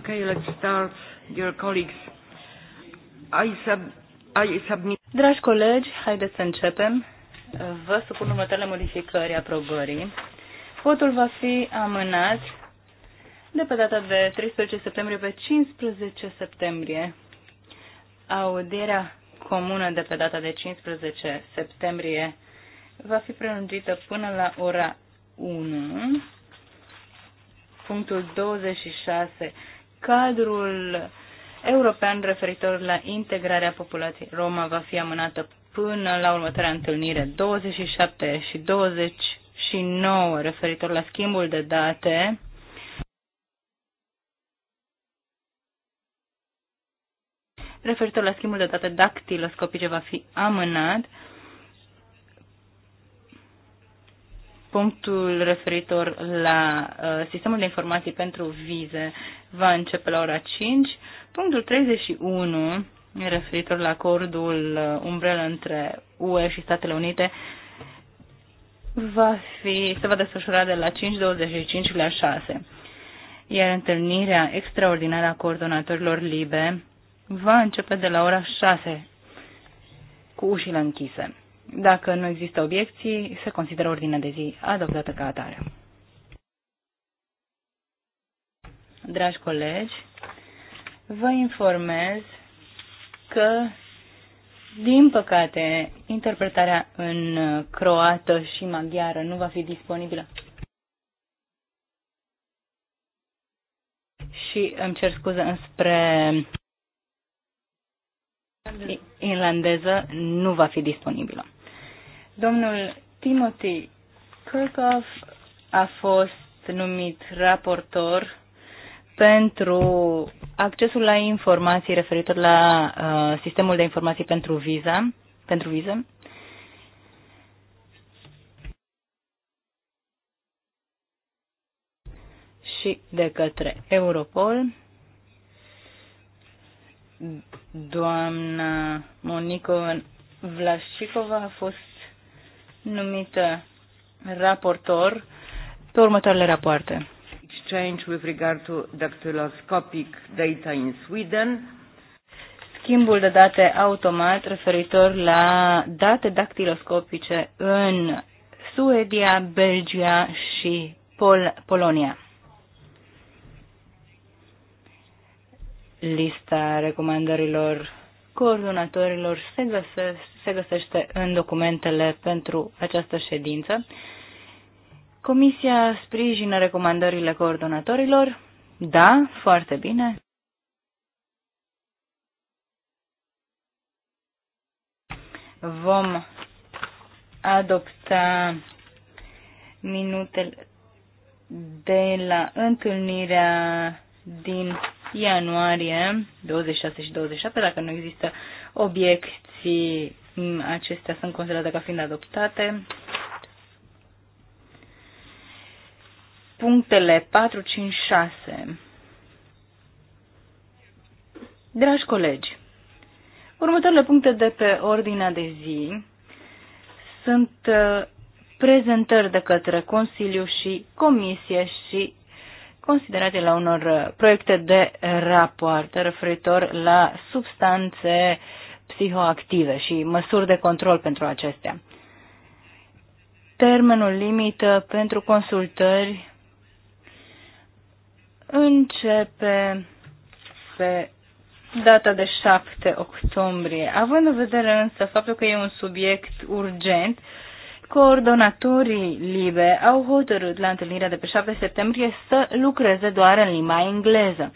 Okay, let's start, dear colleagues. I sub, I submit... Dragi colegi, haideți să începem. Vă supun următoarele modificări aprobării. Votul va fi amânat de pe data de 13 septembrie pe 15 septembrie. Audierea comună de pe data de 15 septembrie va fi prelungită până la ora 1 punctul 26 cadrul european referitor la integrarea populației Roma va fi amânată până la următoarea întâlnire 27 și 29 referitor la schimbul de date referitor la schimbul de date dactiloscopice va fi amânat Punctul referitor la uh, sistemul de informații pentru vize va începe la ora 5. Punctul 31, referitor la acordul uh, umbrelă între UE și Statele Unite, va fi, se va desfășura de la 5.25 la 6. Iar întâlnirea extraordinară a coordonatorilor libe va începe de la ora 6 cu ușile închise. Dacă nu există obiecții, se consideră ordinea de zi adoptată ca atare. Dragi colegi, vă informez că, din păcate, interpretarea în croată și maghiară nu va fi disponibilă. Și îmi cer scuze înspre irlandeză nu va fi disponibilă. Domnul Timothy Kirchhoff a fost numit raportor pentru accesul la informații referitor la uh, sistemul de informații pentru viza, pentru viză. și de către Europol. Doamna Monico Vlașicova a fost numită raportor pe următoarele rapoarte. Exchange with regard to dactyloscopic data in Sweden. Schimbul de date automat referitor la date dactiloscopice în Suedia, Belgia și Pol- Polonia. Lista recomandărilor coordonatorilor se, găse, se găsește în documentele pentru această ședință. Comisia sprijină recomandările coordonatorilor? Da, foarte bine. Vom adopta minutele de la întâlnirea din ianuarie 26 și 27, dacă nu există obiecții, mm, acestea sunt considerate ca fiind adoptate. Punctele 4, 5, 6. Dragi colegi, următoarele puncte de pe ordinea de zi sunt uh, prezentări de către Consiliu și Comisie și considerate la unor uh, proiecte de rapoarte referitor la substanțe psihoactive și măsuri de control pentru acestea. Termenul limită pentru consultări începe pe data de 7 octombrie. Având în vedere însă faptul că e un subiect urgent, uh, coordonatorii LIBE au hotărât la întâlnirea de pe 7 septembrie să lucreze doar în limba engleză.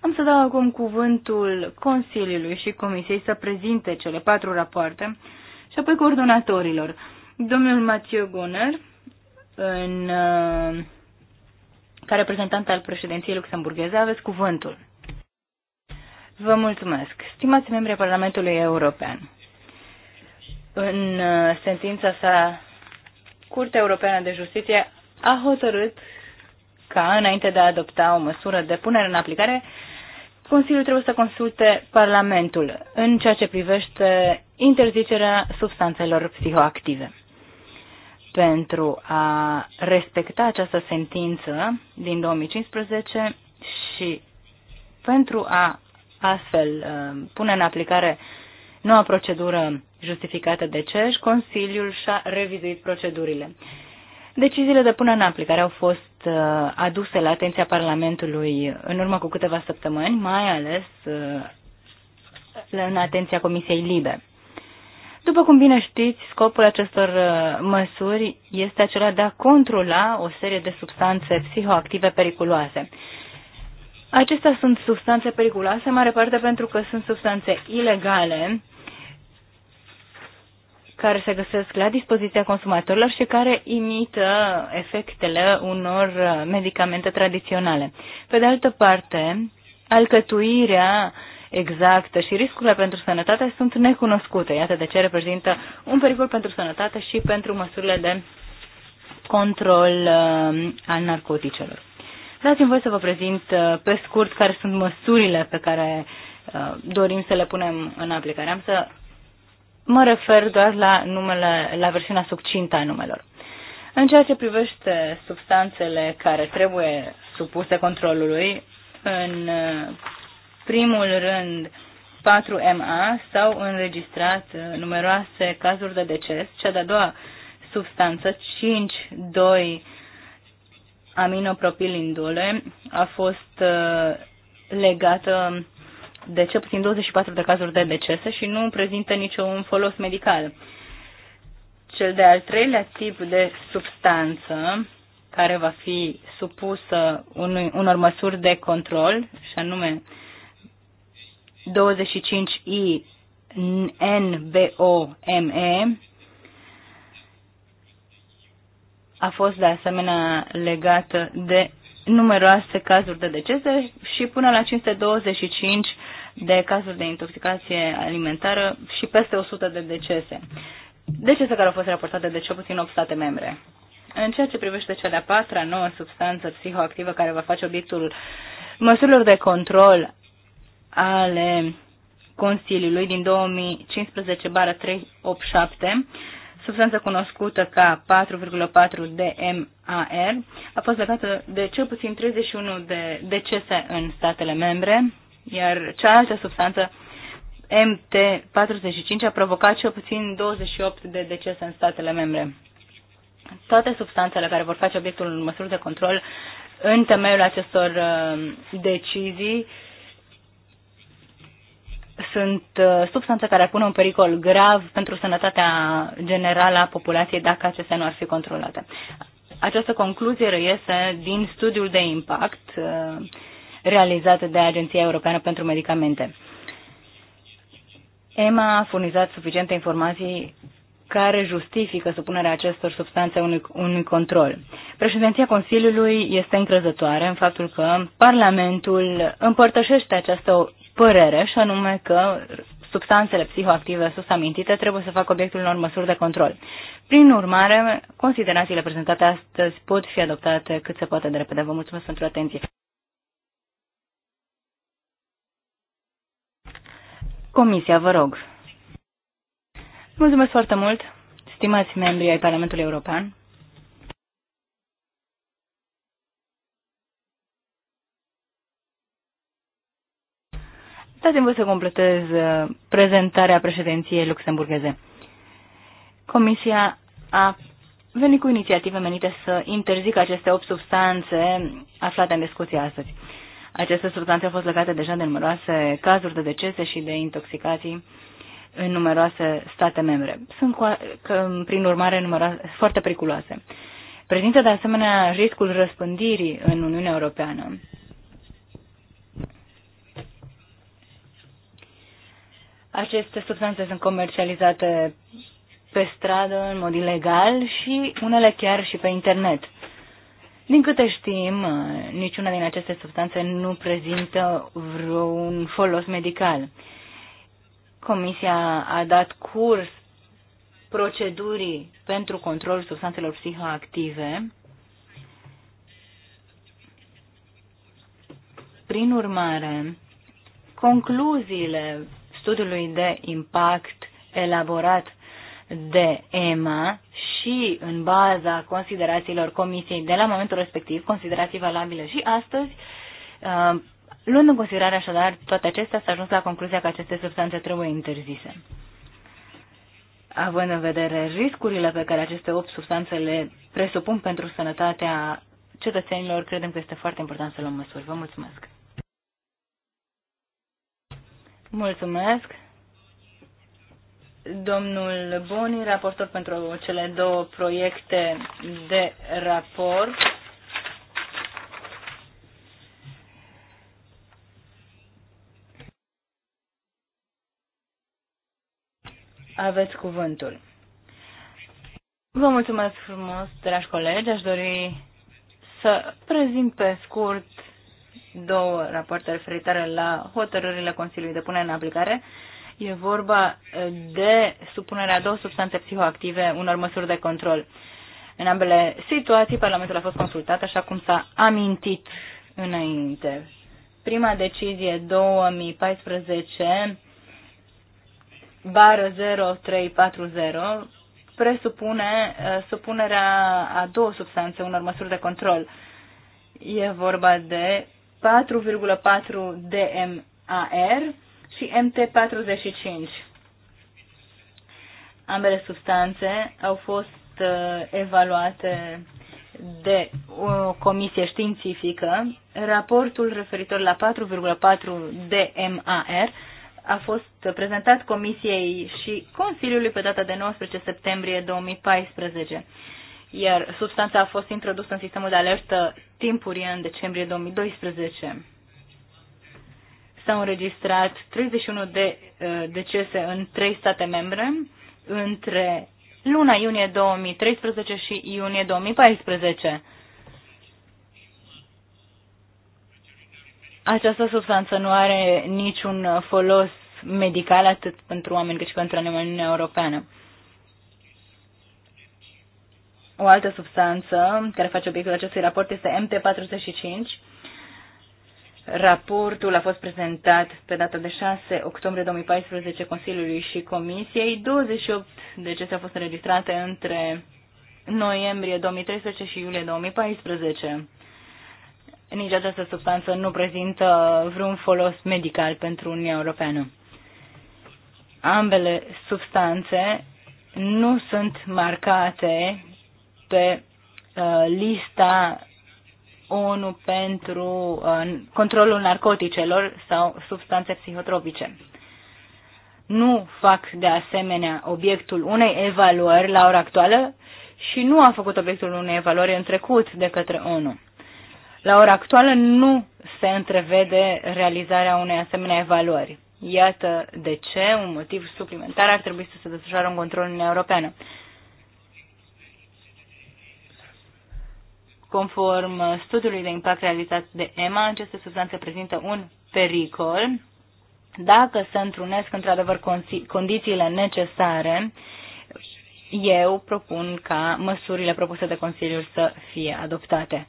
Am să dau acum cuvântul Consiliului și Comisiei să prezinte cele patru rapoarte și apoi coordonatorilor. Domnul Mathieu Goner, în, uh, ca reprezentant al președinției luxemburgheze, aveți cuvântul. Vă mulțumesc. Stimați membri Parlamentului European, în uh, sentința sa Curtea Europeană de Justiție a hotărât ca, înainte de a adopta o măsură de punere în aplicare, Consiliul trebuie să consulte Parlamentul în ceea ce privește interzicerea substanțelor psihoactive. Pentru a respecta această sentință din 2015 și pentru a astfel uh, pune în aplicare noua procedură justificată de ceș? Consiliul și-a revizuit procedurile. Deciziile de până în aplicare au fost uh, aduse la atenția Parlamentului în urmă cu câteva săptămâni, mai ales uh, în atenția Comisiei Libe. După cum bine știți, scopul acestor uh, măsuri este acela de a controla o serie de substanțe psihoactive periculoase. Acestea sunt substanțe periculoase, mare parte pentru că sunt substanțe ilegale care se găsesc la dispoziția consumatorilor și care imită efectele unor uh, medicamente tradiționale. Pe de altă parte, alcătuirea exactă și riscurile pentru sănătate sunt necunoscute. Iată de ce reprezintă un pericol pentru sănătate și pentru măsurile de control uh, al narcoticelor. Dați-mi voi să vă prezint uh, pe scurt care sunt măsurile pe care uh, dorim să le punem în aplicare. Am să Mă refer doar la, numele, la versiunea succintă a numelor. În ceea ce privește substanțele care trebuie supuse controlului, în uh, primul rând 4MA s-au înregistrat uh, numeroase cazuri de deces. Cea de-a doua substanță, 5,2 aminopropilindole, a fost uh, legată de cel puțin 24 de cazuri de decese și nu prezintă niciun folos medical. Cel de-al treilea tip de substanță care va fi supusă unui, unor măsuri de control, și anume 25I NBOME, a fost de asemenea legată de numeroase cazuri de decese și până la 525 de cazuri de intoxicație alimentară și peste 100 de decese. Decese care au fost raportate de cel puțin 8 state membre. În ceea ce privește cea de-a patra nouă substanță psihoactivă care va face obiectul măsurilor de control ale Consiliului din 2015 bară 387, substanță cunoscută ca 4,4 DMAR, a fost legată de cel puțin 31 de decese în statele membre, iar cealaltă substanță MT45 a provocat cel puțin 28 de decese în statele membre. Toate substanțele care vor face obiectul în măsuri de control în temeiul acestor uh, decizii sunt uh, substanțe care ar pune un pericol grav pentru sănătatea generală a populației dacă acestea nu ar fi controlate. Această concluzie reiese din studiul de impact uh, realizat de Agenția Europeană pentru Medicamente. EMA a furnizat suficiente informații care justifică supunerea acestor substanțe unui, unui control. Președinția Consiliului este încrezătoare în faptul că Parlamentul împărtășește această părere și anume că substanțele psihoactive sus amintite trebuie să facă obiectul unor măsuri de control. Prin urmare, considerațiile prezentate astăzi pot fi adoptate cât se poate de repede. Vă mulțumesc pentru atenție. Comisia, vă rog. Mulțumesc foarte mult, stimați membri ai Parlamentului European. Dați-mi să completez uh, prezentarea președinției luxemburgheze. Comisia a venit cu inițiative menite să interzică aceste 8 substanțe aflate în discuție astăzi. Aceste substanțe au fost legate deja de numeroase cazuri de decese și de intoxicații în numeroase state membre. Sunt, cu, că, prin urmare, numeroase, foarte periculoase. Prezintă, de asemenea, riscul răspândirii în Uniunea Europeană. Aceste substanțe sunt comercializate pe stradă, în mod ilegal și unele chiar și pe internet. Din câte știm, niciuna din aceste substanțe nu prezintă vreun folos medical. Comisia a dat curs procedurii pentru controlul substanțelor psihoactive. Prin urmare, concluziile studiului de impact elaborat de EMA și în baza considerațiilor comisiei de la momentul respectiv, considerații valabile și astăzi, uh, luând în considerare așadar toate acestea, s-a ajuns la concluzia că aceste substanțe trebuie interzise. Având în vedere riscurile pe care aceste 8 substanțe le presupun pentru sănătatea cetățenilor, credem că este foarte important să luăm măsuri. Vă mulțumesc! Mulțumesc! domnul Boni, raportor pentru cele două proiecte de raport. Aveți cuvântul. Vă mulțumesc frumos, dragi colegi. Aș dori să prezint pe scurt două rapoarte referitoare la hotărârile Consiliului de pune în aplicare E vorba de supunerea două substanțe psihoactive unor măsuri de control. În ambele situații, Parlamentul a fost consultat, așa cum s-a amintit înainte. Prima decizie 2014 bară 0340 presupune supunerea a două substanțe unor măsuri de control. E vorba de 4,4 DMAR și MT45. Ambele substanțe au fost uh, evaluate de uh, o comisie științifică. Raportul referitor la 4,4 DMAR a fost prezentat Comisiei și Consiliului pe data de 19 septembrie 2014, iar substanța a fost introdusă în sistemul de alertă timpurie în decembrie 2012 s-au înregistrat 31 de uh, decese în trei state membre între luna iunie 2013 și iunie 2014. Această substanță nu are niciun folos medical atât pentru oameni cât și pentru animale în Europeană. O altă substanță care face obiectul acestui raport este MT45, Raportul a fost prezentat pe data de 6 octombrie 2014 Consiliului și Comisiei. 28 decese au fost înregistrate între noiembrie 2013 și iulie 2014. Nici această substanță nu prezintă vreun folos medical pentru Uniunea Europeană. Ambele substanțe nu sunt marcate pe uh, lista ONU pentru uh, controlul narcoticelor sau substanțe psihotropice. Nu fac de asemenea obiectul unei evaluări la ora actuală și nu a făcut obiectul unei evaluări în trecut de către ONU. La ora actuală nu se întrevede realizarea unei asemenea evaluări. Iată de ce un motiv suplimentar ar trebui să se desfășoare un control în Uniunea Europeană. Conform studiului de impact realizat de EMA, aceste substanțe prezintă un pericol dacă se întrunesc într-adevăr condițiile necesare, eu propun ca măsurile propuse de Consiliul să fie adoptate.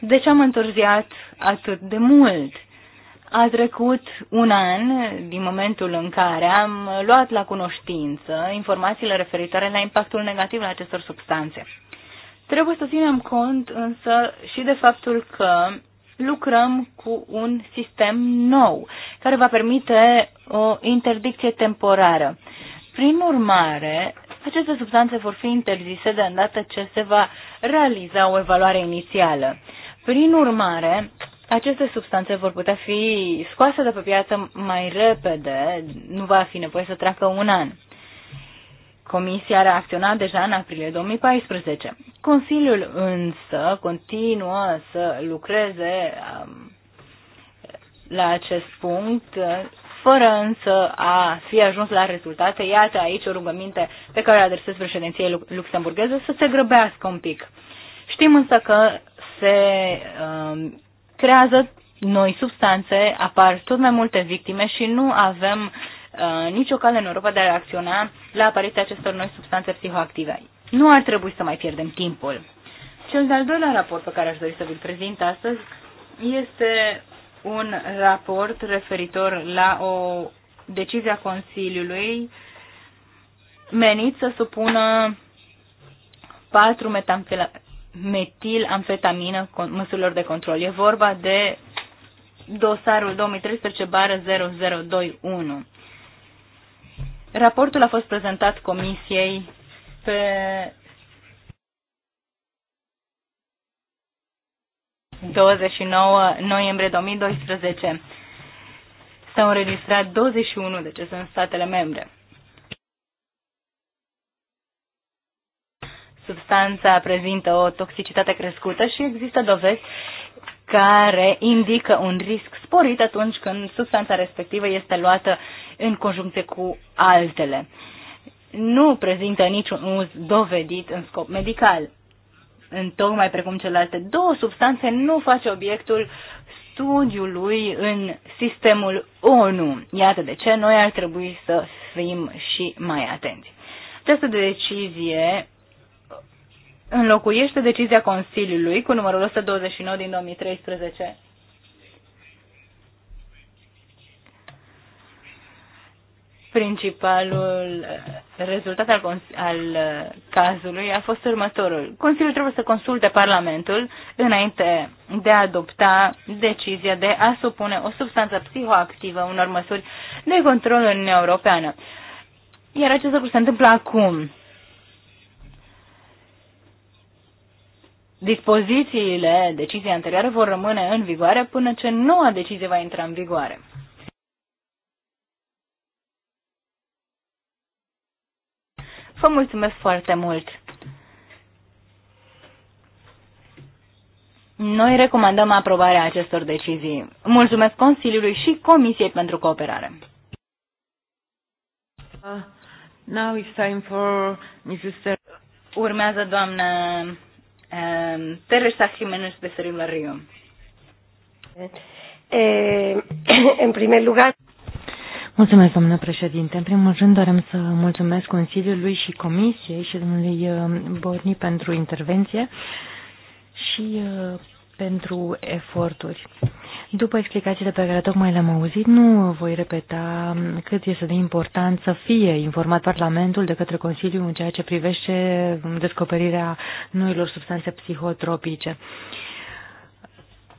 De ce am întârziat atât de mult? A trecut un an din momentul în care am luat la cunoștință informațiile referitoare la impactul negativ al acestor substanțe. Trebuie să ținem cont însă și de faptul că lucrăm cu un sistem nou care va permite o interdicție temporară. Prin urmare, aceste substanțe vor fi interzise de îndată ce se va realiza o evaluare inițială. Prin urmare, aceste substanțe vor putea fi scoase de pe piață mai repede, nu va fi nevoie să treacă un an. Comisia a reacționat deja în aprilie 2014. Consiliul însă continuă să lucreze um, la acest punct, fără însă a fi ajuns la rezultate. Iată aici o rugăminte pe care o adresez președinției luxemburgheze să se grăbească un pic. Știm însă că se um, creează noi substanțe, apar tot mai multe victime și nu avem Uh, nicio cale în Europa de a reacționa la apariția acestor noi substanțe psihoactive. Nu ar trebui să mai pierdem timpul. Cel de-al doilea raport pe care aș dori să vi-l prezint astăzi este un raport referitor la o decizie a Consiliului menit să supună 4 metilamfetamină măsurilor de control. E vorba de dosarul 2013 bară 0021. Raportul a fost prezentat Comisiei pe ...29 noiembrie 2012. S-au înregistrat 21 de ce sunt statele membre. Substanța prezintă o toxicitate crescută și există dovezi care indică un risc sporit atunci când substanța respectivă este luată în conjuncție cu altele. Nu prezintă niciun uz dovedit în scop medical. În tocmai precum celelalte două substanțe nu face obiectul studiului în sistemul ONU. Iată de ce noi ar trebui să fim și mai atenți. Această decizie înlocuiește decizia Consiliului cu numărul 129 din 2013. Principalul eh, rezultat al, al eh, cazului a fost următorul. Consiliul trebuie să consulte Parlamentul înainte de a adopta decizia de a supune o substanță psihoactivă unor măsuri de control în Uniunea Europeană. Iar acest lucru se întâmplă acum dispozițiile deciziei anterioare vor rămâne în vigoare până ce noua decizie va intra în vigoare. Vă mulțumesc foarte mult! Noi recomandăm aprobarea acestor decizii. Mulțumesc Consiliului și Comisiei pentru cooperare. Uh, now it's time for Mrs. Urmează doamna eh, Teresa Jiménez Becerril Barrio. Eh, în primul lugar, Mulțumesc, domnule președinte. În primul rând, dorem să mulțumesc Consiliului și Comisiei și domnului uh, Borni pentru intervenție și uh, pentru eforturi. După explicațiile pe care tocmai le-am auzit, nu voi repeta cât este de important să fie informat Parlamentul de către Consiliu în ceea ce privește descoperirea noilor substanțe psihotropice.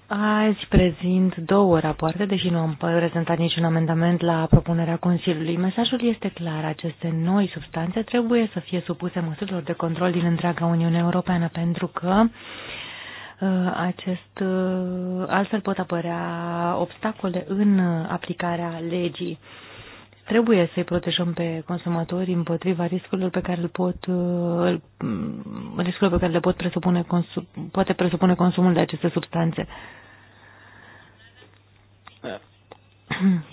Azi prezint două rapoarte, deși nu am prezentat niciun amendament la propunerea Consiliului. Mesajul este clar, aceste noi substanțe trebuie să fie supuse măsurilor de control din întreaga Uniune Europeană, pentru că uh, Uh, acest, uh, altfel pot apărea obstacole în uh, aplicarea legii. Trebuie să-i protejăm pe consumatori împotriva riscurilor pe care, îl pot, mm, riscurilor pe care le pot presupune, poate presupune consumul de aceste substanțe.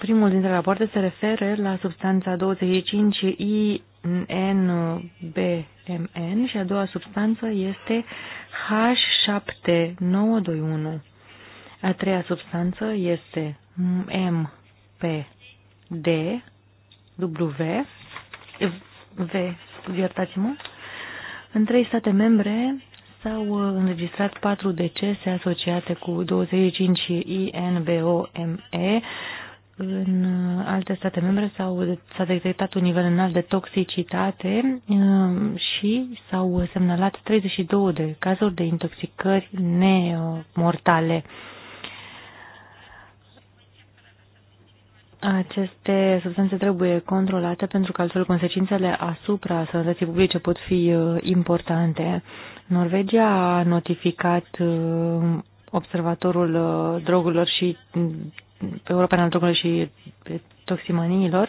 Primul dintre rapoarte se referă la substanța 25 I NBMN și a doua substanță este H7921. A treia substanță este MPDW, V, iertați-mă. În trei state membre s-au uh, înregistrat patru decese asociate cu 25 INBOME, în uh, alte state membre sau s-a detectat un nivel înalt de toxicitate uh, și s-au semnalat 32 de cazuri de intoxicări nemortale. Aceste substanțe trebuie controlate pentru că altfel consecințele asupra sănătății publice pot fi uh, importante. Norvegia a notificat observatorul drogurilor și European al Drogurilor și Toximaniilor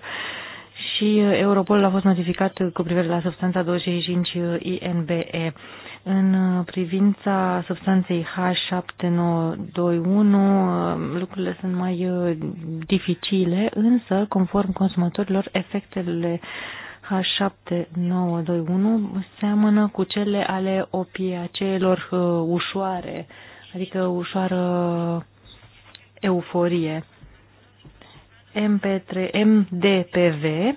și uh, Europol a fost notificat cu privire la substanța 25 INBE. În uh, privința substanței H7921, uh, lucrurile sunt mai dificile, însă, conform consumatorilor, efectele H7921 seamănă cu cele ale opiaceelor ușoare, adică ușoară euforie. MP3, MDPV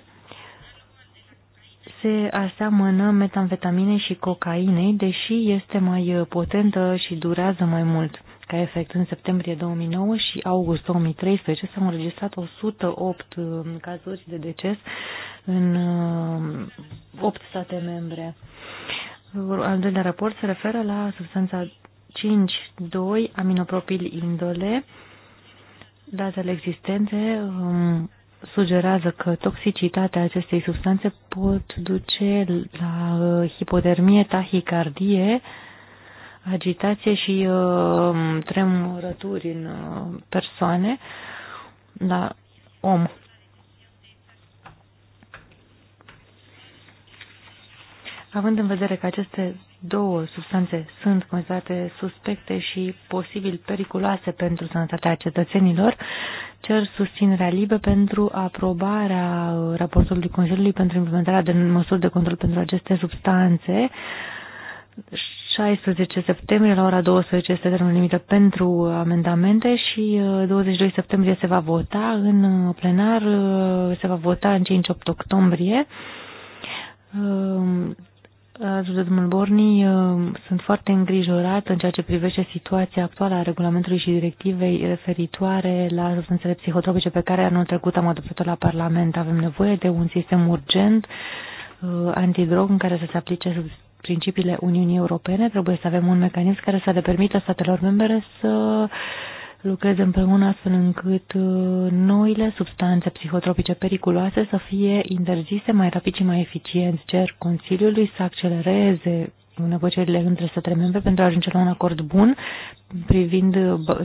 se aseamănă metamfetaminei și cocainei, deși este mai potentă și durează mai mult. Ca efect, în septembrie 2009 și august 2013 s-au înregistrat 108 uh, cazuri de deces în 8 uh, state membre. Al doilea raport se referă la substanța 5,2 aminopropil indole, Datele existente um, sugerează că toxicitatea acestei substanțe pot duce la uh, hipodermie, tahicardie, agitație și uh, tremurături în uh, persoane, la om. Având în vedere că aceste două substanțe sunt considerate suspecte și posibil periculoase pentru sănătatea cetățenilor, cer susținerea liberă pentru aprobarea raportului Consiliului pentru implementarea de măsuri de control pentru aceste substanțe. 16 septembrie la ora 12 este termenul limită pentru amendamente și 22 uh, septembrie se va vota în uh, plenar, uh, se va vota în 5-8 octombrie Ajută uh, Mulborni, uh, sunt foarte îngrijorat în ceea ce privește situația actuală a regulamentului și directivei referitoare la substanțele psihotropice pe care anul trecut am adoptat-o la Parlament. Avem nevoie de un sistem urgent uh, antidrog în care să se aplice sub principiile Uniunii Europene. Trebuie să avem un mecanism care să le permită statelor membre să lucreze împreună astfel încât uh, noile substanțe psihotropice periculoase să fie interzise mai rapid și mai eficient. Cer Consiliului să accelereze negocierile între statele membre pentru a ajunge la un acord bun privind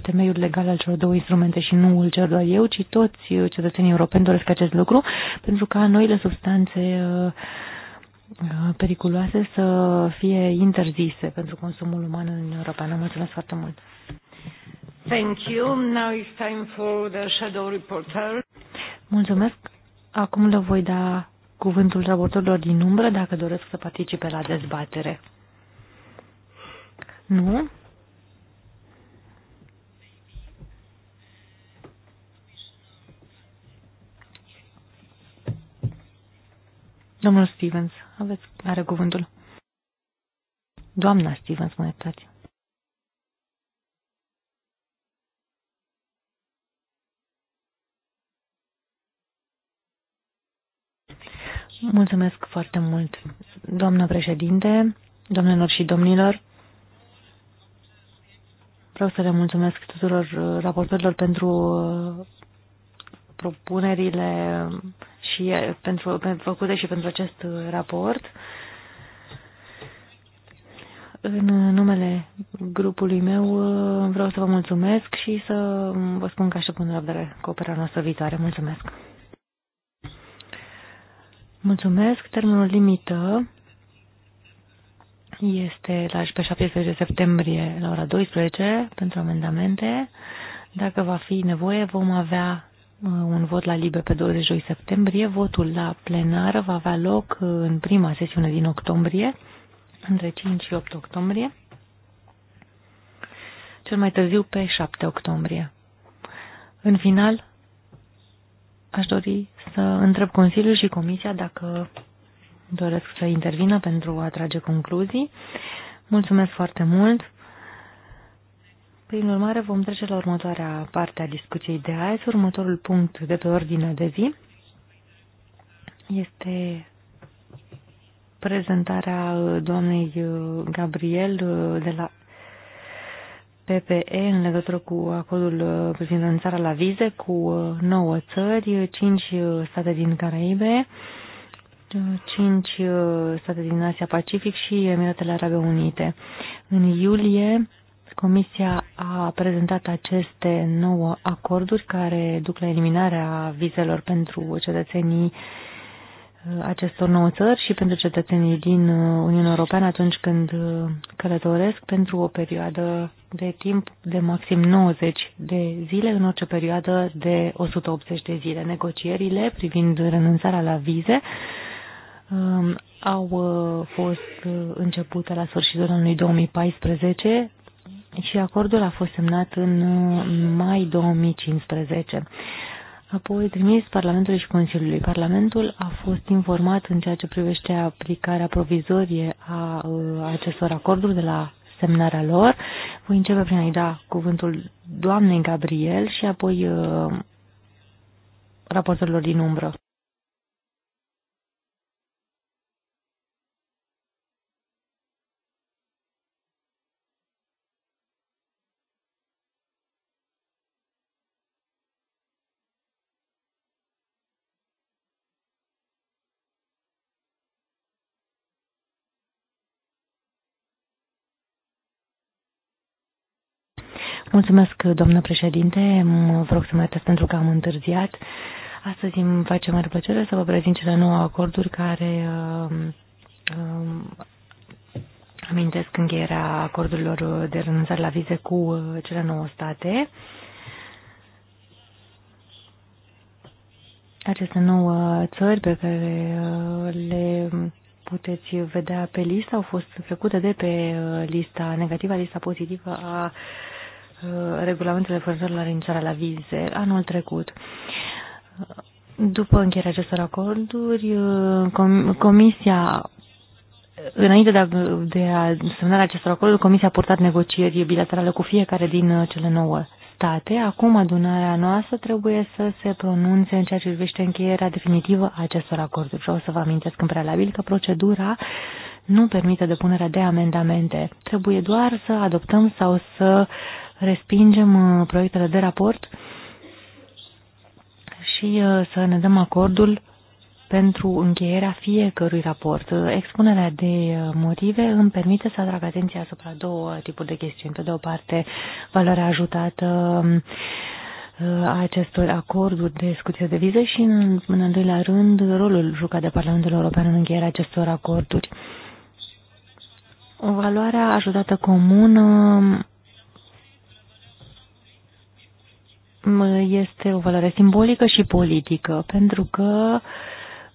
temeiul legal al celor două instrumente și nu îl cer doar eu, ci toți uh, cetățenii europeni doresc acest lucru pentru ca noile substanțe uh, periculoase să fie interzise pentru consumul uman în Europa. Europeană. Mulțumesc foarte mult! Thank you. Now it's time for the shadow reporter. Mulțumesc. Acum le voi da cuvântul raportorilor din umbră dacă doresc să participe la dezbatere. Nu? Domnul Stevens, aveți, are cuvântul. Doamna Stevens, mă iertați. Mulțumesc foarte mult, doamnă președinte, domnilor și domnilor. Vreau să le mulțumesc tuturor uh, raportorilor pentru uh, propunerile și uh, pentru, pentru făcute și pentru acest raport. În numele grupului meu vreau să vă mulțumesc și să um, vă spun că aștept în răbdare cooperarea noastră viitoare. Mulțumesc! Mulțumesc. Termenul limită este la pe 17 septembrie la ora 12 pentru amendamente. Dacă va fi nevoie, vom avea uh, un vot la liber pe 22 septembrie. Votul la plenar va avea loc uh, în prima sesiune din octombrie, între 5 și 8 octombrie, cel mai târziu pe 7 octombrie. În final, aș dori să întreb Consiliul și Comisia dacă doresc să intervină pentru a trage concluzii. Mulțumesc foarte mult! Prin urmare, vom trece la următoarea parte a discuției de azi. Următorul punct de pe ordinea de zi este prezentarea doamnei Gabriel de la PPE în legătură cu acordul uh, privind renunțarea la vize cu 9 uh, țări, 5 uh, state din Caraibe, 5 state din Asia Pacific și Emiratele Arabe Unite. În iulie, Comisia a prezentat aceste nouă acorduri care duc la eliminarea vizelor pentru cetățenii acestor nouă țări și pentru cetățenii din uh, Uniunea Europeană atunci când uh, călătoresc pentru o perioadă de timp de maxim 90 de zile, în orice perioadă de 180 de zile. Negocierile privind renunțarea la vize um, au uh, fost începute la sfârșitul anului 2014 și acordul a fost semnat în mai 2015 apoi trimis Parlamentului și Consiliului. Parlamentul a fost informat în ceea ce privește aplicarea provizorie a uh, acestor acorduri de la semnarea lor. Voi începe prin a-i da cuvântul doamnei Gabriel și apoi uh, raportorilor din umbră. Mulțumesc, doamnă președinte. Mă rog să mă iertați pentru că am întârziat. Astăzi îmi face mare plăcere să vă prezint cele nouă acorduri care uh, uh, amintesc încheierea acordurilor de renunțare la vize cu uh, cele nouă state. Aceste nouă țări pe care uh, le puteți vedea pe listă au fost trecute de pe uh, lista negativă, lista pozitivă a uh, Uh, regulamentele referitor la renunțarea la vize anul trecut. După încheierea acestor acorduri, uh, Comisia Înainte de a, de a semnarea acestor acorduri, Comisia a purtat negocieri bilaterale cu fiecare din uh, cele nouă state. Acum adunarea noastră trebuie să se pronunțe în ceea ce privește încheierea definitivă a acestor acorduri. Vreau să vă amintesc în prealabil că procedura nu permite depunerea de amendamente. Trebuie doar să adoptăm sau să respingem uh, proiectele de raport și uh, să ne dăm acordul pentru încheierea fiecărui raport. Expunerea de uh, motive îmi permite să atrag atenția asupra două tipuri de chestiuni. Pe de o parte, valoarea ajutată um, a acestor acorduri de scuție de viză și, în, în al doilea rând, rolul jucat de Parlamentul European în încheierea acestor acorduri. Valoarea ajutată comună um, este o valoare simbolică și politică, pentru că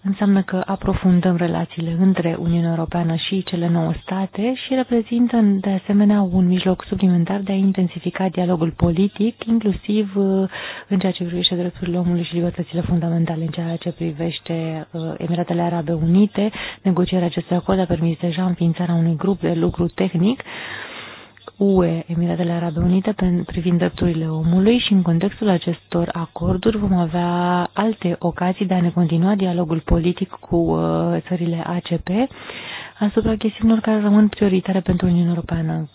înseamnă că aprofundăm relațiile între Uniunea Europeană și cele nouă state și reprezintă de asemenea un mijloc suplimentar de a intensifica dialogul politic, inclusiv uh, în ceea ce privește drepturile omului și libertățile fundamentale, în ceea ce privește uh, Emiratele Arabe Unite. Negocierea acestui acord a permis deja înființarea unui grup de lucru tehnic UE, Emiratele Arabe Unite, privind drepturile omului și în contextul acestor acorduri vom avea alte ocazii de a ne continua dialogul politic cu uh, țările ACP asupra chestiunilor care rămân prioritare pentru Uniunea Europeană,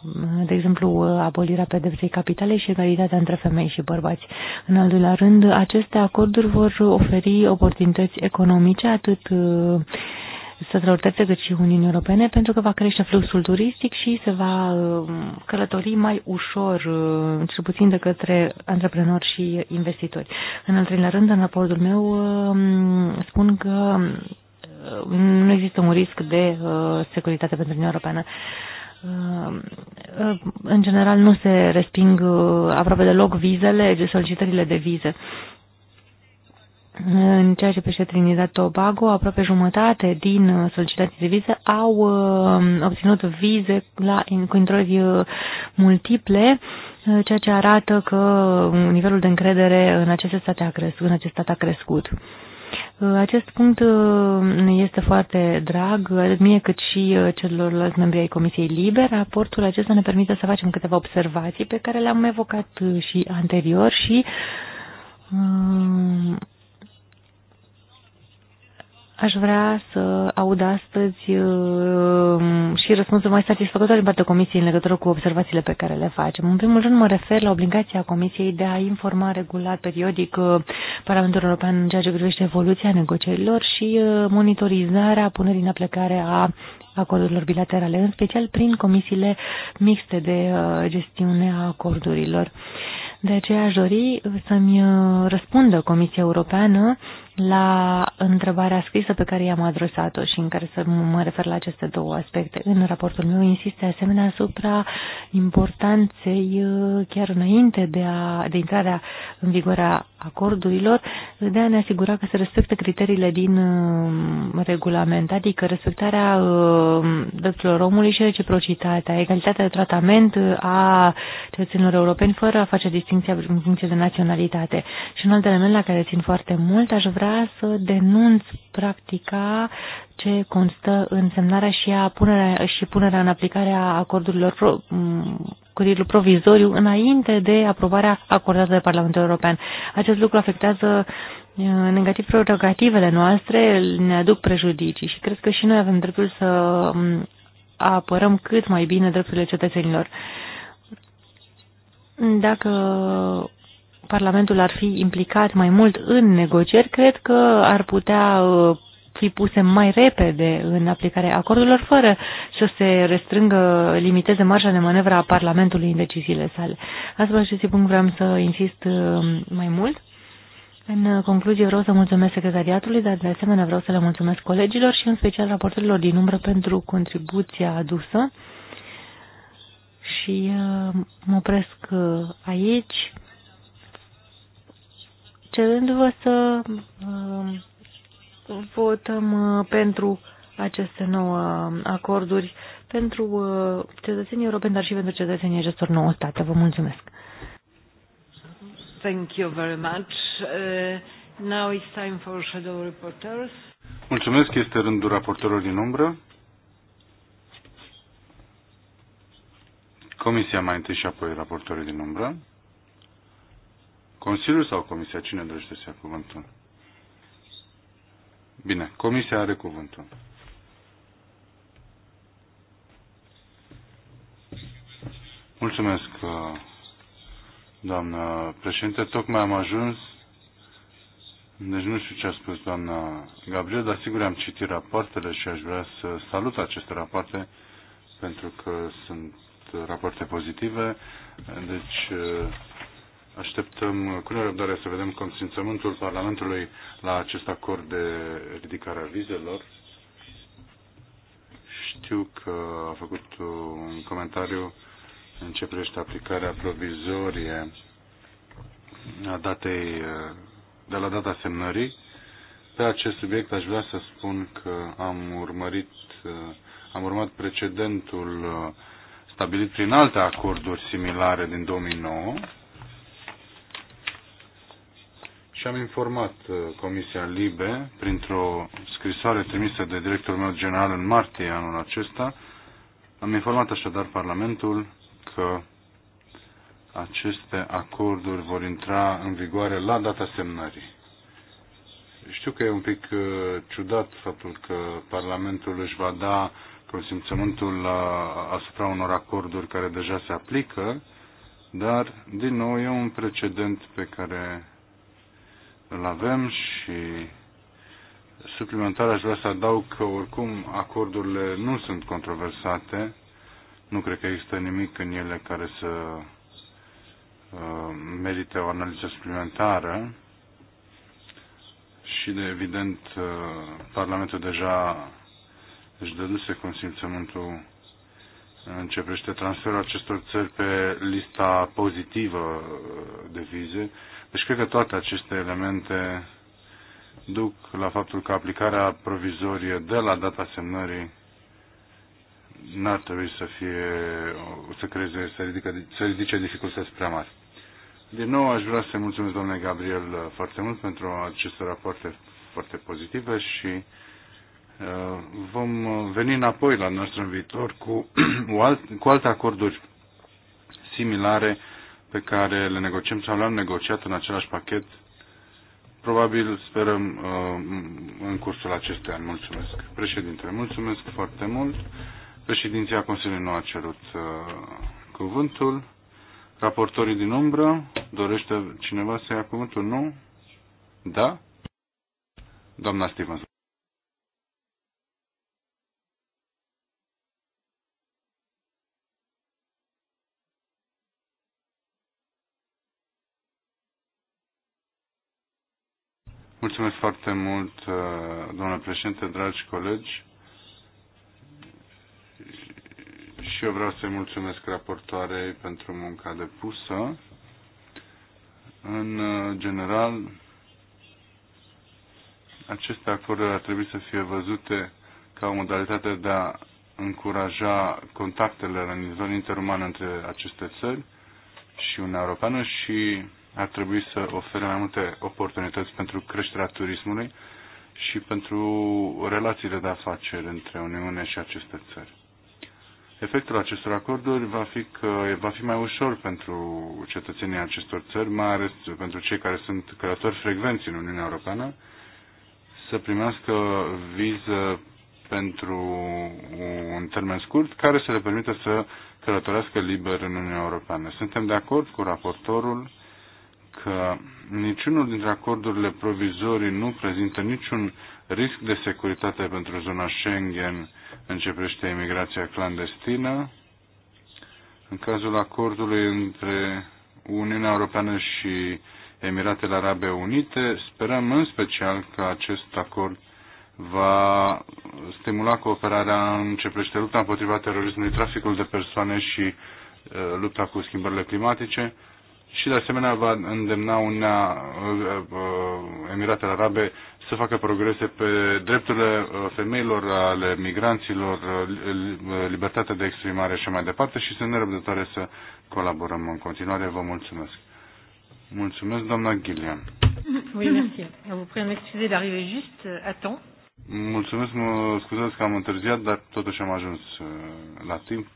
de exemplu uh, abolirea pedepsei capitale și egalitatea între femei și bărbați. În al doilea rând, aceste acorduri vor oferi oportunități economice atât uh, statelor terțe cât și Uniunii Europene, pentru că va crește fluxul turistic și se va uh, călători mai ușor, uh, cel puțin de către antreprenori și investitori. În al treilea rând, în raportul meu, uh, spun că nu există un risc de securitate pentru Uniunea Europeană în general nu se resping aproape deloc vizele, solicitările de vize. În ceea ce privește Trinidad Tobago, aproape jumătate din uh, solicitații de viză au uh, obținut vize la, cu intrări uh, multiple, ceea ce arată că nivelul de încredere în aceste state a crescut. În acest stat a crescut. Acest punct este foarte drag, atât mie cât și celorlalți membri ai Comisiei Liber. Raportul acesta ne permite să facem câteva observații pe care le-am evocat și anterior și Aș vrea să aud astăzi uh, și răspunsuri mai satisfăcătoare din partea Comisiei în legătură cu observațiile pe care le facem. În primul rând mă refer la obligația Comisiei de a informa regulat, periodic, uh, Parlamentul European în ceea ce privește evoluția negocierilor și uh, monitorizarea punerii în aplicare a acordurilor bilaterale, în special prin comisiile mixte de gestiune a acordurilor. De aceea aș dori să-mi răspundă Comisia Europeană la întrebarea scrisă pe care i-am adresat-o și în care să mă refer la aceste două aspecte. În raportul meu insiste, de asemenea asupra importanței, uh, chiar înainte de, a, de intrarea în vigoarea acordurilor, de a ne asigura că se respectă criteriile din uh, regulament, adică respectarea uh, drepturilor omului și reciprocitatea, egalitatea de tratament a cetățenilor europeni fără a face distinția în funcție de naționalitate. Și un alt element la care țin foarte mult, aș vrea vrea să denunț practica ce constă în semnarea și, a punerea, și punerea în aplicare a acordurilor pro, cu provizoriu înainte de aprobarea acordată de Parlamentul European. Acest lucru afectează negativ prerogativele noastre, ne aduc prejudicii și cred că și noi avem dreptul să apărăm cât mai bine drepturile cetățenilor. Dacă Parlamentul ar fi implicat mai mult în negocieri, cred că ar putea uh, fi puse mai repede în aplicarea acordurilor, fără să se restrângă, limiteze marja de manevră a Parlamentului în deciziile sale. vă acestui punct vreau să insist uh, mai mult. În concluzie vreau să mulțumesc secretariatului, dar de asemenea vreau să le mulțumesc colegilor și în special raportorilor din umbră pentru contribuția adusă. Și uh, mă opresc aici cerându-vă să um, votăm uh, pentru aceste nouă acorduri pentru uh, cetățenii europeni, dar și pentru cetățenii acestor nouă state. Vă mulțumesc! Thank you very much. Uh, now it's time for shadow reporters. Mulțumesc, este rândul raportorilor din umbră. Comisia mai întâi și apoi raportorii din umbră. Consiliul sau Comisia? Cine dorește să ia cuvântul? Bine, Comisia are cuvântul. Mulțumesc, uh, doamnă președinte. Tocmai am ajuns. Deci nu știu ce a spus doamna Gabriel, dar sigur am citit rapoartele și aș vrea să salut aceste rapoarte pentru că sunt rapoarte pozitive. Deci uh, Așteptăm cu nerăbdare să vedem consimțământul Parlamentului la acest acord de ridicare a vizelor. Știu că a făcut un comentariu în ce privește aplicarea provizorie a datei, de la data semnării. Pe acest subiect aș vrea să spun că am urmărit, am urmat precedentul stabilit prin alte acorduri similare din 2009 și am informat uh, Comisia Libe printr-o scrisoare trimisă de directorul meu general în martie anul acesta. Am informat așadar Parlamentul că aceste acorduri vor intra în vigoare la data semnării. Știu că e un pic uh, ciudat faptul că Parlamentul își va da consimțământul la, uh, asupra unor acorduri care deja se aplică, dar, din nou, e un precedent pe care îl avem și suplimentar aș vrea să adaug că oricum acordurile nu sunt controversate. Nu cred că există nimic în ele care să uh, merite o analiză suplimentară și de evident uh, Parlamentul deja își dăduse consimțământul începește transferul acestor țări pe lista pozitivă uh, de vize deci cred că toate aceste elemente duc la faptul că aplicarea provizorie de la data semnării n-ar trebui să fie, să creeze, să, ridică, să ridice dificultăți prea mari. Din nou aș vrea să mulțumesc domnule Gabriel foarte mult pentru aceste rapoarte foarte pozitive și uh, vom veni înapoi la noastră în viitor cu, cu alte acorduri similare pe care le negociem sau le-am negociat în același pachet, probabil sperăm uh, în cursul acestui an. Mulțumesc. Președintele, mulțumesc foarte mult. Președinția Consiliului nu a cerut uh, cuvântul. Raportorii din umbră, dorește cineva să ia cuvântul? Nu? Da? Doamna Stevens. Mulțumesc foarte mult, uh, domnule președinte, dragi colegi. Și eu vreau să-i mulțumesc raportoarei pentru munca depusă. În uh, general, aceste acorduri ar trebui să fie văzute ca o modalitate de a încuraja contactele la nivel interuman între aceste țări și Uniunea Europeană și ar trebui să ofere mai multe oportunități pentru creșterea turismului și pentru relațiile de afaceri între Uniune și aceste țări. Efectul acestor acorduri va fi că va fi mai ușor pentru cetățenii acestor țări, mai ales pentru cei care sunt călători frecvenți în Uniunea Europeană, să primească viză pentru un termen scurt care să le permită să călătorească liber în Uniunea Europeană. Suntem de acord cu raportorul că niciunul dintre acordurile provizorii nu prezintă niciun risc de securitate pentru zona Schengen în ce privește imigrația clandestină. În cazul acordului între Uniunea Europeană și Emiratele Arabe Unite, sperăm în special că acest acord va stimula cooperarea în ce privește lupta împotriva terorismului, traficul de persoane și uh, lupta cu schimbările climatice și de asemenea va îndemna Uniunea uh, uh, Emiratele Arabe să facă progrese pe drepturile uh, femeilor, ale migranților, libertatea de exprimare și mai departe și sunt nerăbdătoare să colaborăm în continuare. Vă mulțumesc. Mulțumesc, doamna Gillian. Euh, mulțumesc, mă scuzați că am întârziat, dar totuși am ajuns la timp.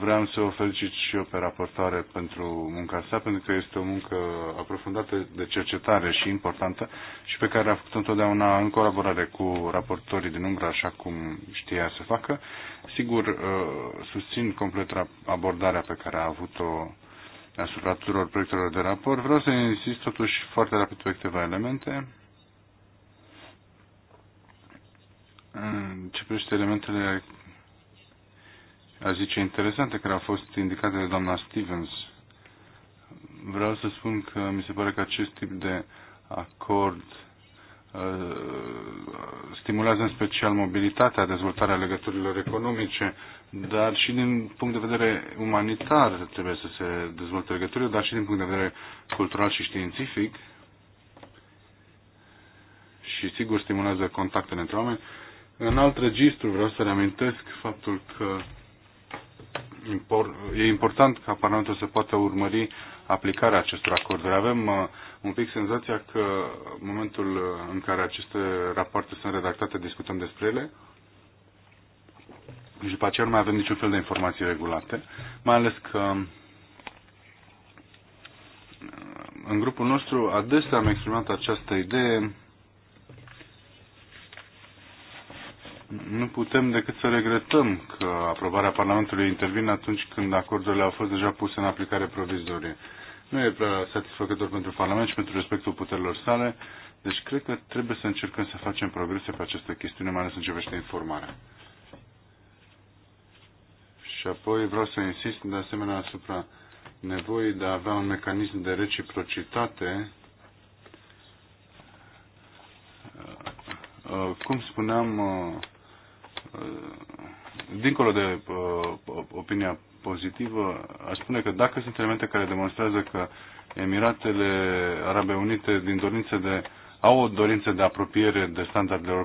Vreau să o felicit și eu pe raportoare pentru munca sa, pentru că este o muncă aprofundată de cercetare și importantă și pe care a făcut întotdeauna în colaborare cu raportorii din umbră, așa cum știa să facă. Sigur, uh, susțin complet abordarea pe care a avut-o asupra tuturor proiectelor de raport. Vreau să insist totuși foarte rapid pe câteva elemente. Ce privește elementele a zice, interesante care au fost indicate de doamna Stevens. Vreau să spun că mi se pare că acest tip de acord uh, stimulează în special mobilitatea, dezvoltarea legăturilor economice, dar și din punct de vedere umanitar trebuie să se dezvolte legăturile, dar și din punct de vedere cultural și științific și sigur stimulează contactele între oameni. În alt registru vreau să reamintesc faptul că e important ca Parlamentul să poată urmări aplicarea acestor acorduri. Avem uh, un pic senzația că în momentul uh, în care aceste rapoarte sunt redactate, discutăm despre ele și după aceea nu mai avem niciun fel de informații regulate, mai ales că uh, în grupul nostru adesea am exprimat această idee Nu putem decât să regretăm că aprobarea Parlamentului intervine atunci când acordurile au fost deja puse în aplicare provizorie. Nu e prea satisfăcător pentru Parlament și pentru respectul puterilor sale, deci cred că trebuie să încercăm să facem progrese pe această chestiune, mai ales în ce vește informarea. Și apoi vreau să insist de asemenea asupra nevoii de a avea un mecanism de reciprocitate. Cum spuneam, uh, Eh, dincolo de eh, opinia pozitivă, aș spune că dacă sunt elemente care demonstrează că Emiratele Arabe Unite din dorință de au o dorință de apropiere de standardele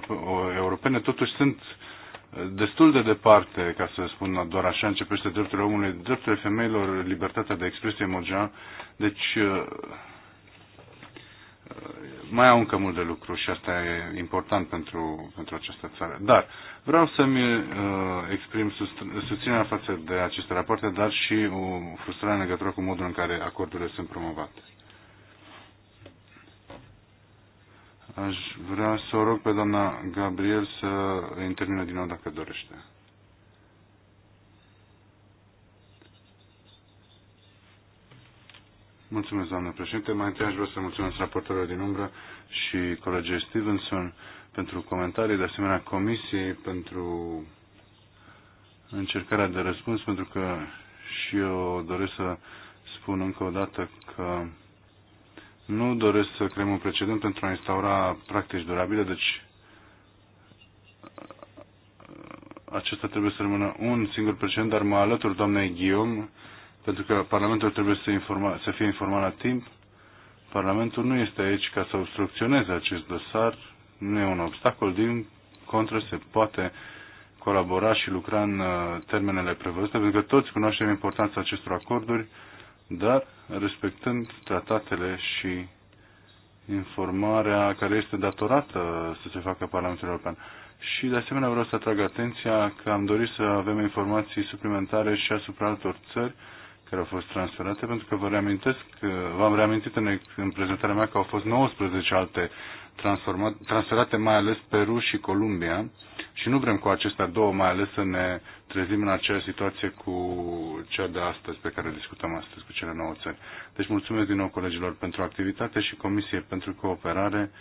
europene, totuși sunt eh, destul de departe, ca să spun doar așa, începește drepturile omului, drepturile femeilor, libertatea de expresie, general. Deci, mai au încă mult de lucru și asta e important pentru, pentru această țară. Dar vreau să-mi uh, exprim susținerea față de aceste rapoarte, dar și o frustrare în legătură cu modul în care acordurile sunt promovate. Aș vrea să o rog pe doamna Gabriel să intervină din nou dacă dorește. Mulțumesc, doamnă președinte. Mai întâi aș vrea să mulțumesc raportorului din umbră și colegii Stevenson pentru comentarii, de asemenea comisiei pentru încercarea de răspuns, pentru că și eu doresc să spun încă o dată că nu doresc să creăm un precedent pentru a instaura practici durabile, deci acesta trebuie să rămână un singur precedent, dar mă alătur doamnei Guillaume pentru că Parlamentul trebuie să, informa, să fie informat la timp. Parlamentul nu este aici ca să obstrucționeze acest dosar, nu e un obstacol, din contră se poate colabora și lucra în uh, termenele prevăzute, pentru că toți cunoaștem importanța acestor acorduri, dar respectând tratatele și informarea care este datorată să se facă Parlamentul European. Și de asemenea vreau să atrag atenția că am dorit să avem informații suplimentare și asupra altor țări, care au fost transferate, pentru că vă reamintesc, v-am reamintit în, în prezentarea mea că au fost 19 alte transferate, mai ales Peru și Columbia, și nu vrem cu acestea două mai ales să ne trezim în aceeași situație cu cea de astăzi, pe care discutăm astăzi cu cele nouă țări. Deci mulțumesc din nou colegilor pentru activitate și Comisie pentru Cooperare.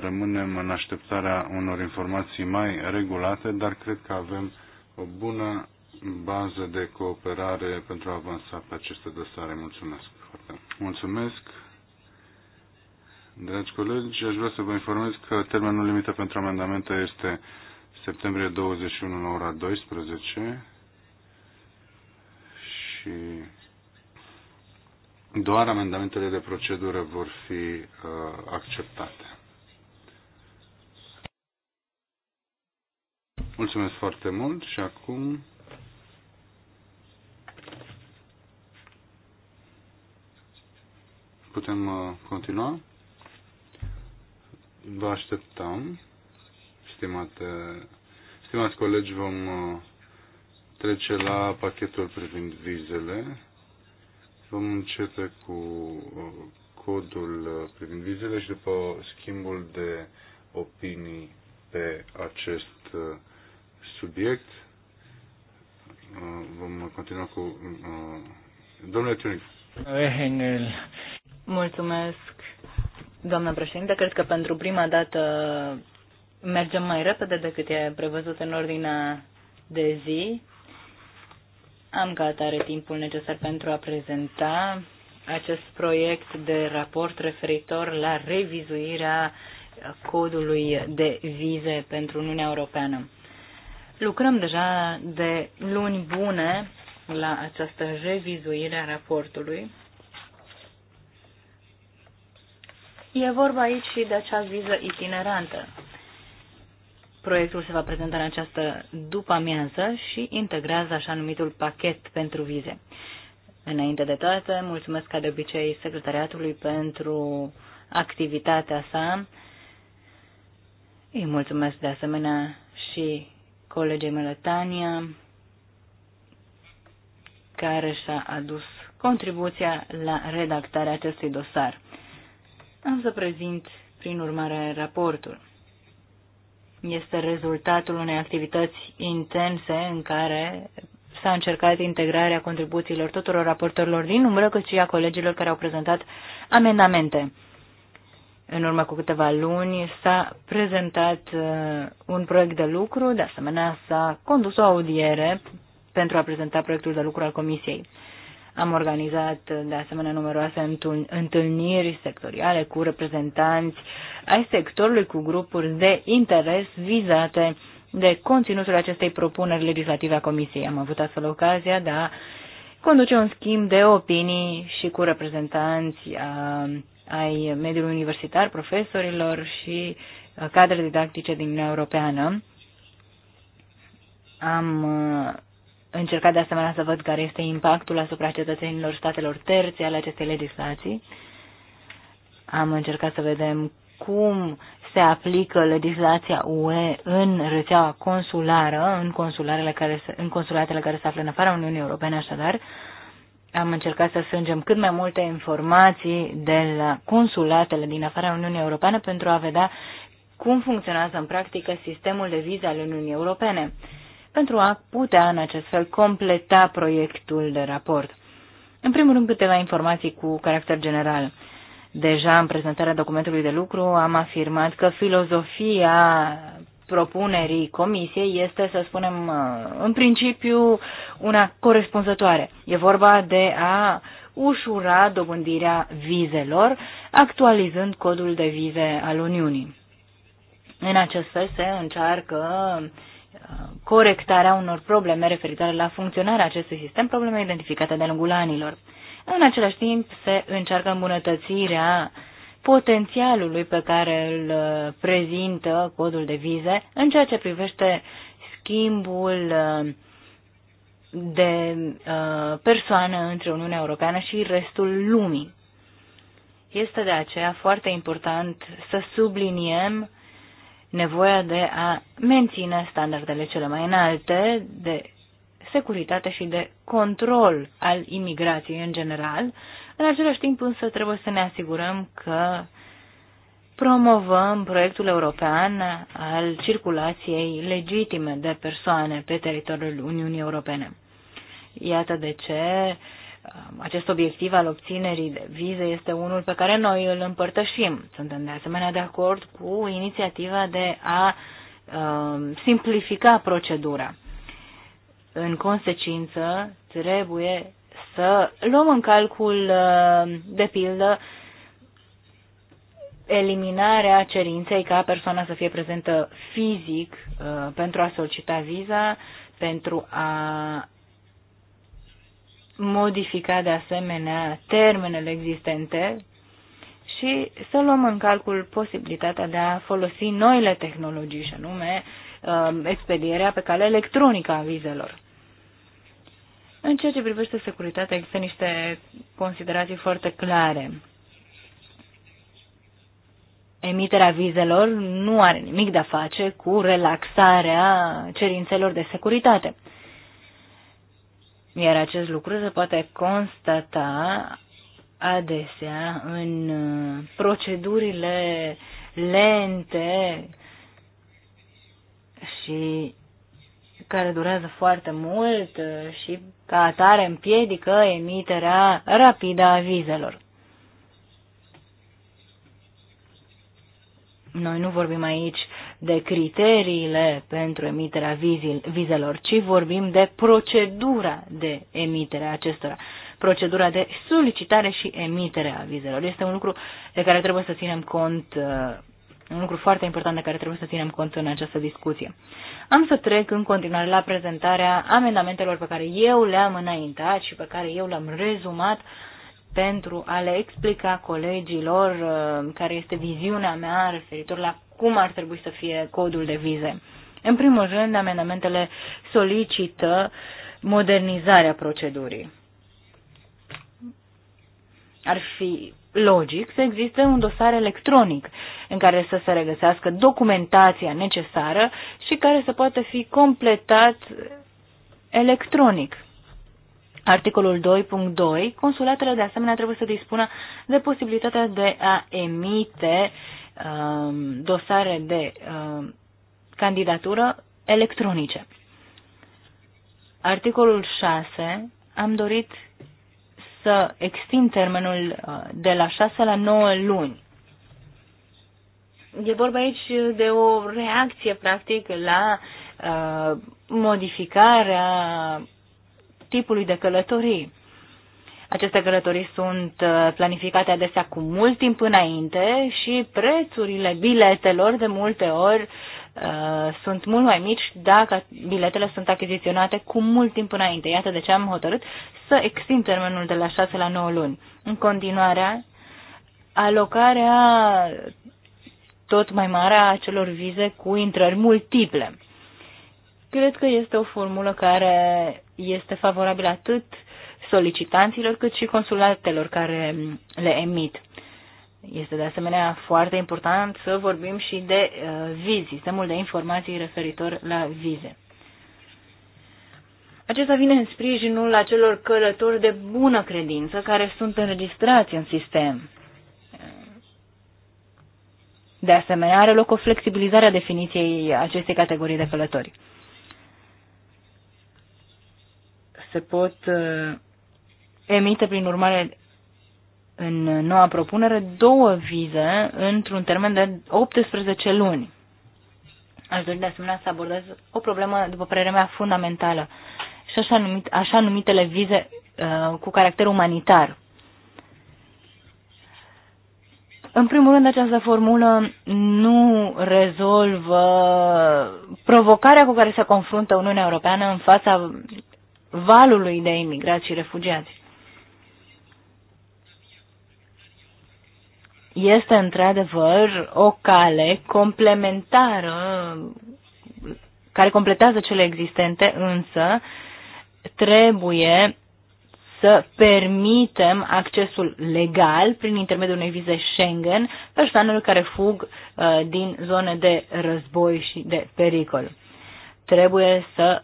Rămânem în așteptarea unor informații mai regulate, dar cred că avem o bună bază de cooperare pentru a avansa pe aceste dosare. Mulțumesc foarte mult. Mulțumesc. Dragi colegi, aș vrea să vă informez că termenul limită pentru amendamente este septembrie 21 la ora 12 și doar amendamentele de procedură vor fi uh, acceptate. Mulțumesc foarte mult și acum Putem uh, continua? Vă așteptam, stimate, stimați colegi, vom uh, trece la pachetul privind vizele. Vom începe cu uh, codul privind vizele și după schimbul de opinii pe acest subiect. Vom continua cu... Domnule Tunic. Mulțumesc, doamnă președinte. Cred că pentru prima dată mergem mai repede decât e prevăzut în ordinea de zi. Am ca atare timpul necesar pentru a prezenta acest proiect de raport referitor la revizuirea codului de vize pentru Uniunea Europeană. Lucrăm deja de luni bune la această revizuire a raportului E vorba aici și de acea viză itinerantă. Proiectul se va prezenta în această după amiază și integrează așa numitul pachet pentru vize. Înainte de toate, mulțumesc ca de obicei secretariatului pentru activitatea sa. Îi mulțumesc de asemenea și colegii mele Tania, care și-a adus contribuția la redactarea acestui dosar. Am să prezint, prin urmare, raportul. Este rezultatul unei activități intense în care s-a încercat integrarea contribuțiilor tuturor raportorilor din umbră, cât și a colegilor care au prezentat amendamente. În urmă cu câteva luni s-a prezentat uh, un proiect de lucru, de asemenea s-a condus o audiere pentru a prezenta proiectul de lucru al Comisiei. Am organizat de asemenea numeroase întâlniri sectoriale cu reprezentanți ai sectorului, cu grupuri de interes vizate de conținutul acestei propuneri legislative a Comisiei. Am avut astfel ocazia de a conduce un schimb de opinii și cu reprezentanți ai mediului universitar, profesorilor și cadre didactice din Uniunea Europeană. Am încercat de asemenea să văd care este impactul asupra cetățenilor statelor terțe ale acestei legislații. Am încercat să vedem cum se aplică legislația UE în rețeaua consulară, în, consularele care se, în consulatele care se află în afara Uniunii Europene, așadar, am încercat să strângem cât mai multe informații de la consulatele din afara Uniunii Europene pentru a vedea cum funcționează în practică sistemul de vize al Uniunii Europene. Uh, pentru a putea în acest fel completa proiectul de raport. În primul rând, câteva informații cu caracter general. Deja în prezentarea documentului de lucru am afirmat că filozofia propunerii comisiei este, să spunem, în principiu una corespunzătoare. E vorba de a ușura dobândirea vizelor, actualizând codul de vize al Uniunii. În acest fel se încearcă corectarea unor probleme referitoare la funcționarea acestui sistem, probleme identificate de-a lungul anilor. În același timp, se încearcă îmbunătățirea potențialului pe care îl uh, prezintă codul de vize în ceea ce privește schimbul uh, de uh, persoană între Uniunea Europeană și restul lumii. Este de aceea foarte important să subliniem nevoia de a menține standardele cele mai înalte de securitate și de control al imigrației în general. În același timp însă trebuie să ne asigurăm că promovăm proiectul european al circulației legitime de persoane pe teritoriul Uniunii Europene. Iată de ce Um, acest obiectiv al obținerii de vize este unul pe care noi îl împărtășim. Suntem de asemenea de acord cu inițiativa de a um, simplifica procedura. În consecință, trebuie să luăm în calcul, um, de pildă, eliminarea cerinței ca persoana să fie prezentă fizic uh, pentru a solicita viza, pentru a modifica de asemenea termenele existente și să luăm în calcul posibilitatea de a folosi noile tehnologii, și anume um, expedierea pe cale electronică a vizelor. În ceea ce privește securitatea, există niște considerații foarte clare. Emiterea vizelor nu are nimic de a face cu relaxarea cerințelor de securitate. Iar acest lucru se poate constata adesea în uh, procedurile lente și care durează foarte mult uh, și ca atare împiedică emiterea rapidă a vizelor. Noi nu vorbim aici de criteriile pentru emiterea vizelor, ci vorbim de procedura de emitere a acestora, procedura de solicitare și emitere a vizelor. Este un lucru de care trebuie să ținem cont, uh, un lucru foarte important de care trebuie să ținem cont în această discuție. Am să trec în continuare la prezentarea amendamentelor pe care eu le-am înaintat și pe care eu le-am rezumat pentru a le explica colegilor uh, care este viziunea mea referitor la cum ar trebui să fie codul de vize. În primul rând, amendamentele solicită modernizarea procedurii. Ar fi logic să existe un dosar electronic în care să se regăsească documentația necesară și care să poată fi completat electronic. Articolul 2.2. Consulatele de asemenea trebuie să dispună de posibilitatea de a emite Um, dosare de um, candidatură electronice. Articolul 6, am dorit să extind termenul uh, de la 6 la 9 luni. E vorba aici de o reacție, practic, la uh, modificarea tipului de călătorii. Aceste călătorii sunt uh, planificate adesea cu mult timp înainte și prețurile biletelor de multe ori uh, sunt mult mai mici dacă biletele sunt achiziționate cu mult timp înainte. Iată de ce am hotărât să extind termenul de la 6 la 9 luni. În continuare, alocarea tot mai mare a celor vize cu intrări multiple. Cred că este o formulă care este favorabilă atât solicitanților cât și consulatelor care le emit. Este de asemenea foarte important să vorbim și de uh, vizi, sistemul de informații referitor la vize. Acesta vine în sprijinul acelor călători de bună credință care sunt înregistrați în sistem. De asemenea, are loc o flexibilizare a definiției acestei categorii de călători. Se pot uh, emite, prin urmare, în noua propunere, două vize într-un termen de 18 luni. Aș dori de asemenea să abordez o problemă, după părerea mea, fundamentală și așa, numit, așa numitele vize uh, cu caracter umanitar. În primul rând, această formulă nu rezolvă provocarea cu care se confruntă Uniunea Europeană în fața valului de imigrați și refugiați. este într-adevăr o cale complementară care completează cele existente, însă trebuie să permitem accesul legal prin intermediul unei vize Schengen persoanelor care fug uh, din zone de război și de pericol. Trebuie să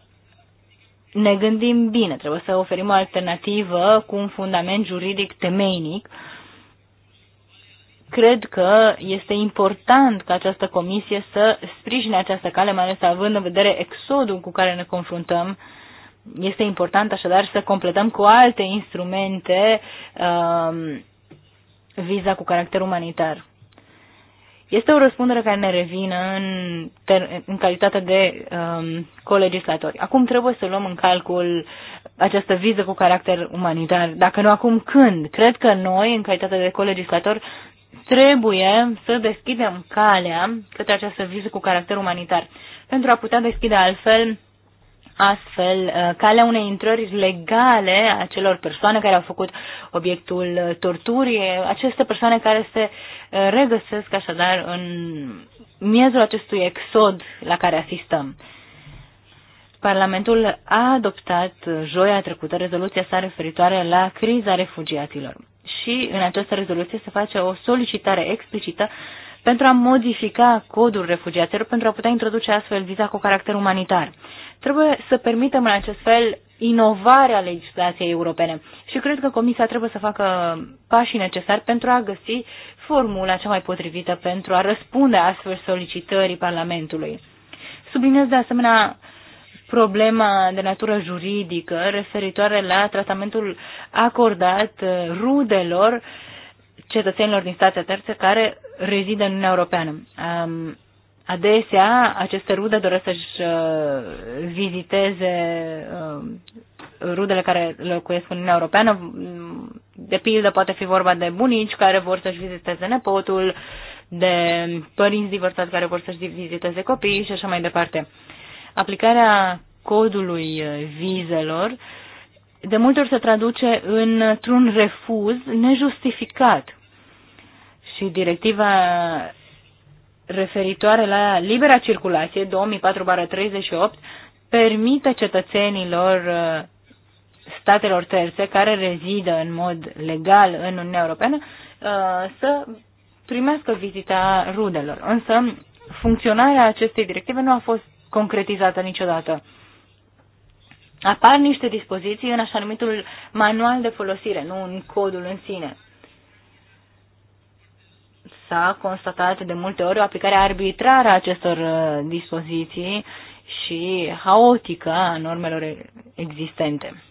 ne gândim bine, trebuie să oferim o alternativă cu un fundament juridic temeinic uh, cred că este important ca această comisie să sprijine această cale, mai ales având în vedere exodul cu care ne confruntăm. Este important așadar să completăm cu alte instrumente um, viza cu caracter umanitar. Este o răspundere care ne revine în, în calitate de um, colegislatori. Acum trebuie să luăm în calcul această viză cu caracter umanitar. Dacă nu acum, când? Cred că noi, în calitate de colegislatori, trebuie să deschidem calea către această viză cu caracter umanitar pentru a putea deschide altfel astfel uh, calea unei intrări legale a celor persoane care au făcut obiectul torturii, aceste persoane care se uh, regăsesc așadar în miezul acestui exod la care asistăm. Parlamentul a adoptat joia trecută rezoluția sa referitoare la criza refugiaților și în această rezoluție se face o solicitare explicită pentru a modifica codul refugiaților, pentru a putea introduce astfel viza cu caracter umanitar. Trebuie să permitem în acest fel inovarea legislației europene și cred că Comisia trebuie să facă pașii necesari pentru a găsi formula cea mai potrivită pentru a răspunde astfel solicitării Parlamentului. Subliniez de asemenea problema de natură juridică referitoare la tratamentul acordat uh, rudelor cetățenilor din state terțe care rezidă în Uniunea Europeană. Adesea, aceste rude doresc să-și uh, viziteze uh, rudele care locuiesc în Uniunea Europeană. De pildă, poate fi vorba de bunici care vor să-și viziteze nepotul, de părinți divorțați care vor să-și viziteze copiii și așa mai departe. Aplicarea codului uh, vizelor de multe ori se traduce într-un refuz nejustificat. Și directiva referitoare la libera circulație 2004-38 permite cetățenilor uh, statelor terțe care rezidă în mod legal în Uniunea Europeană uh, să primească vizita rudelor. Însă funcționarea acestei directive nu a fost concretizată niciodată. Apar niște dispoziții în așa numitul manual de folosire, nu în codul în sine. S-a constatat de multe ori o aplicare arbitrară a acestor uh, dispoziții și haotică a normelor existente.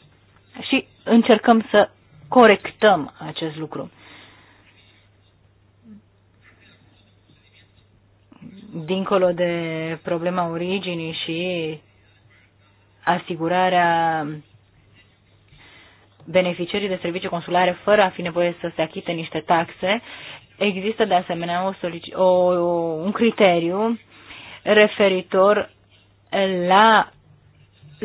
Și încercăm să corectăm acest lucru. dincolo de problema originii și asigurarea beneficiarii de servicii consulare fără a fi nevoie să se achite niște taxe, există de asemenea o, o, un criteriu referitor la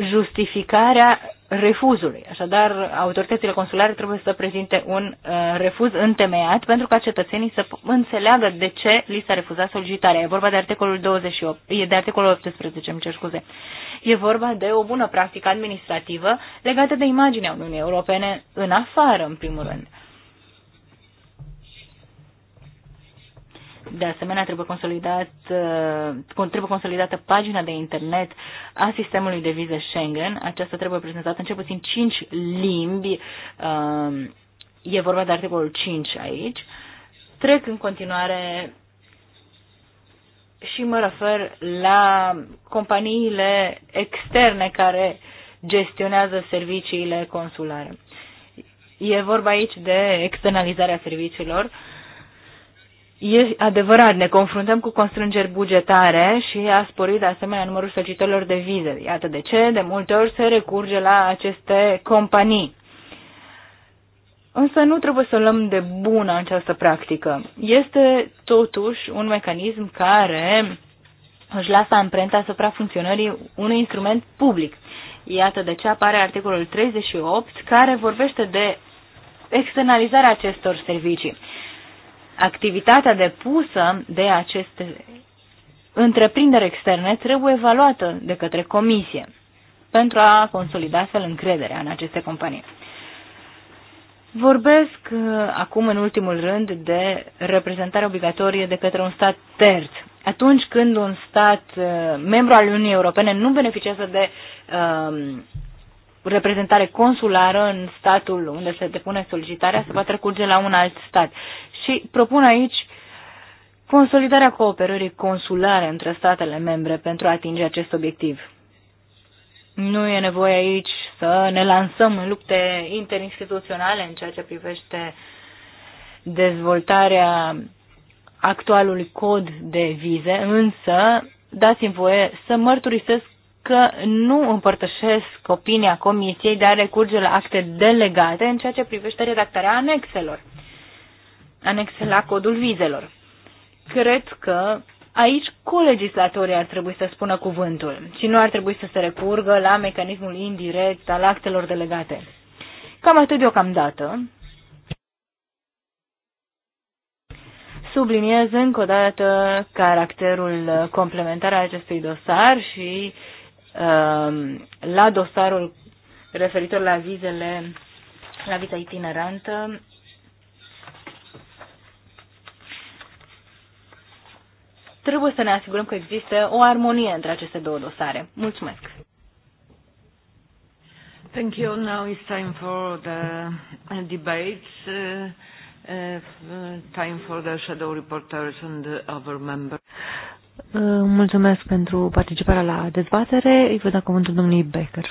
justificarea refuzului. Așadar, autoritățile consulare trebuie să prezinte un uh, refuz întemeiat pentru ca cetățenii să înțeleagă de ce li s-a refuzat solicitarea. E vorba de articolul 28, e de articolul 18, îmi cer scuze. E vorba de o bună practică administrativă legată de imaginea Uniunii Europene în afară, în primul rând. De asemenea, trebuie, consolidat, uh, trebuie consolidată pagina de internet a sistemului de vize Schengen. Aceasta trebuie prezentată în cel puțin 5 limbi. Um, e vorba de articolul 5 aici. Trec în continuare și mă refer la companiile externe care gestionează serviciile consulare. E vorba aici de externalizarea serviciilor. Uh, E adevărat, ne confruntăm cu constrângeri bugetare și a sporit de asemenea numărul solicitărilor de vize. Iată de ce, de multe ori se recurge la aceste companii. Însă nu trebuie să luăm de bună această practică. Este totuși un mecanism care își lasă amprenta asupra funcționării unui instrument public. Iată de ce apare articolul 38 care vorbește de externalizarea acestor servicii activitatea depusă de aceste întreprinderi externe trebuie evaluată de către comisie pentru a consolida astfel încrederea în aceste companii. Vorbesc uh, acum în ultimul rând de reprezentare obligatorie de către un stat terț. Atunci când un stat uh, membru al Uniunii Europene nu beneficiază de um, reprezentare consulară în statul unde se depune solicitarea, se va trecurge la un alt stat și propun aici consolidarea cooperării consulare între statele membre pentru a atinge acest obiectiv. Nu e nevoie aici să ne lansăm în lupte interinstituționale în ceea ce privește dezvoltarea actualului cod de vize, însă dați-mi voie să mărturisesc că nu împărtășesc opinia Comisiei de a recurge la acte delegate în ceea ce privește redactarea anexelor anexe la codul vizelor. Cred că aici colegislatorii ar trebui să spună cuvântul și nu ar trebui să se recurgă la mecanismul indirect al actelor delegate. Cam atât deocamdată. Subliniez încă o dată caracterul complementar al acestui dosar și um, la dosarul referitor la vizele la viza itinerantă trebuie să ne asigurăm că există o armonie între aceste două dosare. Mulțumesc! Thank you. Now it's time for the uh, debates. Uh, uh, time for the shadow reporters and the other members. Uh, mulțumesc pentru participarea la dezbatere. Îi văd da cuvântul domnului Becker.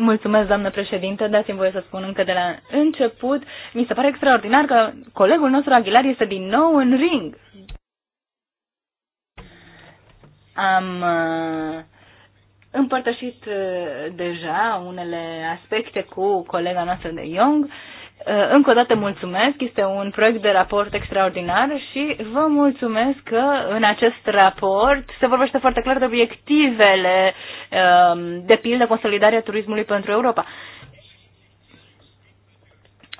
Mulțumesc, doamnă președinte. Dați-mi voie să spun încă de la început. Mi se pare extraordinar că colegul nostru Aguilar este din nou în ring. Am uh, împărtășit uh, deja unele aspecte cu colega noastră de Young. Uh, Eh, încă o dată mulțumesc, este un proiect de raport extraordinar și vă mulțumesc că în acest raport se vorbește foarte clar de obiectivele, ehm, de pildă consolidarea turismului pentru Europa.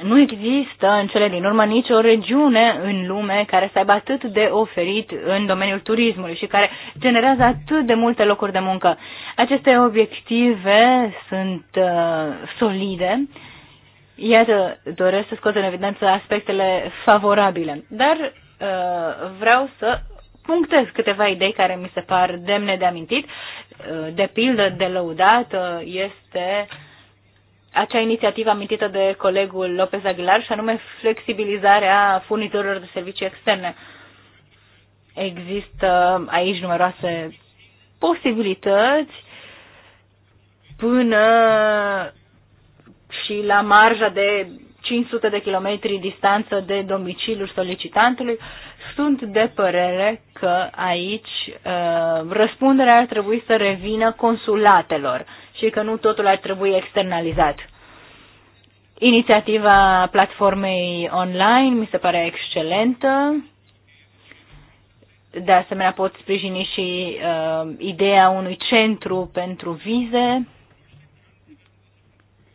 Nu există în cele din urmă nicio regiune în lume care să aibă atât de oferit în domeniul turismului și care generează atât de multe locuri de muncă. Aceste obiective sunt uh, solide iată, doresc să scot în evidență aspectele favorabile, dar uh, vreau să punctez câteva idei care mi se par demne de amintit. Uh, de pildă, de lăudat, uh, este acea inițiativă amintită de colegul Lopez Aguilar și anume flexibilizarea furnizorilor de servicii externe. Există aici numeroase posibilități până și la marja de 500 de kilometri distanță de domiciliul solicitantului, sunt de părere că aici uh, răspunderea ar trebui să revină consulatelor și că nu totul ar trebui externalizat. Inițiativa platformei online mi se pare excelentă. De asemenea, pot sprijini și uh, ideea unui centru pentru vize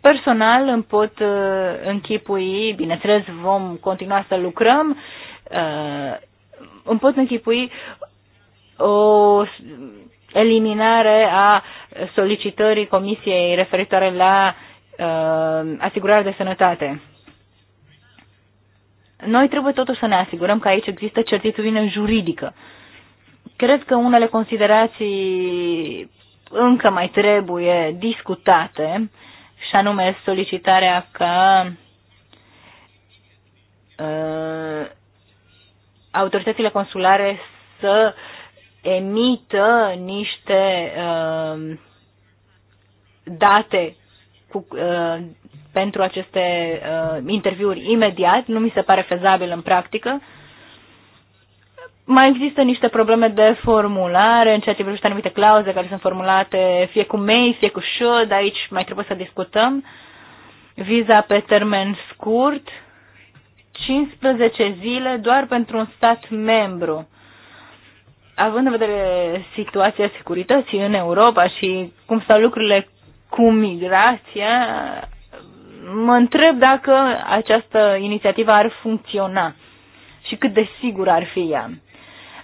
Personal îmi pot uh, închipui, bineînțeles vom continua să lucrăm, uh, îmi pot închipui o eliminare a solicitării comisiei referitoare la uh, asigurare de sănătate. Noi trebuie totuși să ne asigurăm că aici există certitudine juridică. Cred că unele considerații încă mai trebuie discutate și anume solicitarea ca uh, autoritățile consulare să emită niște uh, date cu, uh, pentru aceste uh, interviuri imediat. Nu mi se pare fezabil în practică. Uh, mai există niște probleme de formulare în ceea ce privește anumite clauze care sunt formulate fie cu mei, fie cu should, aici mai trebuie să discutăm. Viza pe termen scurt, 15 zile doar pentru un stat membru. Având în vedere situația securității în Europa și cum stau lucrurile cu migrația, mă întreb dacă această inițiativă ar funcționa și cât de sigur ar fi ea.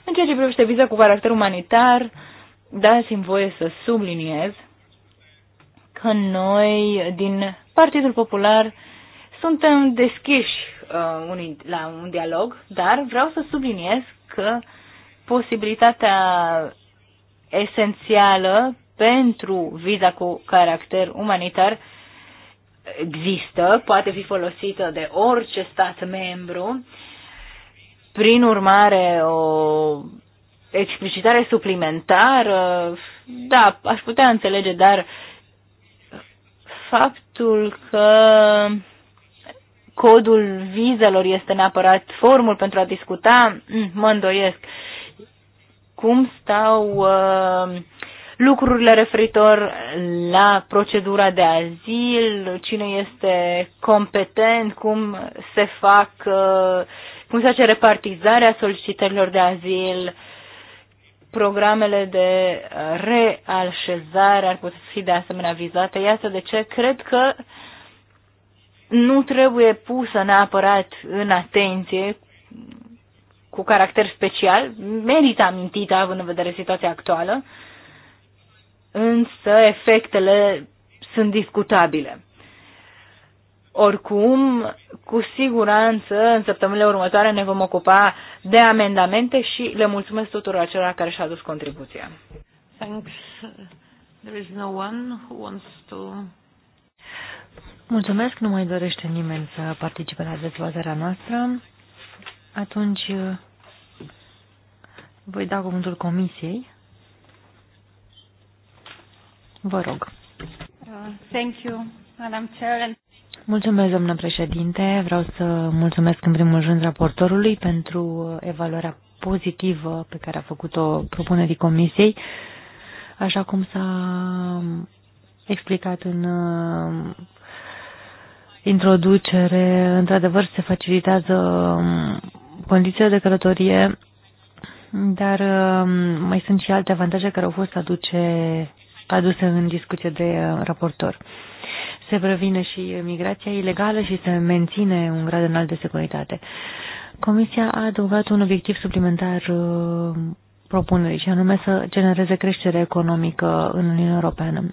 În ceea ce privește viza cu caracter umanitar, dați-mi voie să subliniez că noi din Partidul Popular suntem deschiși uh, un, la un dialog, dar vreau să subliniez că posibilitatea esențială pentru viza cu caracter umanitar există, poate fi folosită de orice stat membru prin urmare, o explicitare suplimentară, da, aș putea înțelege, dar faptul că codul vizelor este neapărat formul pentru a discuta, mm, mă îndoiesc. Cum stau uh, lucrurile referitor la procedura de azil, cine este competent, cum se fac uh, cum se face repartizarea solicitărilor de azil, programele de realșezare ar putea fi de asemenea vizate. Iată de ce cred că nu trebuie pusă neapărat în atenție cu caracter special, merită amintită având în vedere situația actuală, însă efectele sunt discutabile. Oricum, cu siguranță, în săptămânile următoare ne vom ocupa de amendamente și le mulțumesc tuturor acelora care și-au adus contribuția. Thanks. There is no one who wants to... Mulțumesc, nu mai dorește nimeni să participe la dezbaterea noastră. Atunci voi da cuvântul comisiei. Vă rog. Uh, thank you, Madam Chair. Mulțumesc, domnule președinte. Vreau să mulțumesc în primul rând raportorului pentru uh, evaluarea pozitivă pe care a făcut-o propunerii comisiei, așa cum s-a um, explicat în um, introducere. Într-adevăr, se facilitează um, condițiile de călătorie, dar mai sunt și alte avantaje care au fost aduce, aduse în discuție de uh, raportor se previne și migrația ilegală și se menține un grad înalt de securitate. Comisia a adăugat un obiectiv suplimentar uh, propunerii și anume să genereze creștere economică în Uniunea Europeană.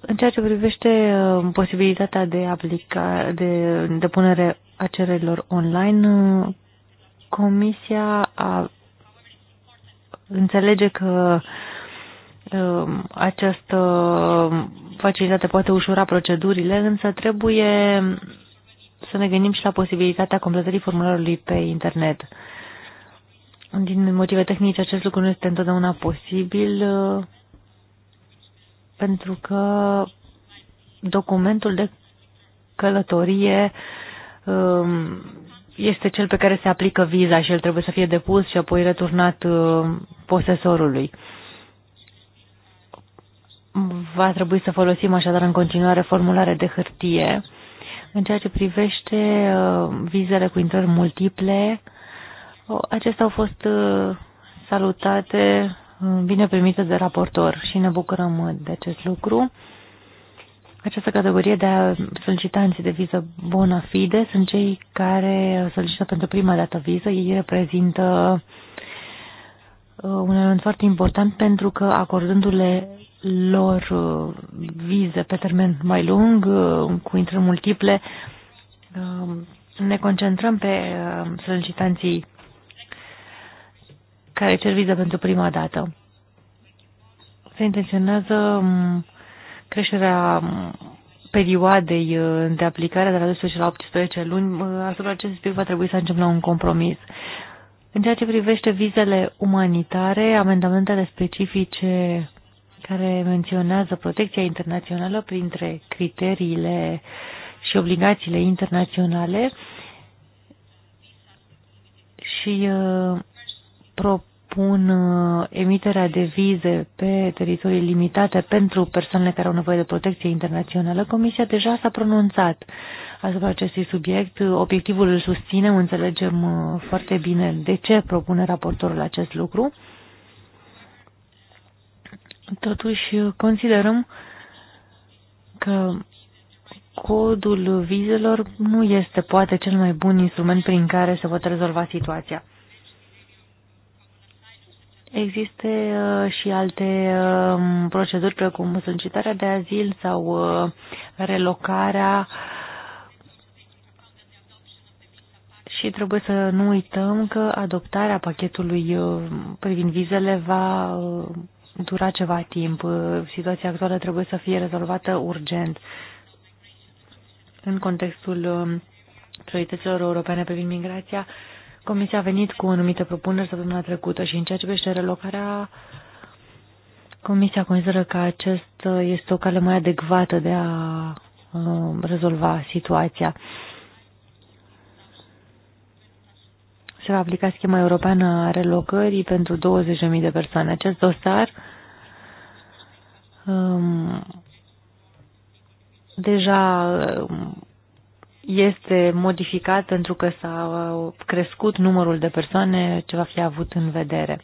În ceea ce privește uh, posibilitatea de aplica, de depunere a cererilor online, uh, Comisia a înțelege că Um, această facilitate poate ușura procedurile, însă trebuie să ne gândim și la posibilitatea completării formularului pe internet. Din motive tehnice, acest lucru nu este întotdeauna posibil uh, pentru că documentul de călătorie um, este cel pe care se aplică viza și el trebuie să fie depus și apoi returnat uh, posesorului va trebui să folosim așadar în continuare formulare de hârtie. În ceea ce privește uh, vizele cu intrări multiple, acestea au fost uh, salutate, uh, bine primite de raportor și ne bucurăm de acest lucru. Această categorie de solicitanți de viză bona fide sunt cei care solicită pentru prima dată viză. Ei reprezintă un element foarte important pentru că acordându-le lor uh, vize pe termen mai lung, uh, cu intrări multiple, um, ne concentrăm pe uh, solicitanții care cer viză pentru prima dată. Se intenționează um, creșterea um, perioadei de aplicare de la 12 la 18 luni. Asupra acestui subiect va trebui să ajungem la un compromis. În ceea ce privește vizele umanitare, amendamentele specifice care menționează protecția internațională printre criteriile și obligațiile internaționale și uh, propun uh, emiterea de vize pe teritorii limitate pentru persoanele care au nevoie de protecție internațională. Comisia deja s-a pronunțat asupra acestui subiect. Obiectivul îl susținem, înțelegem uh, foarte bine de ce propune raportorul acest lucru. Totuși, considerăm că codul vizelor nu este poate cel mai bun instrument prin care se pot rezolva situația. Există uh, și alte uh, proceduri precum solicitarea de azil sau uh, relocarea și trebuie să nu uităm că adoptarea pachetului privind vizele va dura ceva timp. Situația actuală trebuie să fie rezolvată urgent. În contextul um, priorităților europene privind migrația, Comisia a venit cu anumite propuneri săptămâna trecută și în ceea ce privește relocarea, Comisia consideră că acest este o cale mai adecvată de a um, rezolva situația. se va aplica schema europeană a relocării pentru 20.000 de persoane. Acest dosar um, deja um, este modificat pentru că s-a uh, crescut numărul de persoane ce va fi avut în vedere.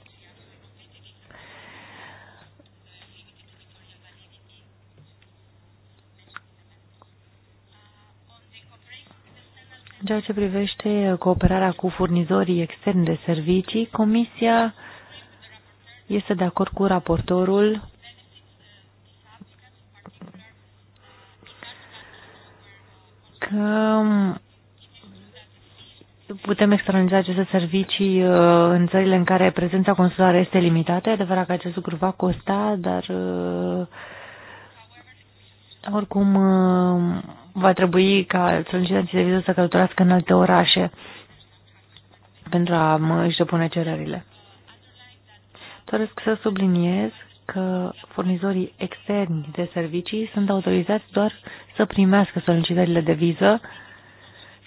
În ceea ce privește uh, cooperarea cu furnizorii externi de servicii, Comisia este de acord cu raportorul că um, putem externaliza aceste servicii uh, în țările în care prezența consulară este limitată. E adevărat că acest lucru va costa, dar uh, oricum um, va trebui ca solicitanții de viză să călătorească în alte orașe pentru a își depune cererile. Doresc să subliniez că furnizorii externi de servicii sunt autorizați doar să primească solicitările de viză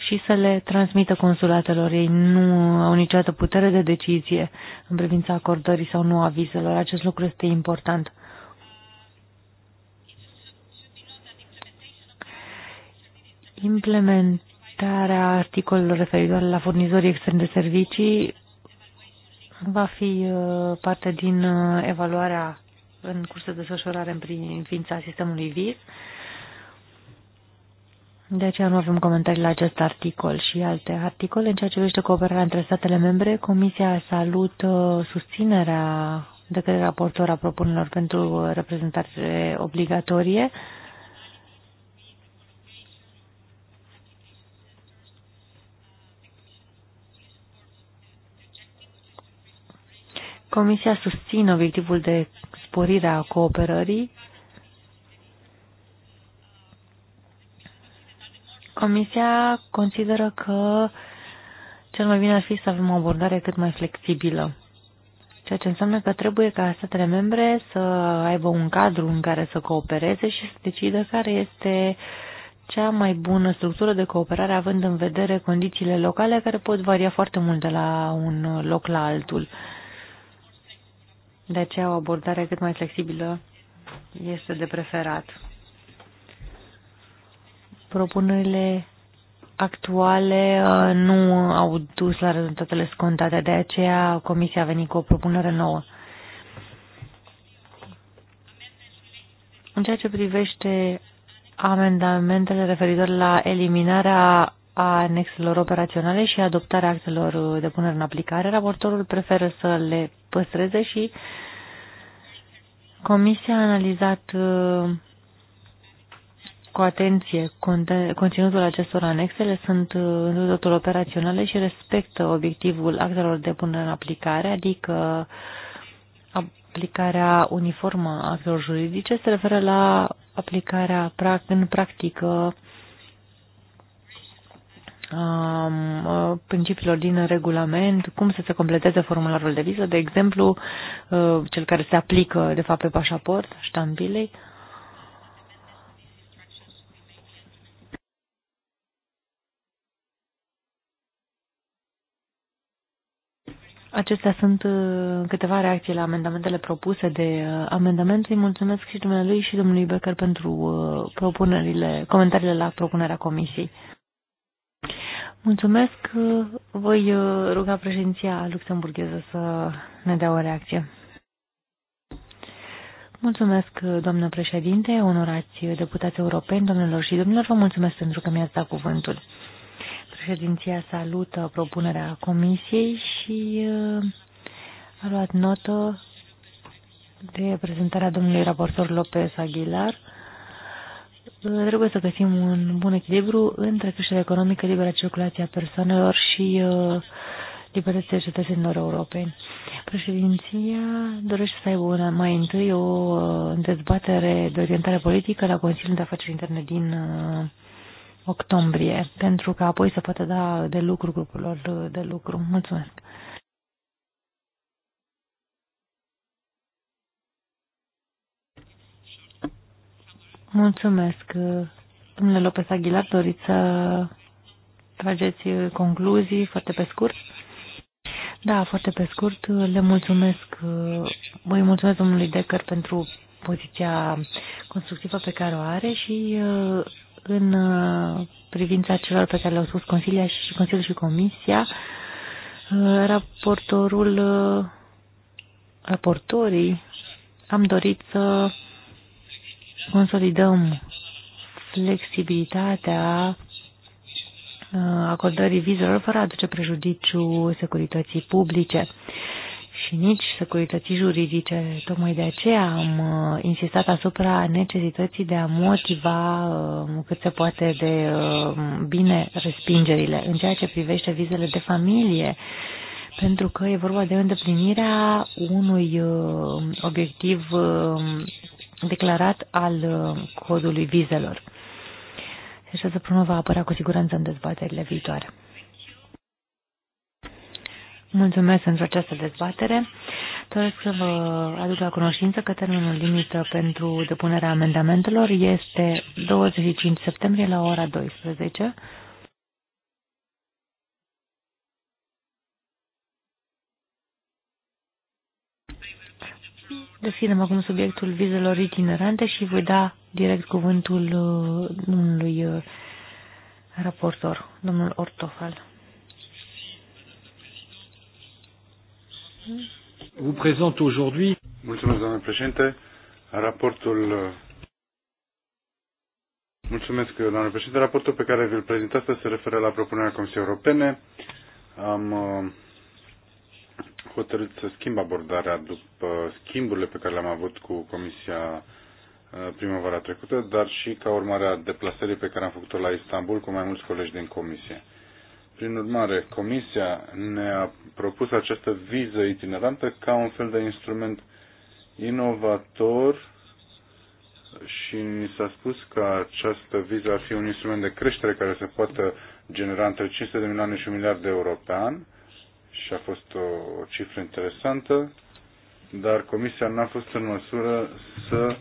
și să le transmită consulatelor. Ei nu au niciodată putere de decizie în privința acordării sau nu a vizelor. Acest lucru este important. Implementarea articolelor referitoare la furnizorii externi de servicii va fi uh, parte din uh, evaluarea în curs de desfășurare în privința sistemului VIS. De aceea nu avem comentarii la acest articol și alte articole. În ceea ce privește cooperarea între statele membre, Comisia salută uh, susținerea de către raportor a propunerilor pentru reprezentare obligatorie. Comisia susține obiectivul de sporire a cooperării. Comisia consideră că cel mai bine ar fi să avem o abordare cât mai flexibilă, ceea ce înseamnă că trebuie ca statele membre să aibă un cadru în care să coopereze și să decidă care este cea mai bună structură de cooperare, având în vedere condițiile locale care pot varia foarte mult de la un loc la altul. De aceea o abordare cât mai flexibilă este de preferat. Propunerile actuale uh, nu au dus la rezultatele scontate, de aceea Comisia a venit cu o propunere nouă. În ceea ce privește amendamentele referitor la eliminarea a anexelor operaționale și adoptarea actelor de punere în aplicare. Raportorul preferă să le păstreze și Comisia a analizat uh, cu atenție conținutul acestor anexele, sunt uh, în totul operaționale și respectă obiectivul actelor de punere în aplicare, adică aplicarea uniformă a actelor juridice se referă la aplicarea în practică Uh, principiilor din regulament, cum să se completeze formularul de viză, de exemplu, uh, cel care se aplică, de fapt, pe pașaport, ștampilei. Acestea sunt uh, câteva reacții la amendamentele propuse de amendament. Îi mulțumesc și dumnealui și domnului Becker pentru propunerile, comentariile la propunerea comisiei. Mulțumesc. Voi uh, ruga președinția luxemburgheză să ne dea o reacție. Mulțumesc, doamnă președinte, onorați deputați europeni, domnilor și domnilor, vă mulțumesc pentru că mi-ați dat cuvântul. Președinția salută propunerea comisiei și uh, a luat notă de prezentarea domnului raportor Lopez Aguilar trebuie să găsim un bun echilibru între creșterea economică, libera circulație a persoanelor și uh, libertățile cetățenilor europeni. Președinția dorește să aibă una, mai întâi o uh, dezbatere de orientare politică la Consiliul de Afaceri Interne din uh, octombrie, pentru că apoi să poată da de lucru grupurilor de lucru. Mulțumesc! Mulțumesc. Domnule Lopez Aguilar, doriți să trageți concluzii foarte pe scurt? Da, foarte pe scurt. Le mulțumesc, Vă mulțumesc domnului Decker pentru poziția constructivă pe care o are și în privința celor pe care le-au spus Consiliul și, Consiliul și Comisia, raportorul, raportorii, am dorit să consolidăm flexibilitatea uh, acordării vizelor fără a aduce prejudiciu securității publice și nici securității juridice. Tocmai de aceea am uh, insistat asupra necesității de a motiva uh, cât se poate de bine respingerile în ceea ce privește vizele de familie, pentru că e vorba de îndeplinirea unui obiectiv declarat al uh, codului vizelor. Și deci să prună va apărea cu siguranță în dezbaterile viitoare. Mulțumesc pentru această dezbatere. Doresc să vă aduc la cunoștință că termenul limită pentru depunerea amendamentelor este 25 septembrie la ora 12. Deschidem acum subiectul vizelor itinerante și voi da direct cuvântul uh, domnului uh, raportor, domnul Ortofal. Vă prezint aujourd'hui. Mulțumesc, doamnă președinte. Raportul uh, Mulțumesc, doamnă președinte. Raportul pe care vi-l prezint astăzi se referă la propunerea Comisiei Europene. Am hotărât să schimb abordarea după schimburile pe care le-am avut cu Comisia uh, primăvara trecută, dar și ca urmare a deplasării pe care am făcut-o la Istanbul cu mai mulți colegi din Comisie. Prin urmare, Comisia ne-a propus această viză itinerantă ca un fel de instrument inovator și ni s-a spus că această viză ar fi un instrument de creștere care se poate genera între 500 de milioane și un miliard de euro pe an și a fost o, o cifră interesantă, dar Comisia n-a fost în măsură să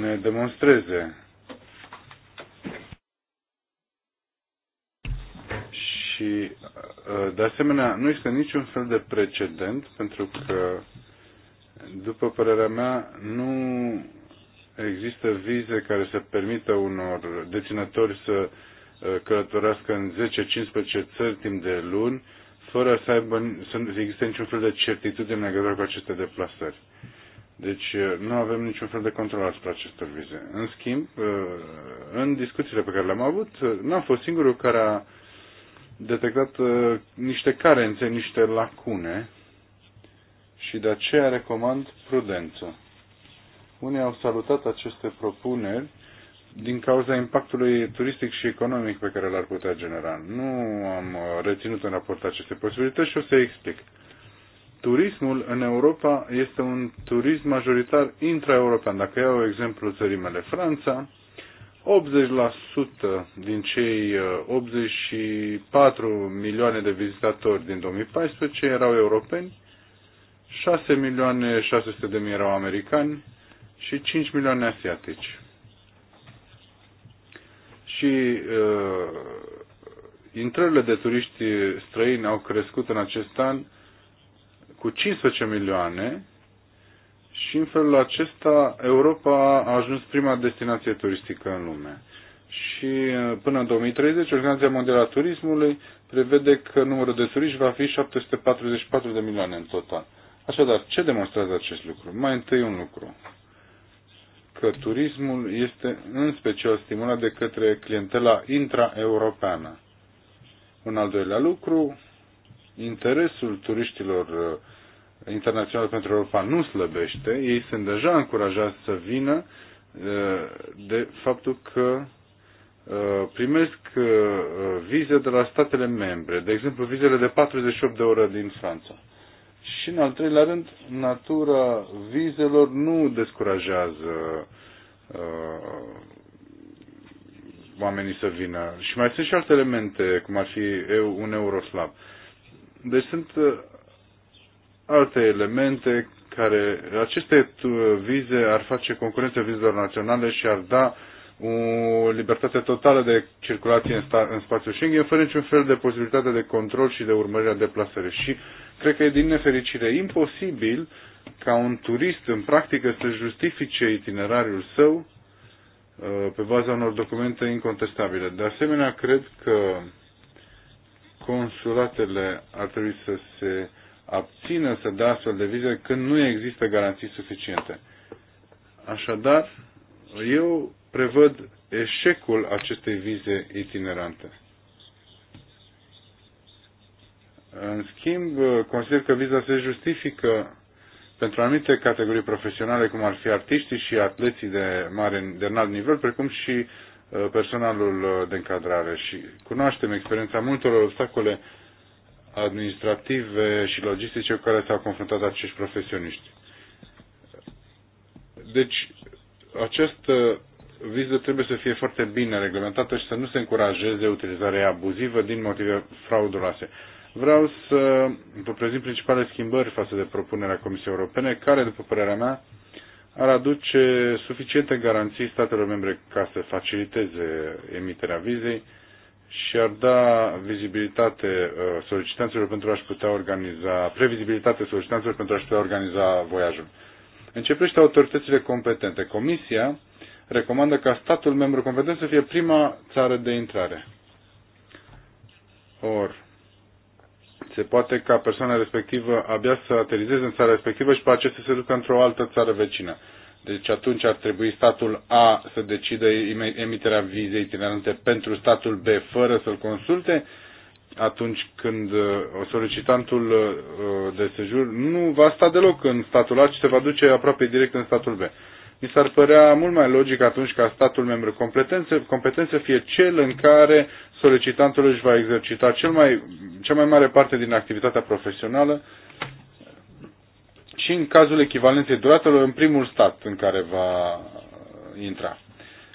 ne demonstreze și uh, de asemenea nu există niciun fel de precedent pentru că după părerea mea nu există vize care să permită unor deținători să uh, călătorească în 10-15 țări timp de luni fără să, aibă, să există niciun fel de certitudine în legătură cu aceste deplasări. Deci uh, nu avem niciun fel de control asupra acestor vize. În schimb, uh, în discuțiile pe care le-am avut, uh, n-am fost singurul care a detectat niște carențe, niște lacune și de aceea recomand prudență. Unii au salutat aceste propuneri din cauza impactului turistic și economic pe care l-ar putea genera. Nu am uh, reținut în raport aceste posibilități și o să explic. Turismul în Europa este un turism majoritar intraeuropean. Dacă iau exemplu țării mele, Franța, 80% din cei 84 uh, milioane de vizitatori din 2014 erau europeni, 6 milioane 600 de mii erau americani și 5 milioane asiatici și uh, intrările de turiști străini au crescut în acest an cu 15 milioane și în felul acesta Europa a ajuns prima destinație turistică în lume. Și uh, până în 2030, Organizația Mondială a Turismului prevede că numărul de turiști va fi 744 de milioane în total. Așadar, ce demonstrează acest lucru? Mai întâi un lucru că turismul este în special stimulat de către clientela intraeuropeană. Un al doilea lucru, interesul turiștilor uh, internațional pentru Europa nu slăbește, ei sunt deja încurajați să vină uh, de faptul că uh, primesc vize de la statele membre, de exemplu vizele de 48 de ore din Franța. Și în al treilea rând, natura vizelor nu descurajează uh, oamenii să vină. Și mai sunt și alte elemente, cum ar fi eu, un euroslab. Deci sunt uh, alte elemente care aceste vize ar face concurență vizelor naționale și ar da o libertate totală de circulație în, sta, în spațiul Schengen, fără niciun fel de posibilitate de control și de urmărire a deplasării. Și Cred că e din nefericire imposibil ca un turist în practică să justifice itinerariul său uh, pe baza unor documente incontestabile. De asemenea, cred că consulatele ar trebui să se abțină să dea astfel de vize când nu există garanții suficiente. Așadar, eu prevăd eșecul acestei vize itinerante. În schimb, consider că viza se justifică pentru anumite categorii profesionale, cum ar fi artiștii și atleții de mare, de înalt nivel, precum și uh, personalul de încadrare. Și cunoaștem experiența multor obstacole administrative și logistice cu care s-au confruntat acești profesioniști. Deci, această viză trebuie să fie foarte bine reglementată și să nu se încurajeze utilizarea abuzivă din motive frauduloase. Vreau să vă prezint principalele schimbări față de propunerea Comisiei Europene, care, după părerea mea, ar aduce suficiente garanții statelor membre ca să faciliteze emiterea vizei și ar da vizibilitate uh, solicitanților pentru a-și putea organiza, previzibilitate solicitanților pentru a-și putea organiza voiajul. Începește autoritățile competente. Comisia recomandă ca statul membru competent să fie prima țară de intrare. Or, se poate ca persoana respectivă abia să aterizeze în țara respectivă și pe aceea să se ducă într-o altă țară vecină. Deci atunci ar trebui statul A să decidă emiterea vizei itinerante pentru statul B fără să-l consulte atunci când uh, solicitantul uh, de sejur nu va sta deloc în statul A, ci se va duce aproape direct în statul B. Mi s-ar părea mult mai logic atunci ca statul membru competent să fie cel în care solicitantul își va exercita cel mai, cea mai mare parte din activitatea profesională și în cazul echivalenței duratelor în primul stat în care va intra.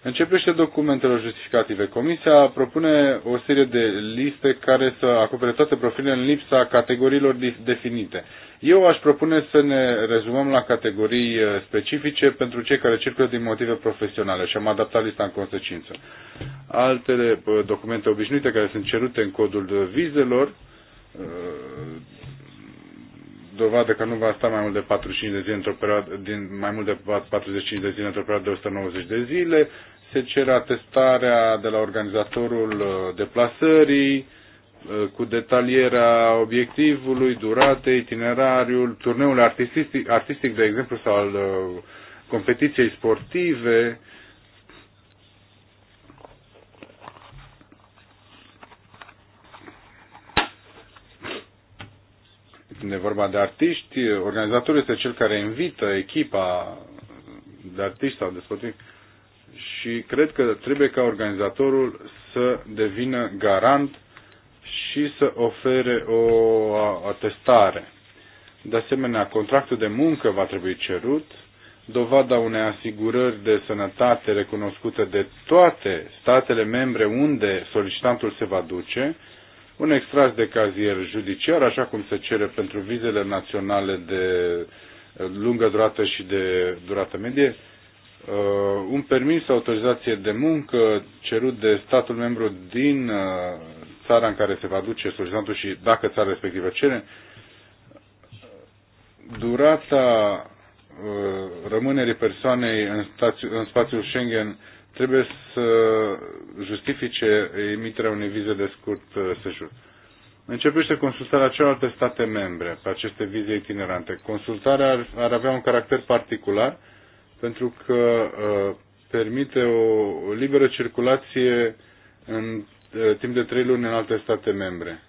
Începește documentele justificative. Comisia propune o serie de liste care să acopere toate profilele în lipsa categoriilor definite. Eu aș propune să ne rezumăm la categorii uh, specifice pentru cei care circulă din motive profesionale și am adaptat lista în consecință. Altele uh, documente obișnuite care sunt cerute în codul uh, vizelor dovadă că nu va sta mai mult de 45 de zile într-o perioadă, din mai mult de 45 de zile într-o perioadă de 190 de zile, se cere atestarea de la organizatorul uh, deplasării, uh, cu detalierea obiectivului, durate, itinerariul, turneul artistic, artistic de exemplu, sau al uh, competiției sportive, când e vorba de artiști, organizatorul este cel care invită echipa de artiști sau de sportivi și cred că trebuie ca organizatorul să devină garant și să ofere o atestare. De asemenea, contractul de muncă va trebui cerut, dovada unei asigurări de sănătate recunoscută de toate statele membre unde solicitantul se va duce, un extras de cazier judiciar, așa cum se cere pentru vizele naționale de eh, lungă durată și de durată medie, eh, un permis sau autorizație de muncă cerut de statul membru din eh, țara în care se va duce solicitantul și dacă țara respectivă cere, durata rămânerii persoanei în, stațiu, în spațiul Schengen trebuie să justifice emiterea unei vize de scurt uh, sejur. Începește consultarea celorlalte state membre pe aceste vize itinerante. Consultarea ar, ar avea un caracter particular pentru că uh, permite o liberă circulație în uh, timp de trei luni în alte state membre.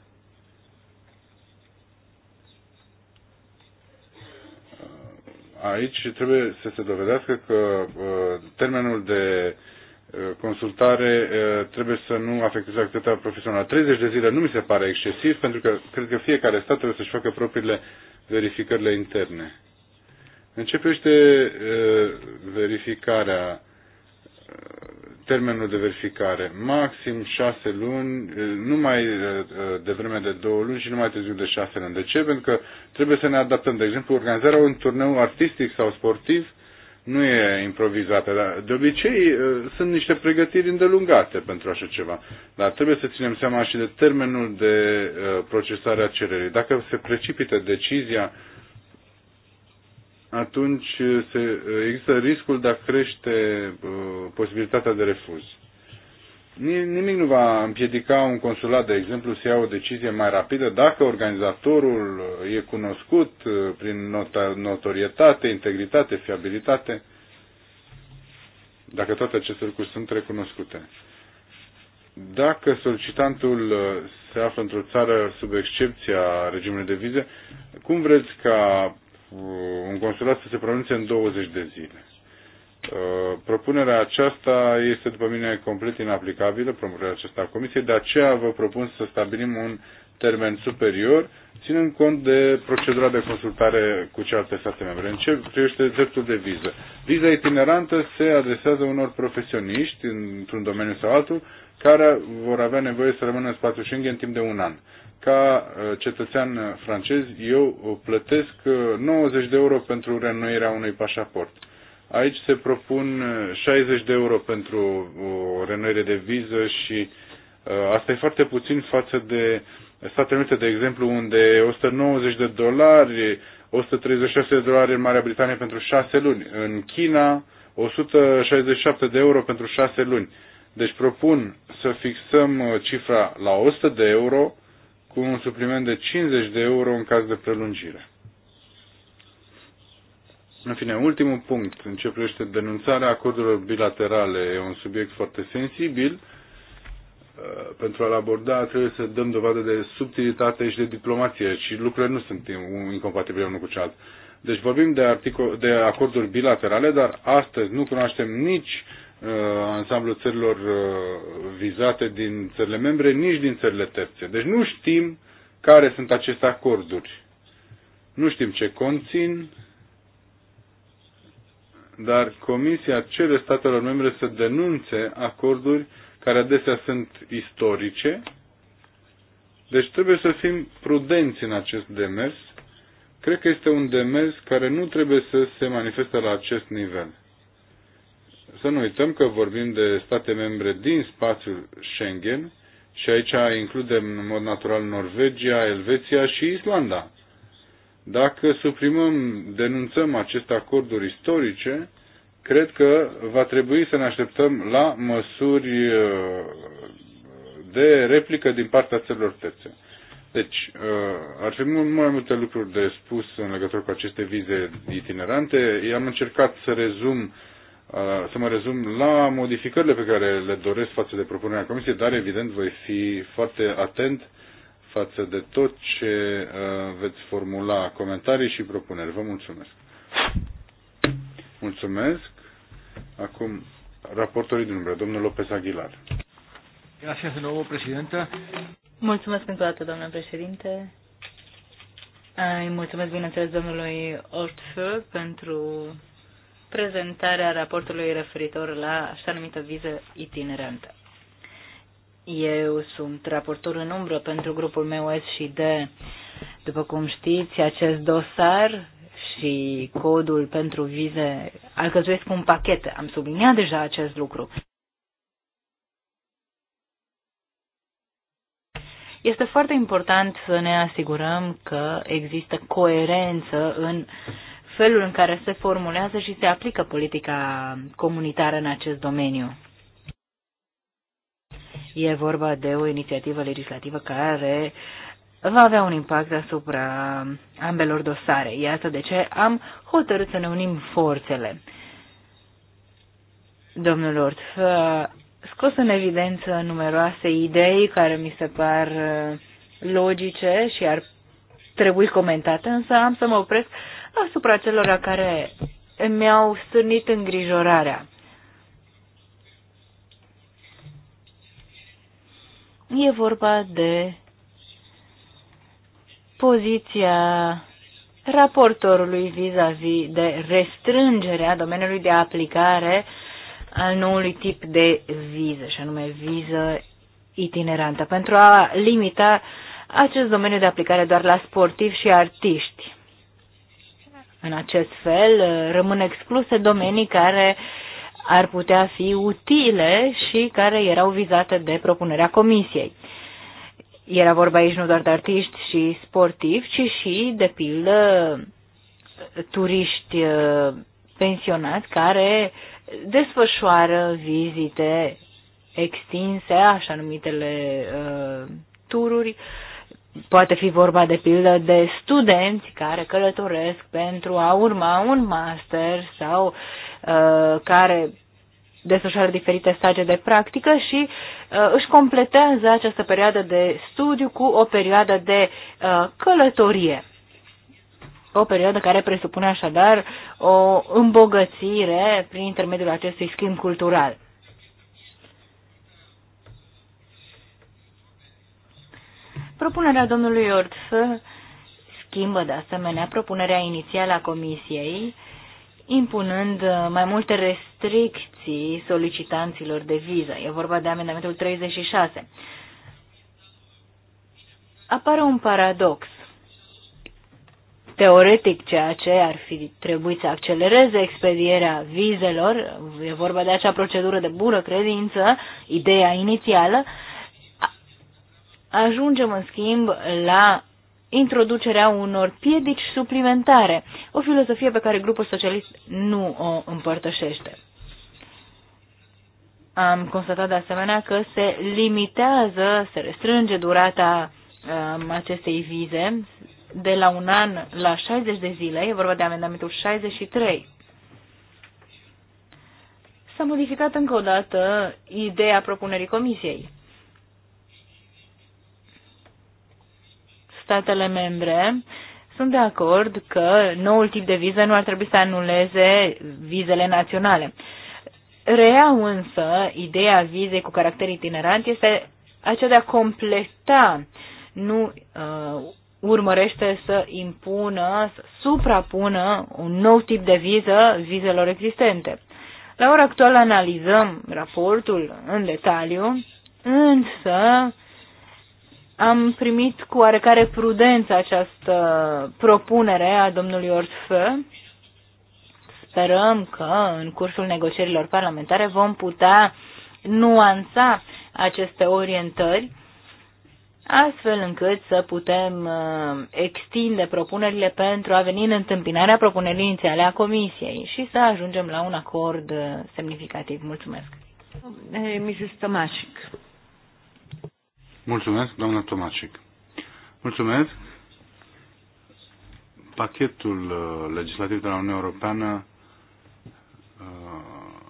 aici trebuie să se dovedească că uh, termenul de uh, consultare uh, trebuie să nu afecteze activitatea profesională. 30 de zile nu mi se pare excesiv, pentru că cred că fiecare stat trebuie să-și facă propriile verificările interne. Începește verificarea termenul de verificare. Maxim șase luni, nu mai eh, de vreme de două luni și nu mai târziu de șase luni. De ce? Pentru că trebuie să ne adaptăm. De exemplu, organizarea unui turneu artistic sau sportiv nu e improvizată, dar de obicei eh, sunt niște pregătiri îndelungate pentru așa ceva. Dar trebuie să ținem seama și de termenul de eh, procesare a cererii. Dacă se precipită decizia atunci uh, se, uh, există riscul de a crește uh, posibilitatea de refuz. Nimic nu va împiedica un consulat, de exemplu, să ia o decizie mai rapidă dacă organizatorul e cunoscut prin notorietate, integritate, fiabilitate, dacă toate aceste lucruri sunt recunoscute. Dacă solicitantul se află într-o țară sub excepția regimului de vize, cum vreți ca Uh, un consulat să se pronunțe în 20 de zile. Uh, propunerea aceasta este, după mine, complet inaplicabilă, propunerea aceasta a Comisiei, de aceea vă propun să stabilim un termen superior, ținând cont de procedura de consultare cu celelalte state membre. În ce privește dreptul de viză? Viza itinerantă se adresează unor profesioniști, într-un domeniu sau altul, care vor avea nevoie să rămână în spațiul Schengen timp de un an ca uh, cetățean uh, francez, eu uh, plătesc 90 de euro pentru reînnoirea unui pașaport. Aici se propun 60 de euro pentru o renoire de viză și asta e foarte puțin față de Statele Unite, de exemplu, unde 190 de dolari, 136 de dolari în Marea Britanie pentru 6 luni. În China, 167 de euro pentru 6 luni. Deci propun să fixăm cifra la 100 de euro cu un supliment de 50 de euro în caz de prelungire. În fine, ultimul punct în ce privește denunțarea acordurilor bilaterale. E un subiect foarte sensibil. Uh, pentru a-l aborda trebuie să dăm dovadă de subtilitate și de diplomație și lucrurile nu sunt incompatibile unul cu celălalt. Deci vorbim de, articol, de acorduri bilaterale, dar astăzi nu cunoaștem nici uh, Uh, ansamblul țărilor uh, vizate din țările membre, nici din țările terțe. Deci nu știm care sunt aceste acorduri. Nu știm ce conțin, dar Comisia cere statelor membre să denunțe acorduri care adesea sunt istorice. Deci trebuie să fim prudenți în acest demers. Cred că este un demers care nu trebuie să se manifeste la acest nivel. Să nu uităm că vorbim de state membre din spațiul Schengen și aici includem în mod natural Norvegia, Elveția și Islanda. Dacă suprimăm, denunțăm aceste acorduri istorice, cred că va trebui să ne așteptăm la măsuri uh, de replică din partea țărilor terțe. Deci, uh, ar fi mult mai multe lucruri de spus în legătură cu aceste vize itinerante. I-am încercat să rezum Uh, să mă rezum la modificările pe care le doresc față de propunerea Comisiei, dar evident voi fi foarte atent față de tot ce uh, veți formula comentarii și propuneri. Vă mulțumesc. Mulțumesc. Acum, raportorii din umbră, domnul Lopez Aguilar. Gracias de nuevo, presidenta. Mulțumesc încă o dată, președinte. Îi mulțumesc, bineînțeles, domnului Ortfeu pentru prezentarea raportului referitor la așa numită viză itinerantă. Eu sunt raportor în umbră pentru grupul meu S și D. După cum știți, acest dosar și codul pentru vize alcătuiesc un pachet. Am subliniat deja acest lucru. Este foarte important să ne asigurăm că există coerență în uh, felul în care se formulează și se aplică politica comunitară în acest domeniu. E vorba de o inițiativă legislativă care va avea un impact asupra ambelor dosare. Iată de ce am hotărât să ne unim forțele. Domnul Lord, scos în evidență numeroase idei care mi se par logice și ar trebui comentate, însă am să mă opresc asupra celor care mi-au stârnit îngrijorarea. E vorba de poziția raportorului vis-a-vis -vis de restrângerea domeniului de aplicare al noului tip de viză, și anume viză itinerantă, pentru a limita acest domeniu de aplicare doar la sportivi și artiști. În acest fel uh, rămân excluse domenii care ar putea fi utile și care erau vizate de propunerea comisiei. Era vorba aici nu doar de artiști și sportivi, ci și, de pildă, turiști uh, pensionați care desfășoară vizite extinse, așa numitele uh, tururi, uh, Poate fi vorba de pildă de studenți care călătoresc pentru a urma un master sau uh, care desfășoară diferite staje de practică și uh, își completează această perioadă de studiu cu o perioadă de uh, călătorie. O perioadă care presupune așadar o îmbogățire prin intermediul acestui schimb cultural. Propunerea domnului Ortf schimbă de asemenea propunerea inițială a Comisiei, impunând mai multe restricții solicitanților de viză. E vorba de amendamentul 36. Apare un paradox. Teoretic, ceea ce ar fi trebuit să accelereze expedierea vizelor, e vorba de acea procedură de bună credință, ideea inițială, uh, Ajungem, în schimb, la introducerea unor piedici suplimentare, o filozofie pe care grupul socialist nu o împărtășește. Am constatat de asemenea că se limitează, se restrânge durata um, acestei vize de la un an la 60 de zile, e vorba de amendamentul 63. S-a modificat încă o dată ideea propunerii comisiei. statele membre sunt de acord că noul tip de viză nu ar trebui să anuleze vizele naționale. Rea, însă ideea vizei cu caracter itinerant este aceea de a completa, nu uh, urmărește să impună, să suprapună un nou tip de viză vizelor existente. La ora actuală analizăm raportul în detaliu, însă am primit cu oarecare prudență această propunere a domnului Orfe. Sperăm că în cursul negocierilor parlamentare vom putea nuanța aceste orientări astfel încât să putem uh, extinde propunerile pentru a veni în întâmpinarea propunerii inițiale a Comisiei și să ajungem la un acord uh, semnificativ. Mulțumesc. Eh, Mrs. Tomașic. Mulțumesc, doamna Tomacic. Mulțumesc. Pachetul uh, legislativ de la Uniunea Europeană uh,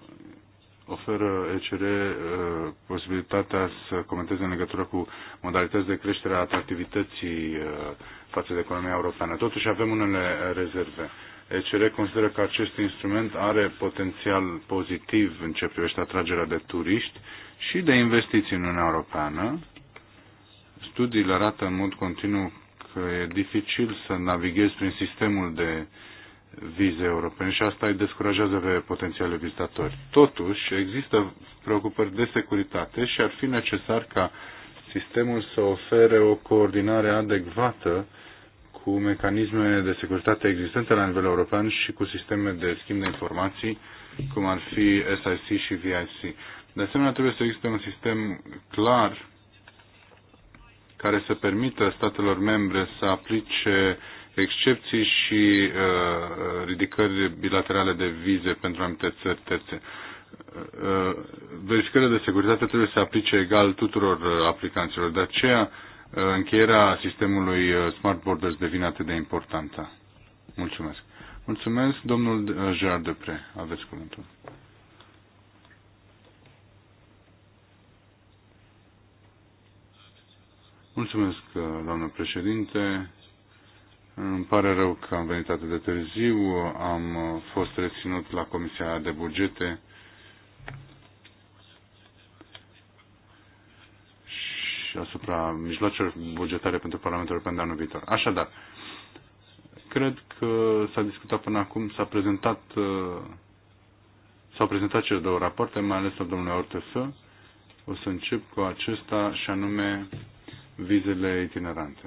oferă ECR uh, posibilitatea să comenteze în legătură cu modalități de creștere a atractivității față de economia europeană. Totuși avem unele rezerve. ECR consideră că acest instrument are potențial pozitiv în ce privește atragerea de turiști și de investiții în Uniunea Europeană, studiile arată în mod continuu că e dificil să navighezi prin sistemul de vize europene și asta îi descurajează pe potențiale vizitatori. Totuși, există preocupări de securitate și ar fi necesar ca sistemul să ofere o coordinare adecvată cu mecanisme de securitate existente la nivel european și cu sisteme de schimb de informații, cum ar fi SIC și VIC. De asemenea, trebuie să existe un sistem clar care să permită statelor membre să aplice excepții și uh, ridicări bilaterale de vize pentru anumite țări terțe. Uh, verificările de securitate trebuie să aplice egal tuturor uh, aplicanților, de aceea uh, încheierea sistemului uh, Smart Borders devine atât de importantă. Mulțumesc. Mulțumesc, domnul uh, Gerard Depre. Aveți cuvântul. Mulțumesc, doamnă președinte. Îmi pare rău că am venit atât de târziu. Am fost reținut la Comisia de Bugete și asupra mijloacelor bugetare pentru Parlamentul European de anul viitor. Așadar, cred că s-a discutat până acum, s-a prezentat, s-au prezentat cele două rapoarte, mai ales al domnului Ortesă. O să încep cu acesta și anume vizele itinerante.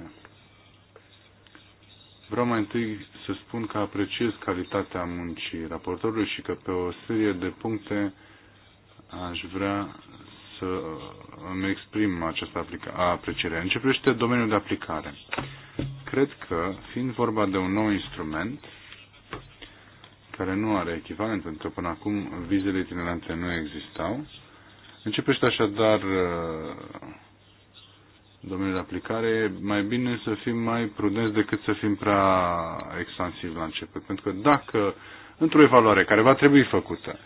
Vreau mai întâi să spun că apreciez calitatea muncii raportorului și că pe o serie de puncte aș vrea să îmi exprim această apreciere. Începește domeniul de aplicare. Cred că, fiind vorba de un nou instrument, care nu are echivalent, pentru că până acum vizele itinerante nu existau, începește așadar domeniul de aplicare, e mai bine să fim mai prudenți decât să fim prea expansivi la început. Pentru că dacă într-o evaluare care va trebui făcută,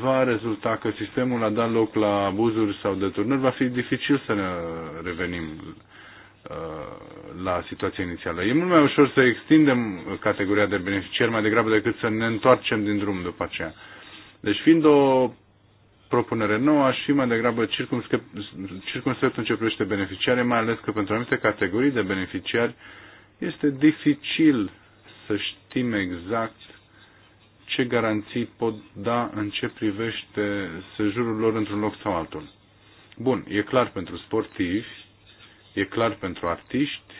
va rezulta că sistemul a dat loc la abuzuri sau deturnări, va fi dificil să ne revenim uh, la situația inițială. E mult mai ușor să extindem categoria de beneficiari mai degrabă decât să ne întoarcem din drum după aceea. Deci fiind o propunere nouă, aș fi mai degrabă circumscript în ce privește beneficiare, mai ales că pentru anumite categorii de beneficiari este dificil să știm exact ce garanții pot da în ce privește sejurul lor într-un loc sau altul. Bun, e clar pentru sportivi, e clar pentru artiști,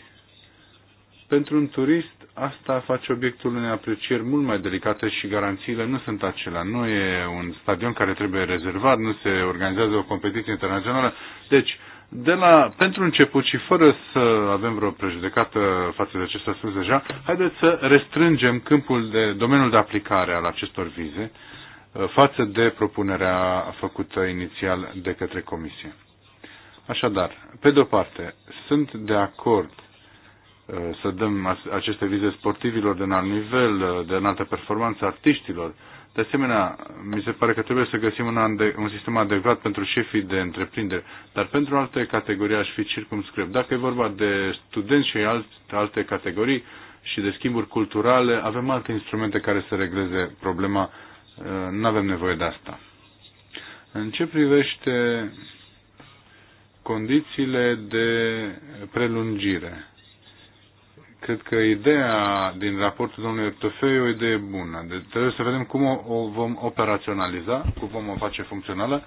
pentru un turist asta face obiectul unei aprecieri mult mai delicate și garanțiile nu sunt acelea. Nu e un stadion care trebuie rezervat, nu se organizează o competiție internațională. Deci, de la, pentru început și fără să avem vreo prejudecată față de acest spus deja, haideți să restrângem câmpul de, domeniul de aplicare al acestor vize uh, față de propunerea făcută inițial de către Comisie. Așadar, pe de-o parte, sunt de acord Uh, să dăm aceste vize sportivilor de înalt nivel, uh, de înaltă performanță, artiștilor. De asemenea, mi se pare că trebuie să găsim un, ande- un sistem adecvat pentru șefii de întreprindere, dar pentru alte categorii aș fi circumscript. Dacă e vorba de studenți și alt, alte categorii și de schimburi culturale, avem alte instrumente care să regleze problema. Uh, nu avem nevoie de asta. În ce privește condițiile de prelungire? Cred că ideea din raportul domnului Ertofei e o idee bună. Deci trebuie să vedem cum o vom operaționaliza, cum vom o face funcțională,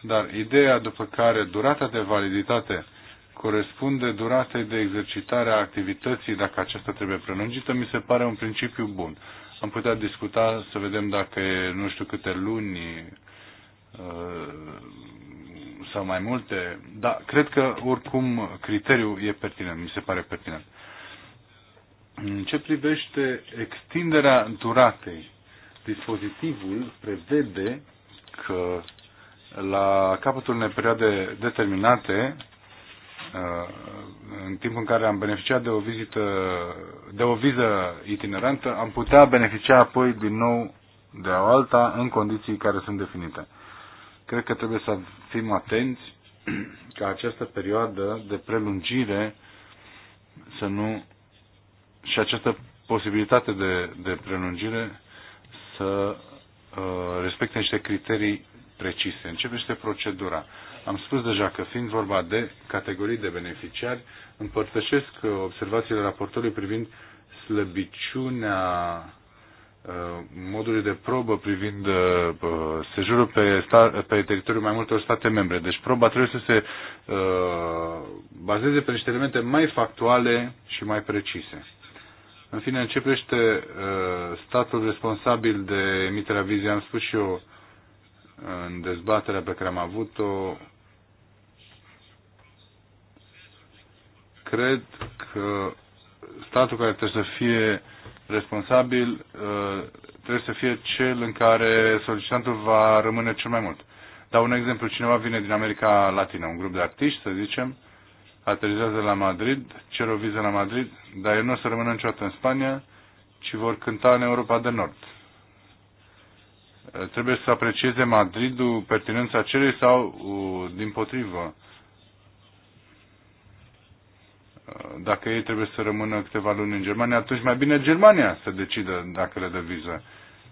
dar ideea după care durata de validitate corespunde duratei de exercitare a activității, dacă aceasta trebuie prelungită, mi se pare un principiu bun. Am putea discuta să vedem dacă e nu știu câte luni uh, sau mai multe, dar cred că oricum criteriul e pertinent, mi se pare pertinent. În ce privește extinderea duratei, dispozitivul prevede că la capătul unei perioade determinate, uh, în timpul în care am beneficiat de o vizită, de o viză itinerantă, am putea beneficia apoi din nou de o alta în condiții care sunt definite. Cred că trebuie să fim atenți ca această perioadă de prelungire să nu și această posibilitate de, de prelungire să uh, respecte niște criterii precise. Începește procedura. Am spus deja că fiind vorba de categorii de beneficiari, împărtășesc uh, observațiile raportului privind slăbiciunea uh, modului de probă privind uh, sejurul pe, star, pe teritoriul mai multor state membre. Deci proba trebuie să se uh, bazeze pe niște elemente mai factuale și mai precise. În fine, în ce privește uh, statul responsabil de emiterea vizei, am spus și eu uh, în dezbaterea pe care am avut-o, cred că statul care trebuie să fie responsabil uh, trebuie să fie cel în care solicitantul va rămâne cel mai mult. Dau un exemplu, cineva vine din America Latină, un grup de artiști, să zicem, aterizează la Madrid, cer o viză la Madrid, dar ei nu o să rămână niciodată în Spania, ci vor cânta în Europa de Nord. Trebuie să aprecieze Madridul pertinența celei sau din potrivă. Dacă ei trebuie să rămână câteva luni în Germania, atunci mai bine Germania să decidă dacă le dă viză.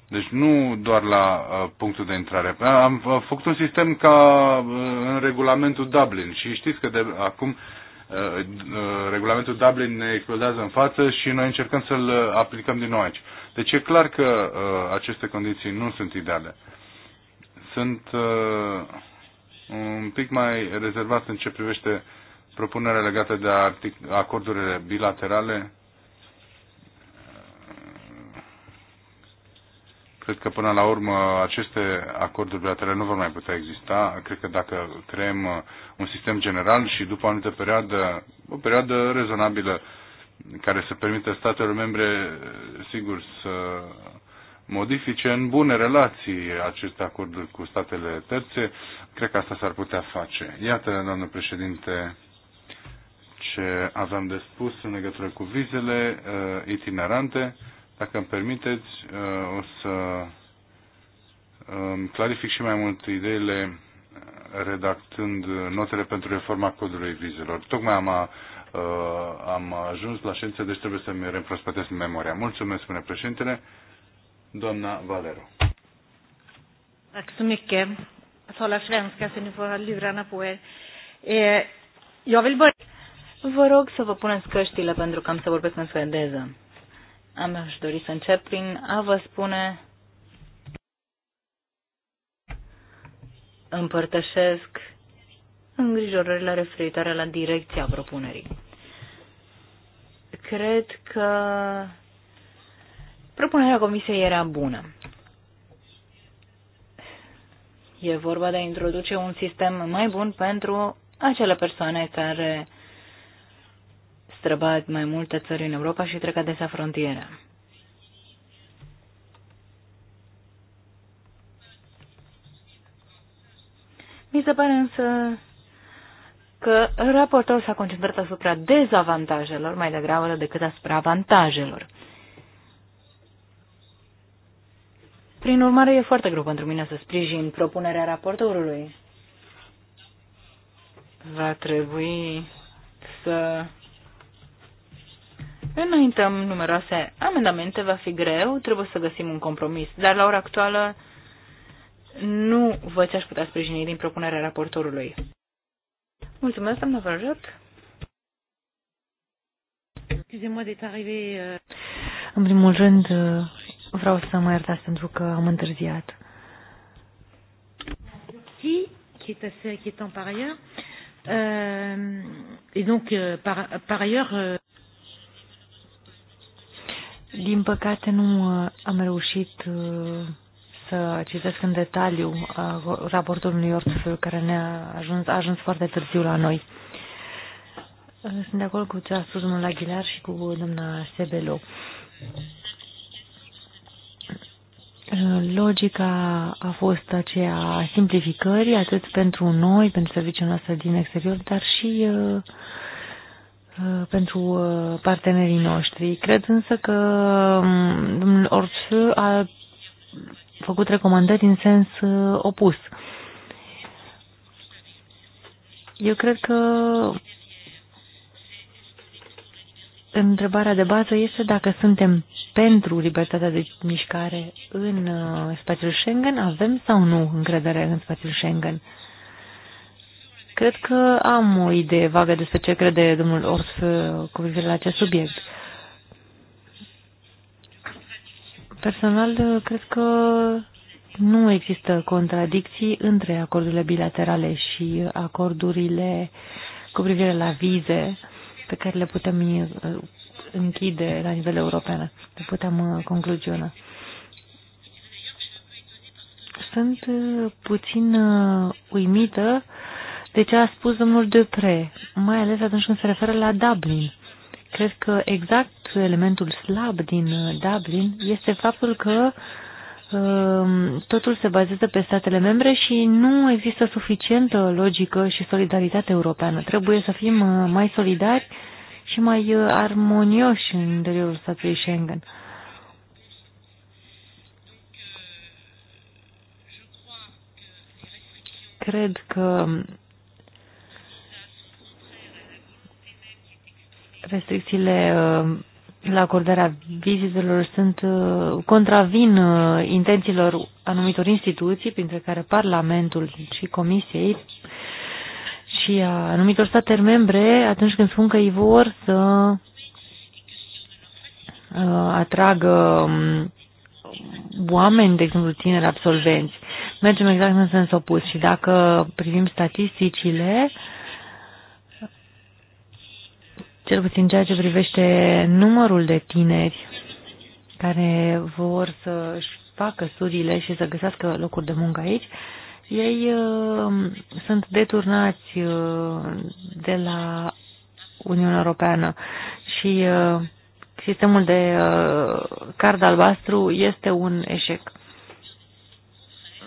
Deci nu doar la uh, punctul de intrare. Am făcut un sistem ca uh, în regulamentul Dublin și știți că de acum Uh, uh, regulamentul Dublin ne explodează în față și noi încercăm să-l uh, aplicăm din nou aici. Deci e clar că aceste condiții nu sunt ideale. Sunt un pic mai rezervat în ce privește propunerea legată de acordurile bilaterale Cred că până la urmă aceste acorduri bilaterale nu vor mai putea exista. Cred că dacă creăm uh, un sistem general și după o anumită perioadă, o perioadă rezonabilă care să permită statelor membre, uh, sigur, să modifice în bune relații aceste acorduri cu statele terțe, cred că asta s-ar putea face. Iată, doamnă președinte, ce aveam de spus în legătură cu vizele uh, itinerante. Dacă îmi permiteți, uh, o să um, clarific și mai mult ideile uh, redactând notele pentru reforma codului vizelor. Tocmai am, a, uh, am ajuns la ședință, deci trebuie să-mi reîmprospătesc memoria. Mulțumesc, spune președintele. Doamna Valero. Tack så mycket. Jag talar svenska så ni får ha lurarna på er. Eh, jag vill börja... Vă rog să vă puneți căștile pentru că am să vorbesc în suedeză. Am aș dori să încep prin a vă spune împărtășesc îngrijorările referitoare la direcția propunerii. Cred că propunerea comisiei era bună. E vorba de a introduce un sistem mai bun pentru acele persoane care străbat mai multe țări în Europa și trec adesea frontiera. Mi se pare însă că raportul s-a concentrat asupra dezavantajelor mai degrabă decât asupra avantajelor. Prin urmare, e foarte greu pentru mine să sprijin propunerea raportorului. Va trebui să Înaintăm numeroase amendamente, va fi greu, trebuie să găsim un compromis, dar la ora actuală nu vă ce aș putea sprijini din propunerea raportorului. Mulțumesc, doamna Vărăjot. Euh, În primul rând, uh, vreau să mă iertați pentru că am întârziat. Qui, qui est assez inquiétant par ailleurs. Euh, et donc, euh, par, par ailleurs. Euh... Din păcate nu uh, am reușit uh, să citesc în detaliu uh, raportul lui York, care ne-a ajuns, a ajuns foarte târziu la noi. Sunt de acord cu ce a spus domnul Aguilar și cu doamna Sebelo. Logica a fost aceea simplificării, atât pentru noi, pentru serviciul nostru din exterior, dar și uh, Uh, pentru uh, partenerii noștri. Cred însă că um, domnul Orțu a făcut recomandări în sens uh, opus. Eu cred că întrebarea de bază este dacă suntem pentru libertatea de mișcare în spațiul Schengen, avem sau nu încredere în spațiul Schengen. Cred că am o idee vagă despre ce crede domnul Orf uh, cu privire la acest subiect. Personal, uh, cred că nu există contradicții între acordurile bilaterale și acordurile cu privire la vize pe care le putem uh, închide la nivel european, le putem concluziona. Sunt puțin uimită de ce a spus domnul Depre, mai ales atunci când se referă la Dublin. Cred că exact elementul slab din uh, Dublin este faptul că um, totul se bazează pe statele membre și nu există suficientă logică și solidaritate europeană. Trebuie să fim uh, mai solidari și mai uh, armonioși în interiorul statului Schengen. Cred că restricțiile uh, la acordarea vizitelor sunt uh, contravin uh, intențiilor anumitor instituții, printre care Parlamentul și Comisiei și a anumitor state membre, atunci când spun că ei vor să atragă um, oameni, de exemplu, tineri absolvenți. Mergem exact în sens opus și dacă privim statisticile, uh, cel puțin ceea ce privește numărul de tineri care vor să-și facă studiile și să găsească locuri de muncă aici, ei uh, sunt deturnați uh, de la Uniunea Europeană și uh, sistemul de uh, card albastru este un eșec.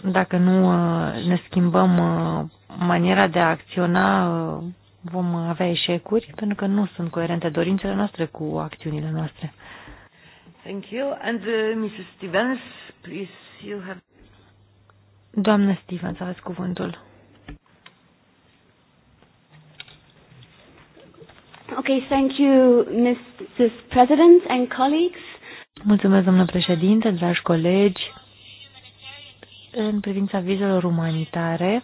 Dacă nu uh, ne schimbăm uh, maniera de a acționa, uh, vom avea eșecuri pentru că nu sunt coerente dorințele noastre cu acțiunile noastre. Thank you. And uh, Mrs. Stevens, please, you have... Doamna Stevens, aveți cuvântul. Okay, thank you, Mrs. President and colleagues. Mulțumesc, domnule președinte, dragi colegi. În privința vizelor umanitare, uh,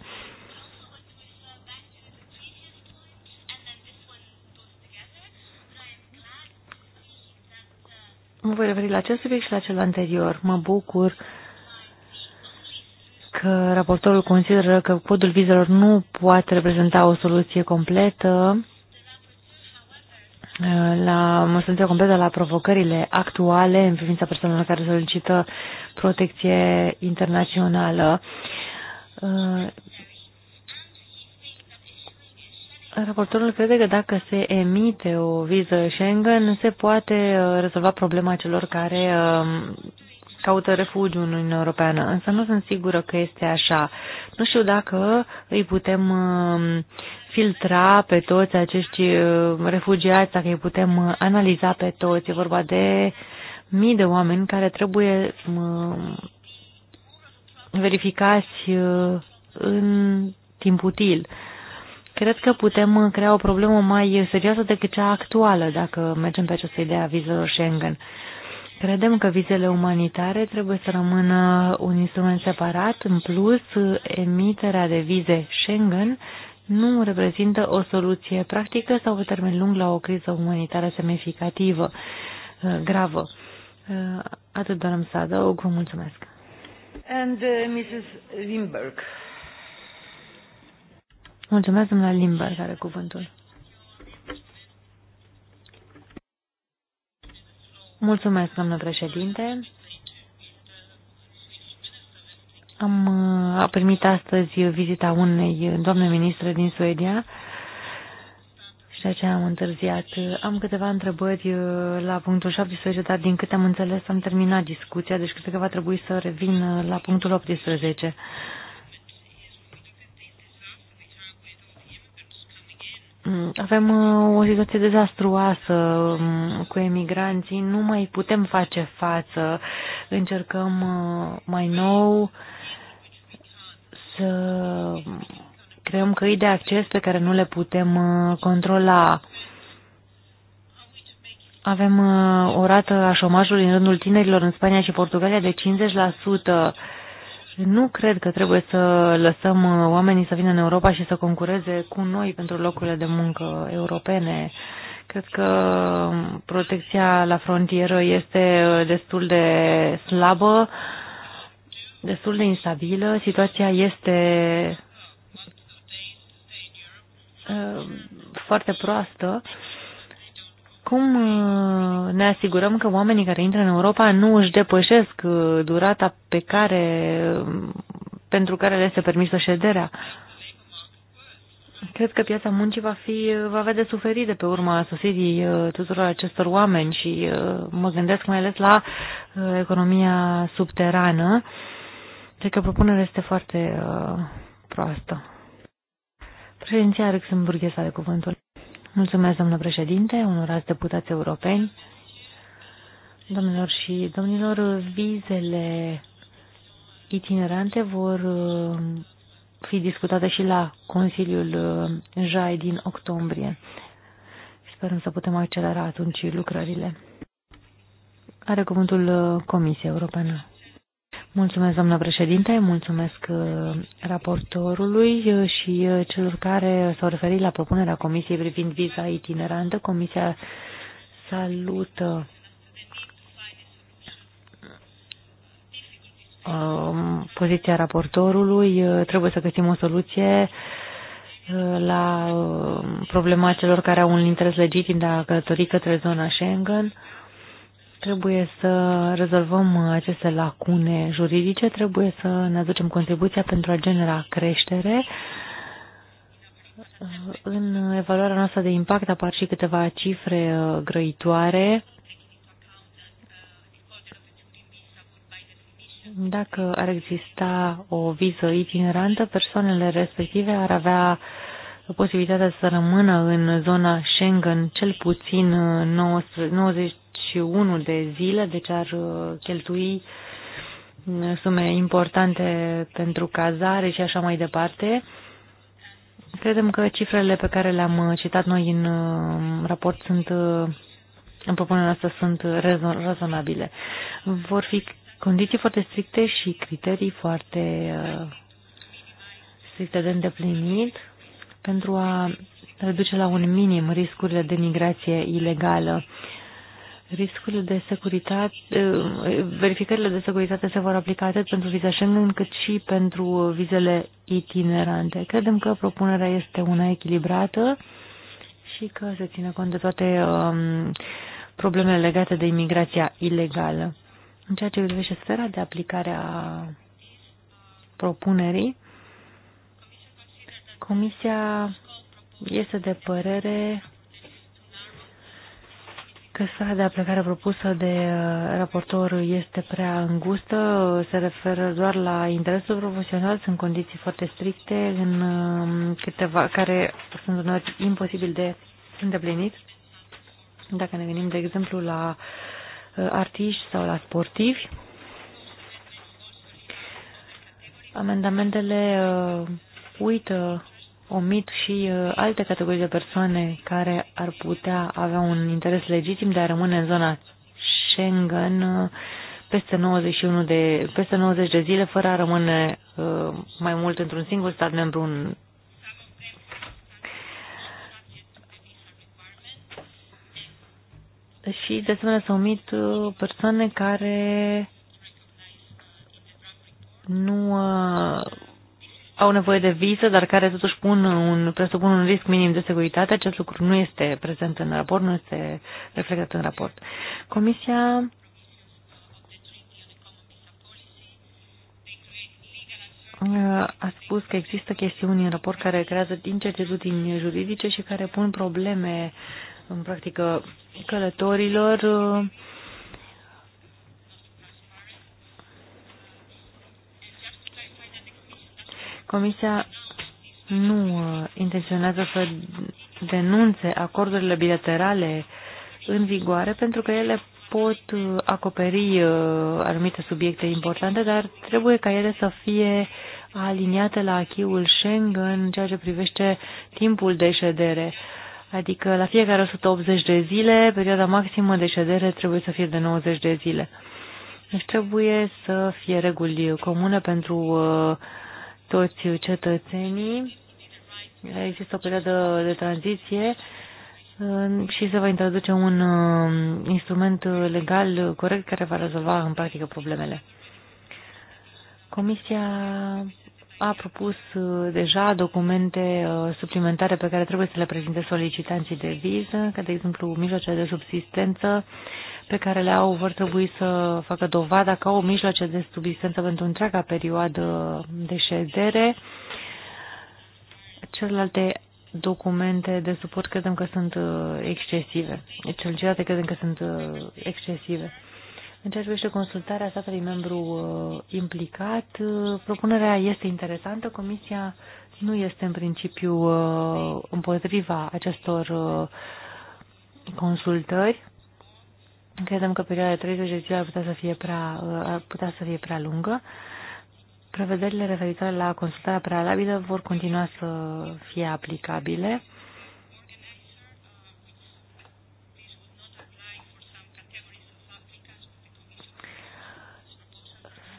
Mă voi referi la acest subiect și la cel anterior. Mă bucur că raportorul consideră că codul vizelor nu poate reprezenta o soluție completă la măsurile completă la provocările actuale în privința persoanelor care solicită protecție internațională. Raportorul crede că dacă se emite o viză Schengen, se poate uh, rezolva problema celor care um, caută refugiu în Uniunea Europeană, însă nu sunt sigură că este așa. Nu știu dacă îi putem um, filtra pe toți acești uh, refugiați, dacă îi putem uh, analiza pe toți. E vorba de mii de oameni care trebuie um, verificați în timp util. Cred că putem crea o problemă mai serioasă decât cea actuală dacă mergem pe această idee a vizelor Schengen. Credem că vizele umanitare trebuie să rămână un instrument separat. În plus, emiterea de vize Schengen nu reprezintă o soluție practică sau pe termen lung la o criză umanitară semnificativă, uh, gravă. Uh, atât doar să adaug. Vă mulțumesc. And uh, Mrs. Wimberg. Mulțumesc, domnule Limber, care cuvântul. Mulțumesc, domnule președinte. Am primit astăzi vizita unei doamne ministre din Suedia și de aceea am întârziat. Am câteva întrebări uh, la punctul 17, dar din câte am înțeles am terminat discuția, deci cred că va trebui să revin uh, la punctul 18. Avem uh, o situație dezastruoasă um, cu emigranții, nu mai putem face față. Încercăm uh, mai nou să creăm căi de acces pe care nu le putem uh, controla. Avem o rată a șomajului în rândul tinerilor în Spania și Portugalia de 50%. Și nu cred că trebuie să lăsăm uh, oamenii să vină în Europa și să concureze cu noi pentru locurile de muncă europene. Cred că um, protecția la frontieră este uh, destul de slabă, destul de instabilă. Situația este uh, foarte proastă cum uh, ne asigurăm că oamenii care intră în Europa nu își depășesc uh, durata pe care, uh, pentru care le se permisă șederea? Cred că piața muncii va, fi, va avea de suferit de pe urma sosirii tuturor acestor oameni și mă gândesc mai ales la economia subterană. Cred că propunerea este foarte proastă. Președinția Luxemburgheză are cuvântul. Mulțumesc, domnule președinte, onorați deputați europeni, domnilor și domnilor, vizele itinerante vor uh, fi discutate și la Consiliul uh, JAI din octombrie. Sperăm să putem accelera atunci lucrările. Are cuvântul uh, Comisia Europeană. Mulțumesc, doamnă președinte, mulțumesc uh, raportorului uh, și uh, celor care s-au referit la propunerea Comisiei privind viza itinerantă. Comisia salută um, poziția raportorului. Trebuie să găsim o soluție la problema celor care au un interes legitim de a călători către zona Schengen Trebuie să rezolvăm aceste lacune juridice, trebuie să ne aducem contribuția pentru a genera creștere. În evaluarea noastră de impact apar și câteva cifre grăitoare. Dacă ar exista o viză itinerantă, persoanele respective ar avea posibilitatea să rămână în zona Schengen cel puțin 90, 21 de zile, deci ar uh, cheltui uh, sume importante pentru cazare și așa mai departe. Credem că cifrele pe care le-am uh, citat noi în raport sunt, în propunerea asta, sunt rezonabile. Vor fi condiții foarte stricte și criterii foarte stricte de îndeplinit pentru a reduce la un minim riscurile de migrație ilegală Riscul de securitate, eh, verificările de securitate se vor aplica atât pentru viza Schengen cât și pentru vizele itinerante. Credem că propunerea este una echilibrată și că se ține cont de toate um, problemele legate de imigrația ilegală. În ceea ce privește sfera de aplicare a propunerii, Comisia este de părere Sfera de aplicare propusă de uh, raportor este prea îngustă, se referă doar la interesul profesional, sunt condiții foarte stricte în um, câteva, care sunt uneori imposibil de îndeplinit. Dacă ne gândim, de exemplu, la uh, artiști sau la sportivi, amendamentele uh, uită omit și uh, alte categorii de persoane care ar putea avea un interes legitim de a rămâne în zona Schengen uh, peste 91 de, peste 90 de zile fără a rămâne uh, mai mult într-un singur stat membru în și de asemenea să omit persoane care nu au nevoie de viză, dar care totuși pun un, presupun un risc minim de securitate. Acest lucru nu este prezent în raport, nu este reflectat în raport. Comisia a spus că există chestiuni în raport care creează incertitudini juridice și care pun probleme în practică călătorilor Comisia nu uh, intenționează să denunțe acordurile bilaterale în vigoare pentru că ele pot uh, acoperi uh, anumite subiecte importante, dar trebuie ca ele să fie aliniate la achiul Schengen în ceea ce privește timpul de ședere. Adică la fiecare 180 de zile, perioada maximă de ședere trebuie să fie de 90 de zile. Deci trebuie să fie reguli comune pentru uh, toți cetățenii. Există o perioadă de tranziție și se va introduce un um, instrument legal corect care va rezolva în practică problemele. Comisia a propus uh, deja documente uh, suplimentare pe care trebuie să le prezinte solicitanții de viză, ca de exemplu mijloace de subsistență, pe care le au vor trebui să facă dovada ca o mijloace de subsistență pentru întreaga perioadă de ședere. Celelalte documente de suport credem că sunt uh, excesive. Celelalte deci, credem că sunt uh, excesive. În ceea ce privește consultarea statului membru uh, implicat, propunerea este interesantă. Comisia nu este în principiu împotriva acestor consultări. Credem că perioada de 30 zile ar putea să fie prea, uh, ar putea să fie prea lungă. Prevederile referitoare la consultarea prealabilă vor continua să fie aplicabile.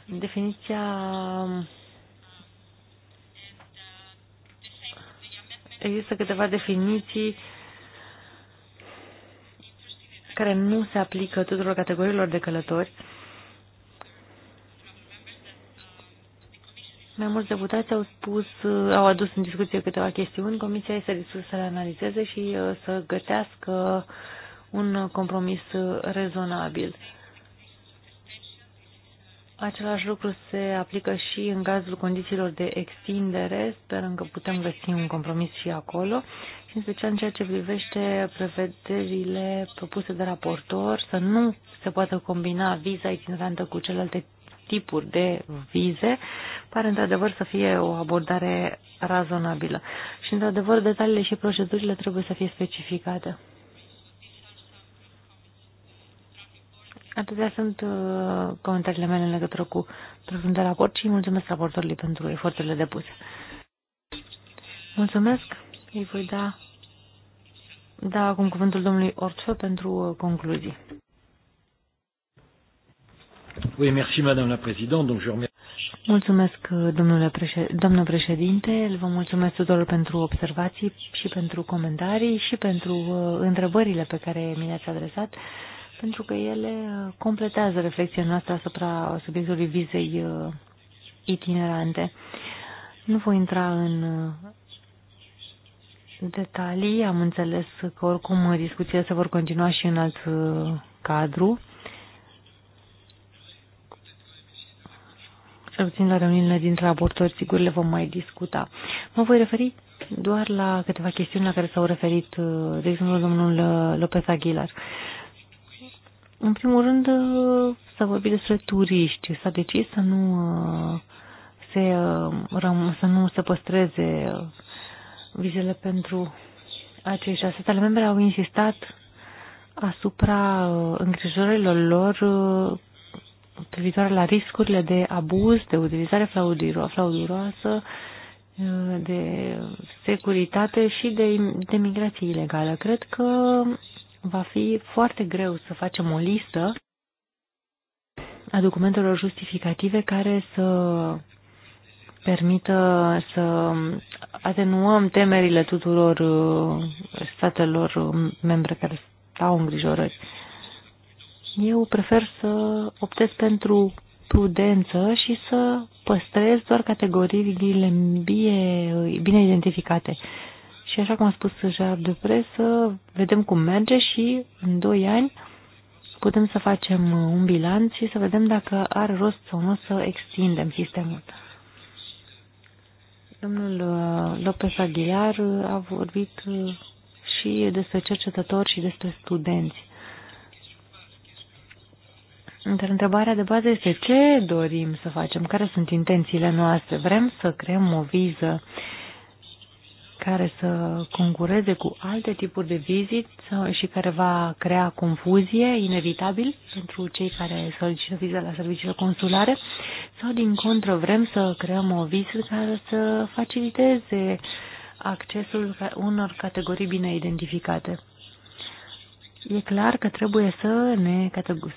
Definiția există câteva definiții care nu se aplică tuturor categoriilor de călători. Mai mulți deputați au spus, au adus în discuție câteva chestiuni. Comisia este dispusă să le analizeze și uh, să gătească un compromis rezonabil. Același lucru se aplică și în cazul condițiilor de extindere. Sperăm că putem găsi un compromis și acolo în special în ceea ce privește prevederile propuse de raportor, să nu se poată combina viza itinerantă cu celelalte tipuri de vize, pare într-adevăr să fie o abordare razonabilă. Și într-adevăr detaliile și procedurile trebuie să fie specificate. Atâtea sunt uh, comentariile mele în legătură cu proiectul de raport și mulțumesc raportorului pentru eforturile depuse. Mulțumesc, îi voi da da acum cuvântul domnului Ortfă pentru uh, concluzii. Oui, merci, Madame la Présidente. Donc, je remercie... Mulțumesc, uh, domnule președinte, domnul președinte. Vă mulțumesc tuturor pentru observații și pentru comentarii și pentru uh, întrebările pe care mi le-ați adresat, pentru că ele completează reflexia noastră asupra subiectului vizei itinerante. Nu voi intra în detalii. Am înțeles că oricum discuțiile se vor continua și în alt uh, cadru. Cel puțin la reuniunile dintre raportori, sigur, le vom mai discuta. Mă voi referi doar la câteva chestiuni la care s-au referit, uh, de exemplu, domnul uh, Lopez Aguilar. În primul rând, s-a vorbit despre turiști. S-a decis să nu se, să nu se păstreze vizele pentru acei șase statele membre au insistat asupra uh, îngrijorărilor lor uh, privitoare la riscurile de abuz, de utilizare frauduroasă, uh, de securitate și de, de migrație ilegală. Cred că va fi foarte greu să facem o listă a documentelor justificative care să permită să atenuăm temerile tuturor uh, statelor uh, membre care stau îngrijorări. Eu prefer să optez pentru prudență și să păstrez doar categoriile bine, bine identificate. Și așa cum a spus Jacques de să vedem cum merge și în 2 ani putem să facem un bilanț și să vedem dacă are rost sau nu să extindem sistemul. Domnul uh, Lopez Aguilar uh, a vorbit uh, și despre cercetători și despre studenți. Dar întrebarea de bază este ce dorim să facem, care sunt intențiile noastre. Vrem să creăm o viză uh, care să concureze cu alte tipuri de vizit și care va crea confuzie, inevitabil, pentru cei care solicită viză la serviciile consulare, sau din contră vrem să creăm o viză care să faciliteze accesul unor categorii bine identificate. E clar că trebuie să ne,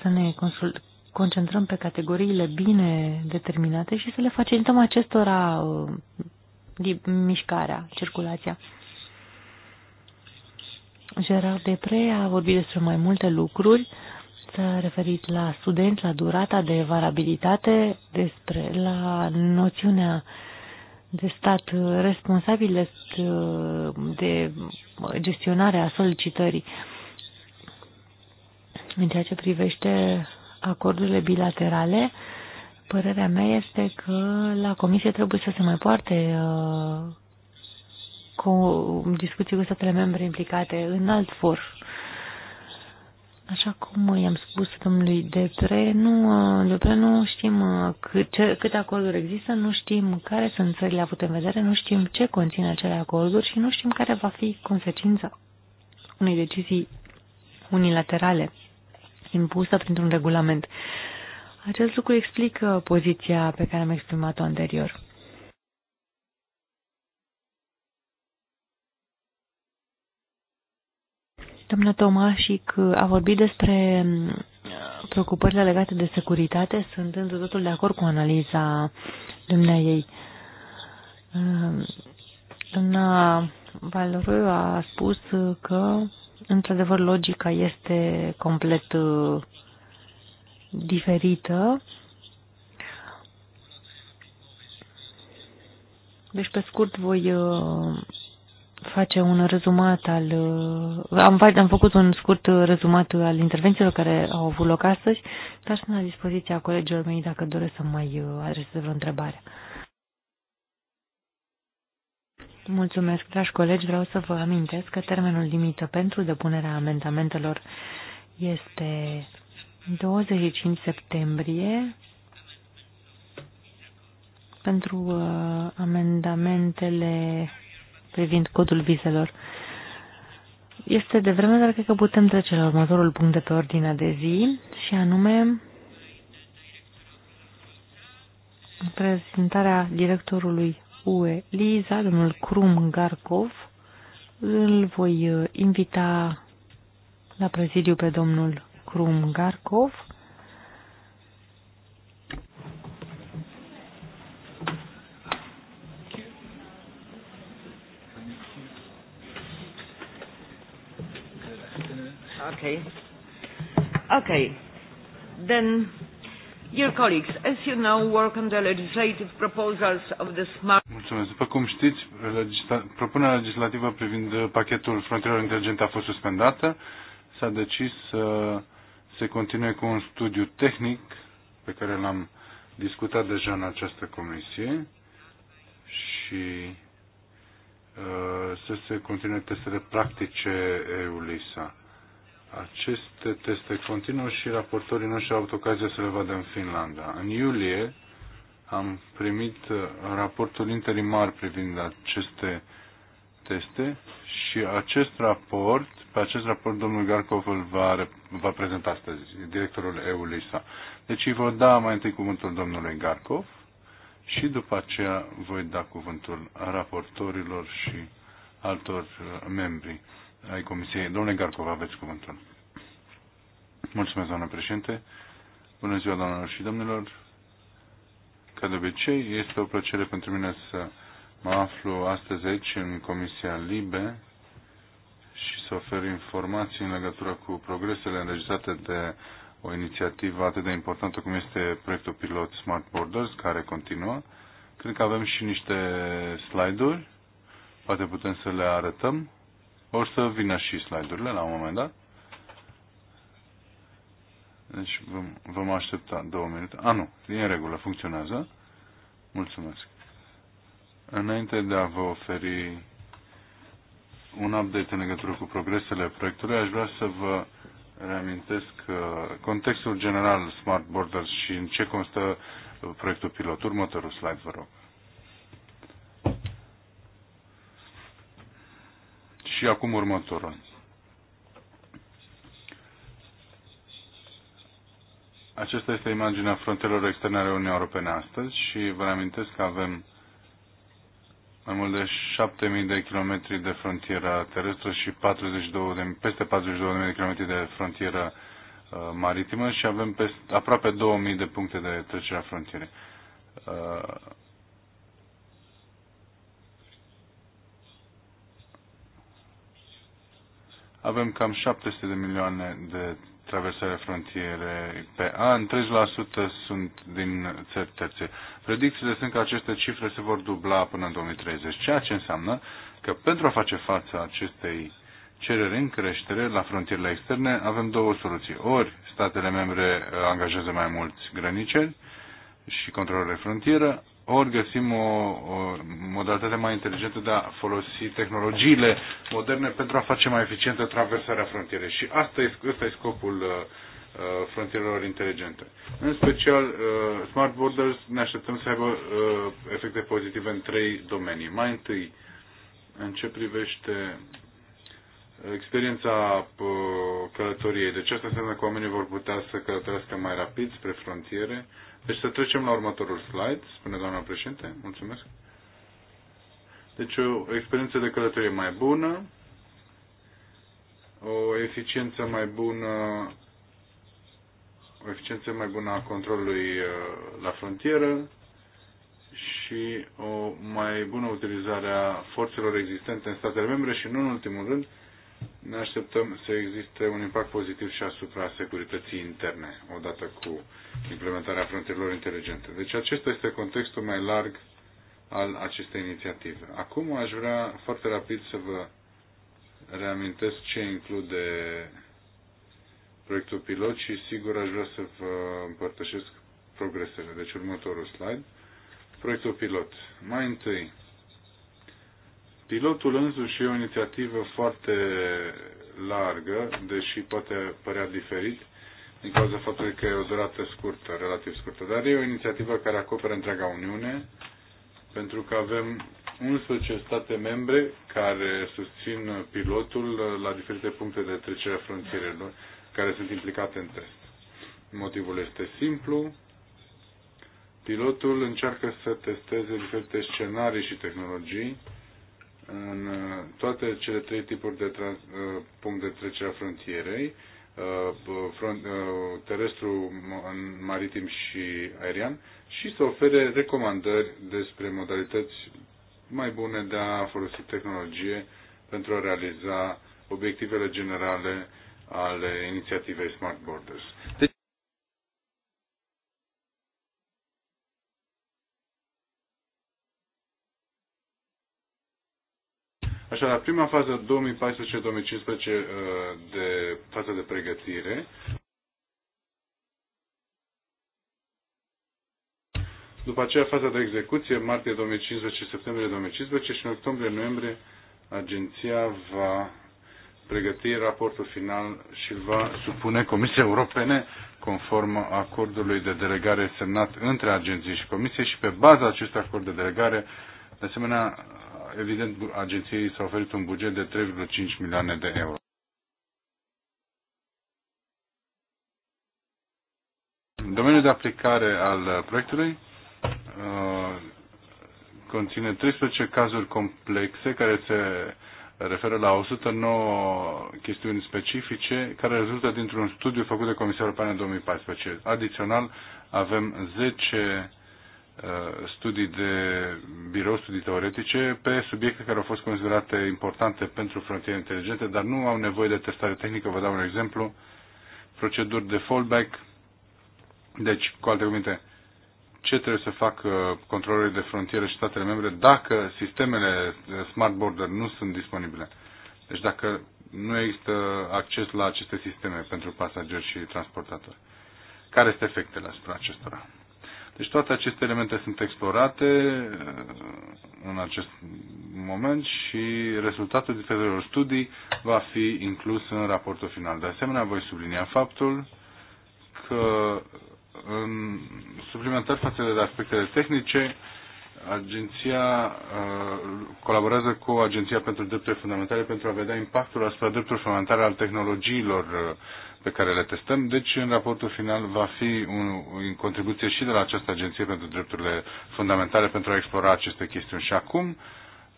să ne consult, concentrăm pe categoriile bine determinate și să le facilităm acestora uh, mișcarea, circulația. Gerard Depre a vorbit despre mai multe lucruri, s-a referit la studenți, la durata de varabilitate, despre, la noțiunea de stat responsabil de gestionarea solicitării. În ceea ce privește acordurile bilaterale, uh, Părerea mea este că la comisie trebuie să se mai poarte uh, cu discuții cu statele membre implicate în alt for. Așa cum i-am spus domnului Depre, nu, uh, Depre nu știm uh, cât, ce, câte acorduri există, nu știm care sunt țările avute în vedere, nu știm ce conține acele acorduri și nu știm care va fi consecința unei decizii unilaterale impusă printr-un regulament. Uh, acest lucru explică poziția pe care am exprimat-o anterior. Doamna Tomașic a vorbit despre mm, preocupările legate de securitate. Sunt într totul de acord cu analiza dumnea ei. Mm, doamna Valroiu a spus că, într-adevăr, logica este complet diferită. Deci, pe scurt, voi uh, face un rezumat al... Uh, am, am făcut un scurt uh, rezumat al intervențiilor care au avut loc astăzi, dar sunt la dispoziția colegilor mei dacă doresc să mai adresez vreo întrebare. Mulțumesc, dragi colegi. Vreau să vă amintesc că termenul limită pentru depunerea amendamentelor este 25 septembrie pentru uh, amendamentele privind codul vizelor. Este de vreme, dar cred că putem trece la următorul punct de pe ordinea de zi, și anume prezentarea directorului UE Liza, domnul Krum Garkov. Îl voi uh, invita la prezidiu pe domnul Krum Garkov. Okay. Okay. Then, dear colleagues, as you know, work on the legislative proposals of the smart. Mulțumesc. După cum știți, legisla... propunerea legislativă privind pachetul frontierelor inteligente a fost suspendată. S-a decis să uh, se continue cu un studiu tehnic pe care l-am discutat deja în această comisie și uh, să se continue testele practice EULISA. Aceste teste continuă și raportorii noștri au avut ocazia să le vadă în Finlanda. În iulie am primit uh, raportul interimar privind aceste teste și acest raport pe acest raport domnul Garkov îl va, va prezenta astăzi, directorul EULISA. Deci îi voi da mai întâi cuvântul domnului Garkov și după aceea voi da cuvântul raportorilor și altor uh, membri ai Comisiei. Domnule Garkov, aveți cuvântul. Mulțumesc, doamnă președinte. Bună ziua, doamnelor și domnilor. Ca de obicei, este o plăcere pentru mine să mă aflu astăzi aici în Comisia Libe să ofer informații în legătură cu progresele înregistrate de o inițiativă atât de importantă cum este proiectul pilot Smart Borders, care continuă. Cred că avem și niște slide-uri, poate putem să le arătăm. O să vină și slide-urile la un moment dat. Deci vom, vom aștepta două minute. A, nu, e în regulă, funcționează. Mulțumesc. Înainte de a vă oferi un update în legătură cu progresele proiectului. Aș vrea să vă reamintesc uh, contextul general Smart Borders și în ce constă uh, proiectul pilot. Următorul slide, vă rog. Și acum următorul. Aceasta este imaginea frontelor externe ale Uniunii Europene astăzi și vă reamintesc că avem mai mult de 7.000 de kilometri de frontieră terestră și 42 de, peste 42.000 de kilometri de frontieră uh, maritimă și avem peste, aproape 2.000 de puncte de trecere a frontierei. Uh, avem cam 700 de milioane de traversarea frontierei pe an, 30% sunt din țări terțe. Predicțiile sunt că aceste cifre se vor dubla până în 2030, ceea ce înseamnă că pentru a face față acestei cereri în creștere la frontierele externe avem două soluții. Ori statele membre uh, angajează mai mulți grăniceri și controlele frontieră, ori găsim o, o modalitate mai inteligentă de a folosi tehnologiile moderne pentru a face mai eficientă traversarea frontierei. Și asta e, ăsta e scopul uh, uh frontierelor inteligente. În special, uh, Smart Borders ne așteptăm să aibă uh, efecte pozitive în trei domenii. Mai întâi, în ce privește experiența uh, călătoriei. Deci asta înseamnă că oamenii vor putea să călătorească mai rapid spre frontiere. Deci să trecem la următorul slide, spune doamna președinte. Mulțumesc. Deci o experiență de călătorie mai bună, o eficiență mai bună o eficiență mai bună a controlului uh, la frontieră și o mai bună utilizare a forțelor existente în statele membre și, nu în ultimul rând, ne așteptăm să existe un impact pozitiv și asupra securității interne, odată cu implementarea frontierilor inteligente. Deci acesta este contextul mai larg al acestei inițiative. Acum aș vrea foarte rapid să vă reamintesc ce include proiectul pilot și sigur aș vrea să vă împărtășesc progresele. Deci următorul slide. Proiectul pilot. Mai întâi, Pilotul însuși e o inițiativă foarte largă, deși poate părea diferit, din cauza faptului că e o durată scurtă, relativ scurtă, dar e o inițiativă care acoperă întreaga Uniune, pentru că avem 11 state membre care susțin pilotul la diferite puncte de trecere a frontierelor care sunt implicate în test. Motivul este simplu. Pilotul încearcă să testeze diferite scenarii și tehnologii în uh, toate cele trei tipuri de trans, uh, punct de trecere a frontierei, uh, front, terestru, maritim și aerian, și să ofere recomandări despre modalități mai bune de a folosi tehnologie pentru a realiza obiectivele generale ale inițiativei Smart Borders. Deci, Așa la prima fază 2014-2015 uh, de fază de pregătire. După aceea faza de execuție, martie 2015 și septembrie 2015 și în octombrie-noiembrie agenția va pregăti raportul final și va supune Comisiei Europene conform acordului de delegare semnat între agenții și comisie și pe baza acestui acord de delegare, de asemenea, evident, agenției s-a oferit un buget de 3,5 milioane de euro. Domeniul de aplicare al proiectului uh, conține 13 cazuri complexe care se referă la 109 chestiuni specifice care rezultă dintr-un studiu făcut de Comisia Europeană în 2014. Adițional, avem 10 Uh, studii de birou, studii teoretice, pe subiecte care au fost considerate importante pentru frontiere inteligente, dar nu au nevoie de testare tehnică. Vă dau un exemplu. Proceduri de fallback. Deci, cu alte cuvinte, ce trebuie să facă controlele de frontieră și statele membre dacă sistemele smart border nu sunt disponibile. Deci dacă nu există acces la aceste sisteme pentru pasageri și transportatori. Care este efectele asupra acestora? Deci toate aceste elemente sunt explorate uh, în acest moment și rezultatul diferitelor studii va fi inclus în raportul final. De asemenea, voi sublinia faptul că în suplimentar față de aspectele tehnice, agenția uh, colaborează cu Agenția pentru Drepturi Fundamentale pentru a vedea impactul asupra drepturilor fundamentale al tehnologiilor uh, pe care le testăm. Deci, în raportul final va fi un, în contribuție și de la această agenție pentru drepturile fundamentale pentru a explora aceste chestiuni. Și acum,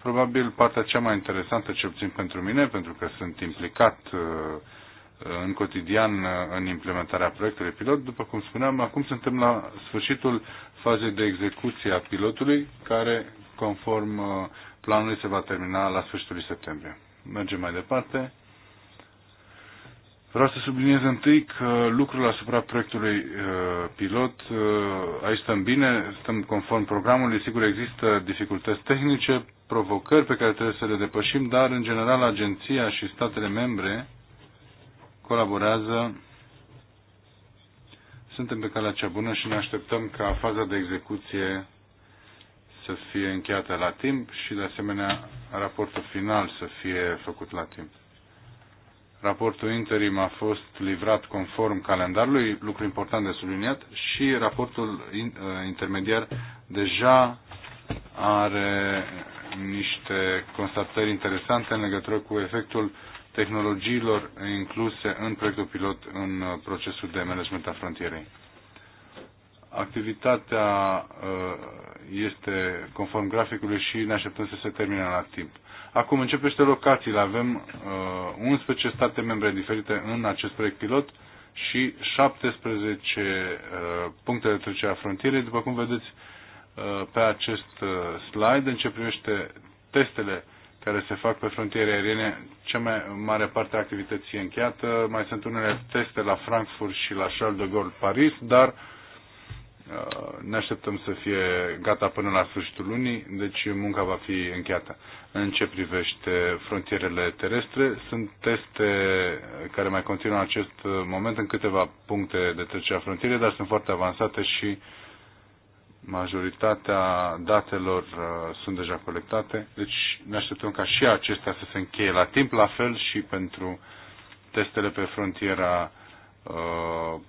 probabil partea cea mai interesantă, cel puțin pentru mine, pentru că sunt implicat uh, în cotidian uh, în implementarea proiectului pilot. După cum spuneam, acum suntem la sfârșitul fazei de execuție a pilotului, care, conform uh, planului, se va termina la sfârșitul septembrie. Mergem mai departe. Vreau să subliniez întâi că lucrul asupra proiectului uh, pilot, uh, aici stăm bine, stăm conform programului, sigur există dificultăți tehnice, provocări pe care trebuie să le depășim, dar în general agenția și statele membre colaborează, suntem pe calea cea bună și ne așteptăm ca faza de execuție să fie încheiată la timp și de asemenea raportul final să fie făcut la timp. Raportul interim a fost livrat conform calendarului, lucru important de subliniat, și raportul uh, intermediar deja are niște constatări interesante în legătură cu efectul tehnologiilor incluse în proiectul pilot în uh, procesul de management a frontierei. Activitatea uh, este conform graficului și ne așteptăm să se termine la timp. Acum începește locațiile. Avem uh, 11 state membre diferite în acest proiect pilot și 17 uh, puncte de trecere a frontierei. După cum vedeți uh, pe acest uh, slide, în ce privește testele care se fac pe frontiere aeriene, cea mai mare parte a activității e încheiată. Mai sunt unele teste la Frankfurt și la Charles de Gaulle Paris, dar uh, ne așteptăm să fie gata până la sfârșitul lunii, deci munca va fi încheiată. În ce privește frontierele terestre, sunt teste care mai continuă în acest moment în câteva puncte de trecere a frontierei, dar sunt foarte avansate și majoritatea datelor uh, sunt deja colectate, deci ne așteptăm ca și acestea să se încheie la timp, la fel și pentru testele pe frontiera Uh,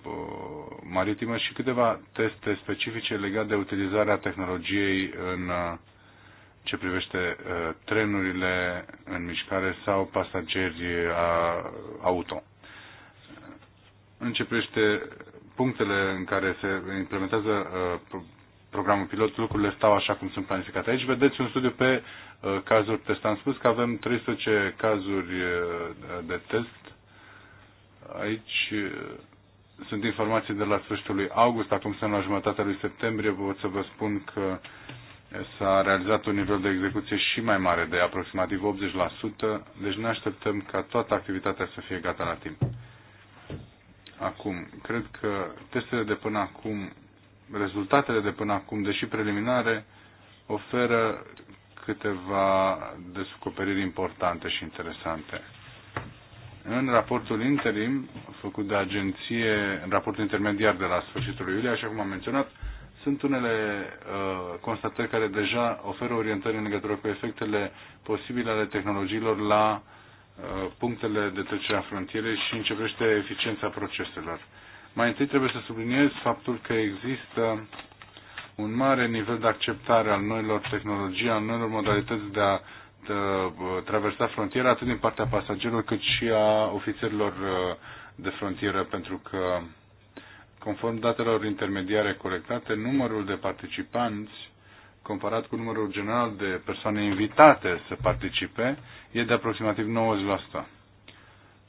maritimă și câteva teste specifice legate de utilizarea tehnologiei în uh, ce privește uh, trenurile în mișcare sau pasageri auto. În ce privește punctele în care se implementează programul pilot, lucrurile stau așa cum sunt planificate. Aici vedeți un studiu pe cazuri test. Am spus că avem 300 cazuri de test Aici uh, sunt informații de la sfârșitul lui august, acum sunt la jumătatea lui septembrie, pot să vă spun că s-a realizat un nivel de execuție și mai mare, de aproximativ 80%, deci ne așteptăm ca toată activitatea să fie gata la timp. Acum, cred că testele de până acum, rezultatele de până acum, deși preliminare, oferă câteva descoperiri importante și interesante. În raportul interim făcut de agenție, în raportul intermediar de la sfârșitul iulie, așa cum am menționat, sunt unele uh, constatări care deja oferă orientări în legătură cu efectele posibile ale tehnologiilor la uh, punctele de trecere a frontierei și începește eficiența proceselor. Mai întâi trebuie să subliniez faptul că există un mare nivel de acceptare al noilor tehnologii, al noilor modalități de a Uh, traversa frontiera atât din partea pasagerilor cât și a ofițerilor uh, de frontieră, pentru că, conform datelor intermediare colectate, numărul de participanți comparat cu numărul general de persoane invitate să participe, e de aproximativ 90%.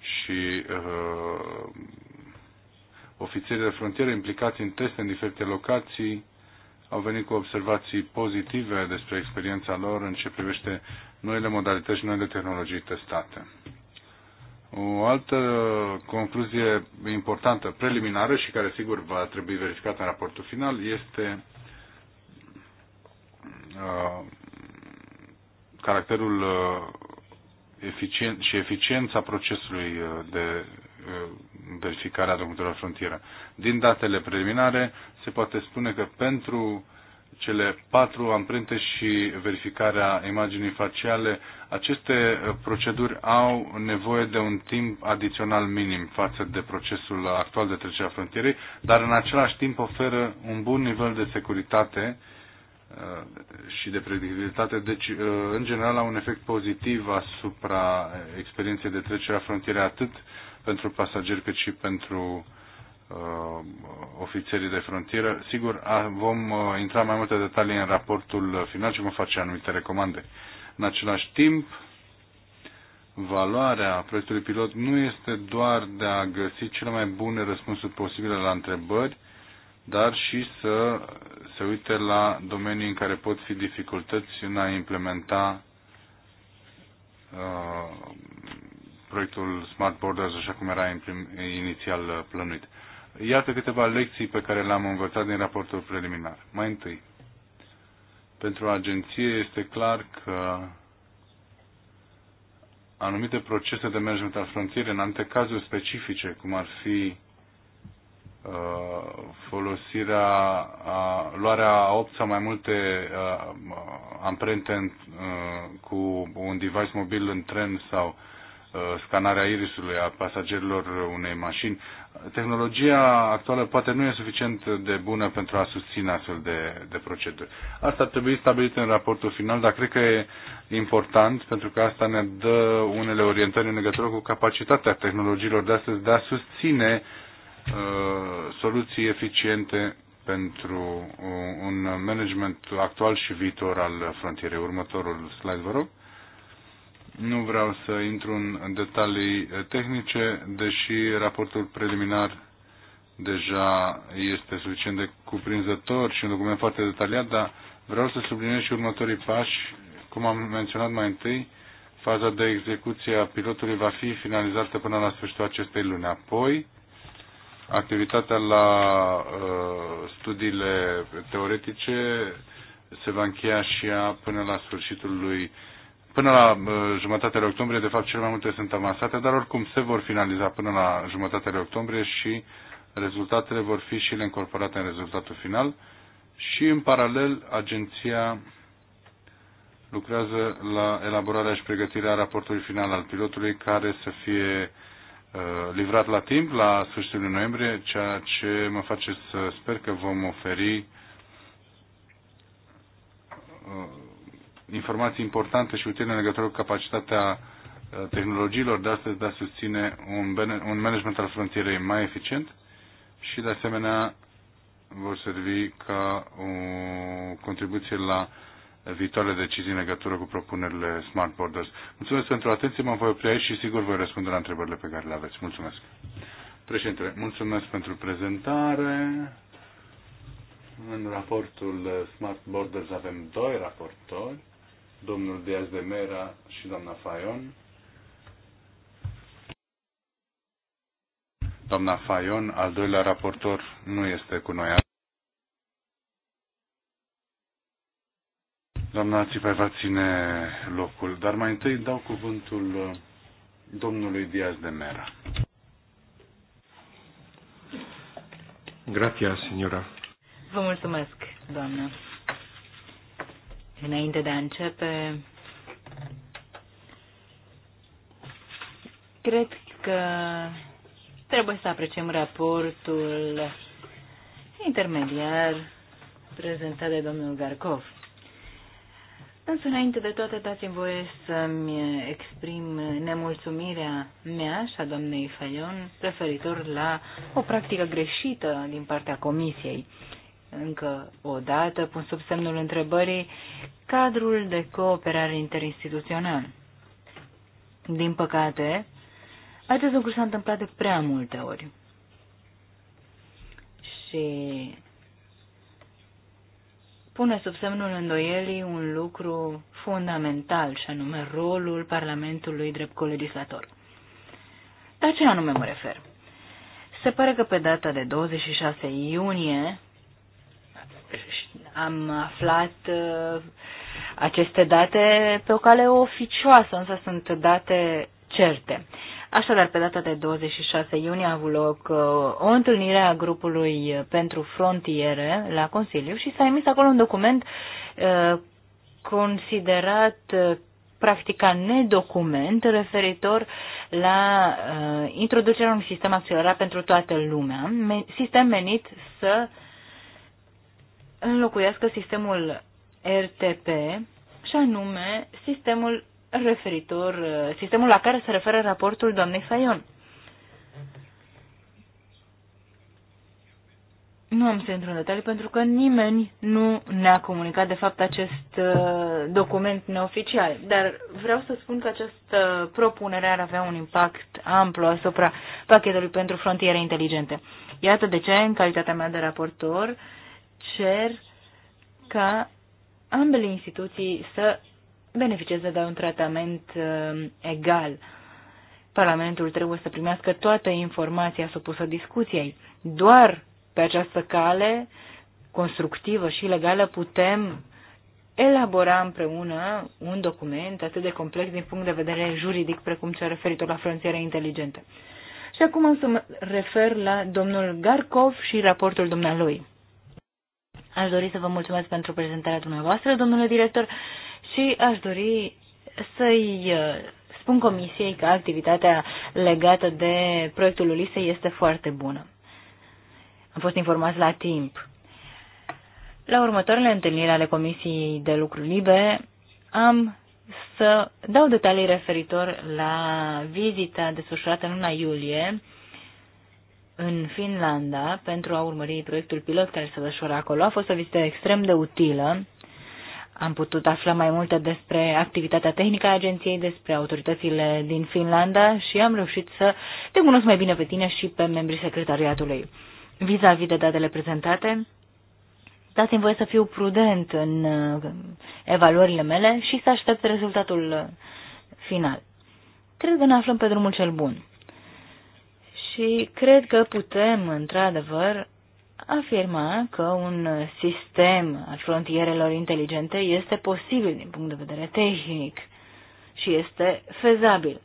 Și uh, ofițerii de frontieră implicați în teste în diferite locații au venit cu observații pozitive despre experiența lor în ce privește noile modalități și noile tehnologii testate. O altă concluzie importantă, preliminară și care sigur va trebui verificată în raportul final, este uh, caracterul uh, și eficiența procesului uh, de uh, verificare a documentelor frontieră. Din datele preliminare se poate spune că pentru cele patru amprente și verificarea imaginii faciale, aceste uh, proceduri au nevoie de un timp adițional minim față de procesul actual de trecere a frontierei, dar în același timp oferă un bun nivel de securitate uh, și de predictibilitate, deci uh, în general au un efect pozitiv asupra experienței de trecere a frontierei atât pentru pasageri cât și pentru uh, ofițerii de frontieră. Sigur, a, vom uh, intra mai multe detalii în raportul final și vom face anumite recomandări. În același timp, valoarea proiectului pilot nu este doar de a găsi cele mai bune răspunsuri posibile la întrebări, dar și să se uite la domenii în care pot fi dificultăți în a implementa uh, proiectul Smart Borders așa cum era inițial plănuit. Iată câteva lecții pe care le-am învățat din raportul preliminar. Mai întâi, pentru agenție este clar că anumite procese de management al frontierei, în anumite cazuri specifice, cum ar fi uh, folosirea, a, luarea a opt sau mai multe a, uh, amprente în, a, uh, cu un device mobil în tren sau a, scanarea irisului a pasagerilor unei mașini tehnologia actuală poate nu e suficient de bună pentru a susține astfel de, de proceduri. Asta ar trebui stabilit în raportul final, dar cred că e important pentru că asta ne dă unele orientări în legătură cu capacitatea tehnologiilor de astăzi de a susține uh, soluții eficiente pentru uh, un management actual și viitor al frontierei. Următorul slide, vă rog. Nu vreau să intru în detalii tehnice, deși raportul preliminar deja este suficient de cuprinzător și un document foarte detaliat, dar vreau să subliniez și următorii pași. Cum am menționat mai întâi, faza de execuție a pilotului va fi finalizată până la sfârșitul acestei luni. Apoi, activitatea la uh, studiile teoretice se va încheia și ea până la sfârșitul lui până la uh, jumătatea octombrie, de fapt cele mai multe sunt avansate, dar oricum se vor finaliza până la jumătatea octombrie și rezultatele vor fi și ele incorporate în rezultatul final. Și în paralel, agenția lucrează la elaborarea și pregătirea raportului final al pilotului care să fie uh, livrat la timp, la sfârșitul noiembrie, ceea ce mă face să sper că vom oferi uh, informații importante și utile în legătură cu capacitatea uh, tehnologiilor de astăzi de a susține un, un management al frontierei mai eficient și, de asemenea, vor servi ca o contribuție la viitoarele decizii în legătură cu propunerile Smart Borders. Mulțumesc pentru atenție, mă voi opri aici și sigur voi răspunde la întrebările pe care le aveți. Mulțumesc. Președinte, mulțumesc pentru prezentare. În raportul Smart Borders avem doi raportori domnul Diaz de Mera și doamna Fayon. Doamna Fayon, al doilea raportor, nu este cu noi. Doamna Țipai va ține locul, dar mai întâi dau cuvântul uh, domnului Diaz de Mera. Grazie, signora. Vă mulțumesc, doamnă. Înainte de a începe, cred că trebuie să apreciem raportul intermediar prezentat de domnul Garkov. Însă, înainte de toate, dați-mi voie să-mi exprim nemulțumirea mea și a doamnei Fayon referitor la o practică greșită din partea Comisiei. Uh, încă o dată pun sub semnul întrebării cadrul de cooperare interinstituțional. Din păcate, acest lucru s-a întâmplat de prea multe ori. Și pune sub semnul îndoielii un lucru fundamental, și anume rolul Parlamentului drept colegislator. La ce anume mă refer? Se pare că pe data de 26 iunie am aflat uh, aceste date pe o cale oficioasă, însă sunt date certe. Așadar, pe data de 26 iunie a avut loc uh, o întâlnire a grupului pentru frontiere la Consiliu și s-a emis acolo un document uh, considerat practic ca nedocument referitor la uh, introducerea unui sistem accelerat pentru toată lumea, sistem menit să uh, înlocuiască sistemul RTP și anume sistemul referitor, sistemul la care se referă raportul doamnei Fayon. Nu am să intru în detalii pentru că nimeni nu ne-a comunicat de fapt acest uh, document neoficial, dar vreau să spun că această propunere ar avea un impact amplu asupra pachetului pentru frontiere inteligente. Iată de ce, în calitatea mea de raportor, uh, cer ca ambele instituții să beneficieze de un tratament uh, egal. Parlamentul trebuie să primească toată informația supusă discuției. Doar pe această cale constructivă și legală putem elabora împreună un document atât de complex din punct de vedere juridic precum cel referitor la frontiere inteligente. Și acum să mă refer la domnul Garkov și raportul dumnealui. Aș dori să vă mulțumesc pentru prezentarea dumneavoastră, domnule director, și aș dori să-i uh, spun comisiei că activitatea legată de proiectul Ulise este foarte bună. Am fost informați la timp. La următoarele întâlniri ale Comisiei de Lucru Libe am să dau detalii referitor la vizita desfășurată în luna iulie în Finlanda pentru a urmări proiectul pilot care se desfășoară acolo. A fost o vizită extrem de utilă. Am putut afla mai multe despre activitatea tehnică a agenției, despre autoritățile din Finlanda și am reușit să te cunosc mai bine pe tine și pe membrii secretariatului. Vis-a-vis -vis de datele prezentate, dați-mi voie să fiu prudent în uh, evaluările mele și să aștept rezultatul uh, final. Cred că ne aflăm pe drumul cel bun. Și cred că putem, într-adevăr, afirma că un sistem al frontierelor inteligente este posibil din punct de vedere tehnic și este fezabil.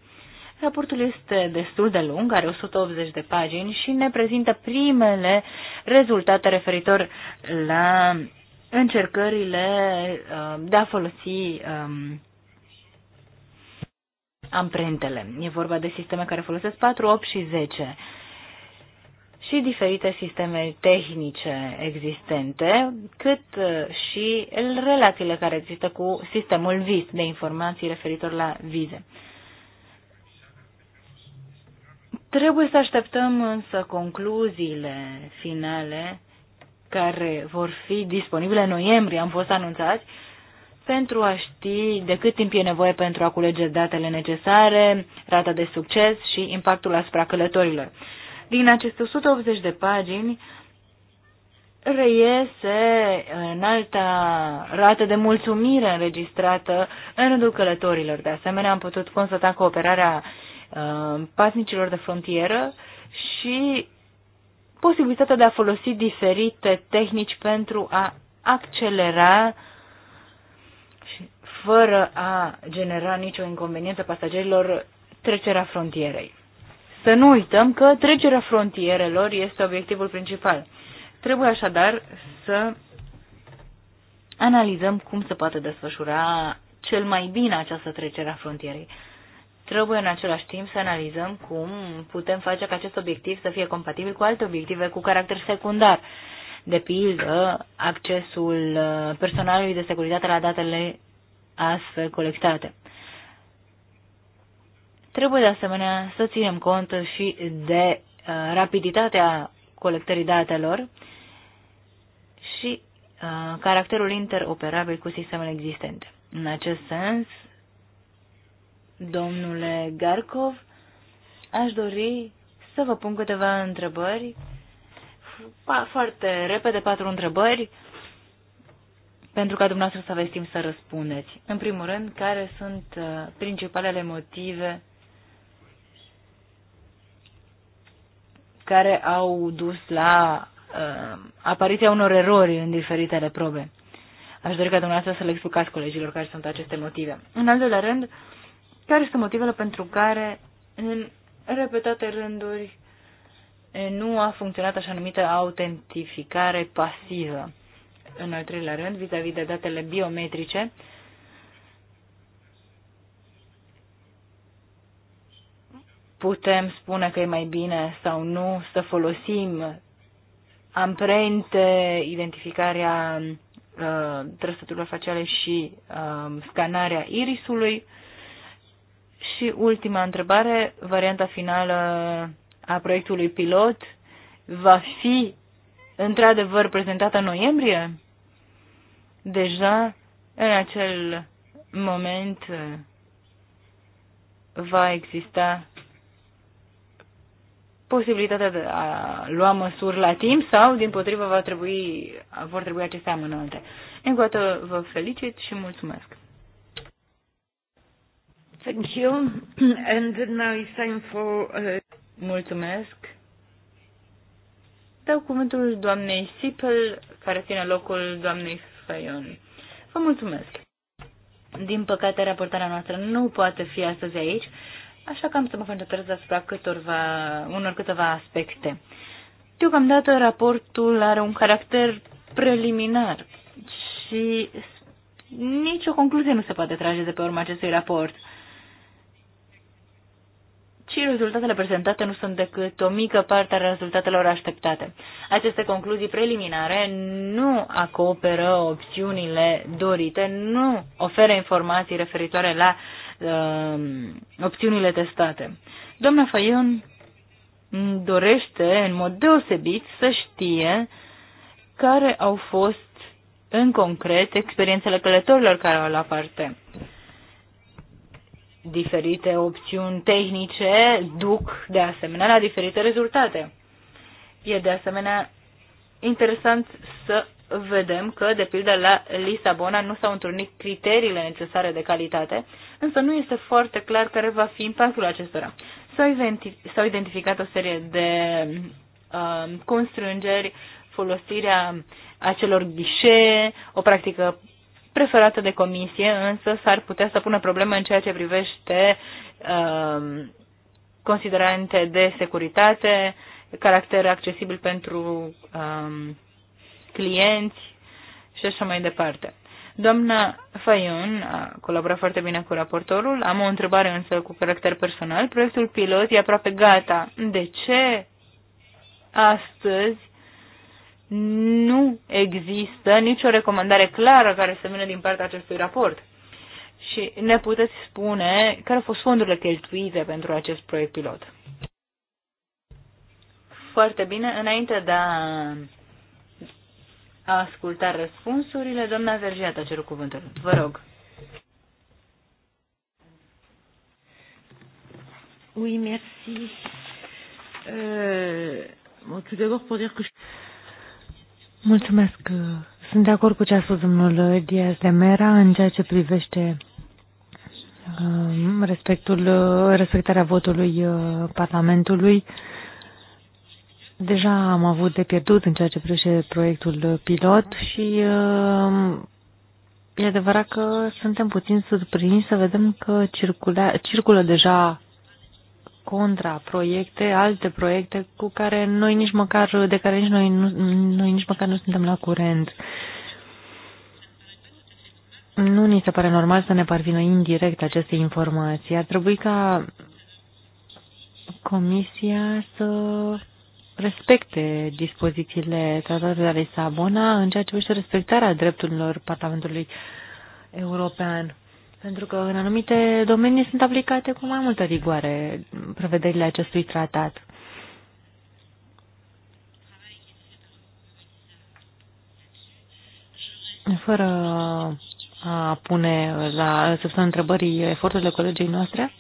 Raportul este destul de lung, are 180 de pagini și ne prezintă primele rezultate referitor la încercările uh, de a folosi um, amprentele. E vorba de sisteme care folosesc 4, 8 și 10 și diferite sisteme tehnice existente, cât uh, și relațiile care există cu sistemul VIS de informații referitor la vize. Trebuie să așteptăm însă concluziile finale care vor fi disponibile în noiembrie, am fost anunțați, pentru a ști de cât timp e nevoie pentru a culege datele necesare, rata de succes și impactul asupra călătorilor. Din aceste 180 de pagini reiese în alta rată de mulțumire înregistrată în rândul călătorilor. De asemenea, am putut constata cooperarea uh, pasnicilor de frontieră și posibilitatea de a folosi diferite tehnici pentru a accelera uh, fără a genera nicio inconveniență pasagerilor trecerea frontierei. Să nu uităm că trecerea frontierelor este obiectivul principal. Trebuie așadar să analizăm cum se poate desfășura cel mai bine această trecere a frontierei. Trebuie în același timp să analizăm cum putem face ca acest obiectiv să fie compatibil cu alte obiective cu caracter secundar, de pildă accesul uh, personalului de securitate la datele astfel colectate. Trebuie de asemenea să ținem cont și de uh, rapiditatea colectării datelor și uh, caracterul interoperabil cu sistemele existente. În acest sens, domnule Garkov, aș dori să vă pun câteva întrebări, foarte repede patru întrebări, pentru ca dumneavoastră să aveți timp să răspundeți. În primul rând, care sunt uh, principalele motive care au dus la uh, apariția unor erori în diferitele probe. Aș dori ca dumneavoastră să le explicați colegilor care sunt aceste motive. În al doilea rând, care sunt motivele pentru care în repetate rânduri nu a funcționat așa numită autentificare pasivă? În al treilea rând, vis-a-vis -vis de datele biometrice, putem spune că e mai bine sau nu să folosim amprente, identificarea uh, trăsăturilor faciale și uh, scanarea irisului. Și ultima întrebare, varianta finală a proiectului pilot va fi într-adevăr prezentată în noiembrie? Deja, în acel moment, va exista posibilitatea de a lua măsuri la timp sau, din potrivă, va trebui, vor trebui acestea amânate. Încă o dată vă felicit și mulțumesc. Thank you. And now it's time for... Uh... Mulțumesc. Dau cuvântul doamnei Sipel, care ține locul doamnei Faion. Vă mulțumesc! Din păcate, raportarea noastră nu poate fi astăzi aici, așa că am să mă concentrez asupra câtorva, unor câteva aspecte. Deocamdată, raportul are un caracter preliminar și nicio concluzie nu se poate trage de pe urma acestui raport și rezultatele prezentate nu sunt decât o mică parte a rezultatelor așteptate. Aceste concluzii preliminare nu acoperă opțiunile dorite, nu oferă informații referitoare la uh, opțiunile testate. Doamna Fayon dorește în mod deosebit să știe care au fost în concret experiențele călătorilor care au luat parte. Diferite opțiuni tehnice duc de asemenea la diferite rezultate. E de asemenea interesant să vedem că, de pildă, la Lisabona nu s-au întrunit criteriile necesare de calitate, însă nu este foarte clar care va fi impactul acestora. S-au, identificat o serie de uh, constrângeri, folosirea acelor ghișe, o practică preferată de comisie, însă s-ar putea să pună probleme în ceea ce privește um, considerante de securitate, caracter accesibil pentru um, clienți și așa mai departe. Doamna Fayun a colaborat foarte bine cu raportorul. Am o întrebare însă cu caracter personal. Proiectul pilot e aproape gata. De ce astăzi nu există nicio recomandare clară care să vină din partea acestui raport. Și ne puteți spune care au fost fondurile cheltuite pentru acest proiect pilot. Foarte bine. Înainte de a asculta răspunsurile, doamna Vergiat a cerut cuvântul. Vă rog. Oui, merci. Euh, bon, tout d'abord pour dire que je... Mulțumesc. Sunt de acord cu ce a spus domnul Diaz de Mera în ceea ce privește um, respectul, respectarea votului uh, Parlamentului. Deja am avut de pierdut în ceea ce privește proiectul pilot și um, e adevărat că suntem puțin surprinși să vedem că circula, circulă deja contra proiecte, alte proiecte cu care noi nici măcar, de care nici noi, nu, noi nici măcar nu suntem la curent. Nu ni se pare normal să ne parvină indirect aceste informații. Ar trebui ca Comisia să respecte dispozițiile tratatului de Lisabona în ceea ce privește respectarea drepturilor Parlamentului European. Pentru că în anumite domenii sunt aplicate cu mai multă rigoare prevederile acestui tratat. Fără a pune la sub întrebării eforturile colegii noastre,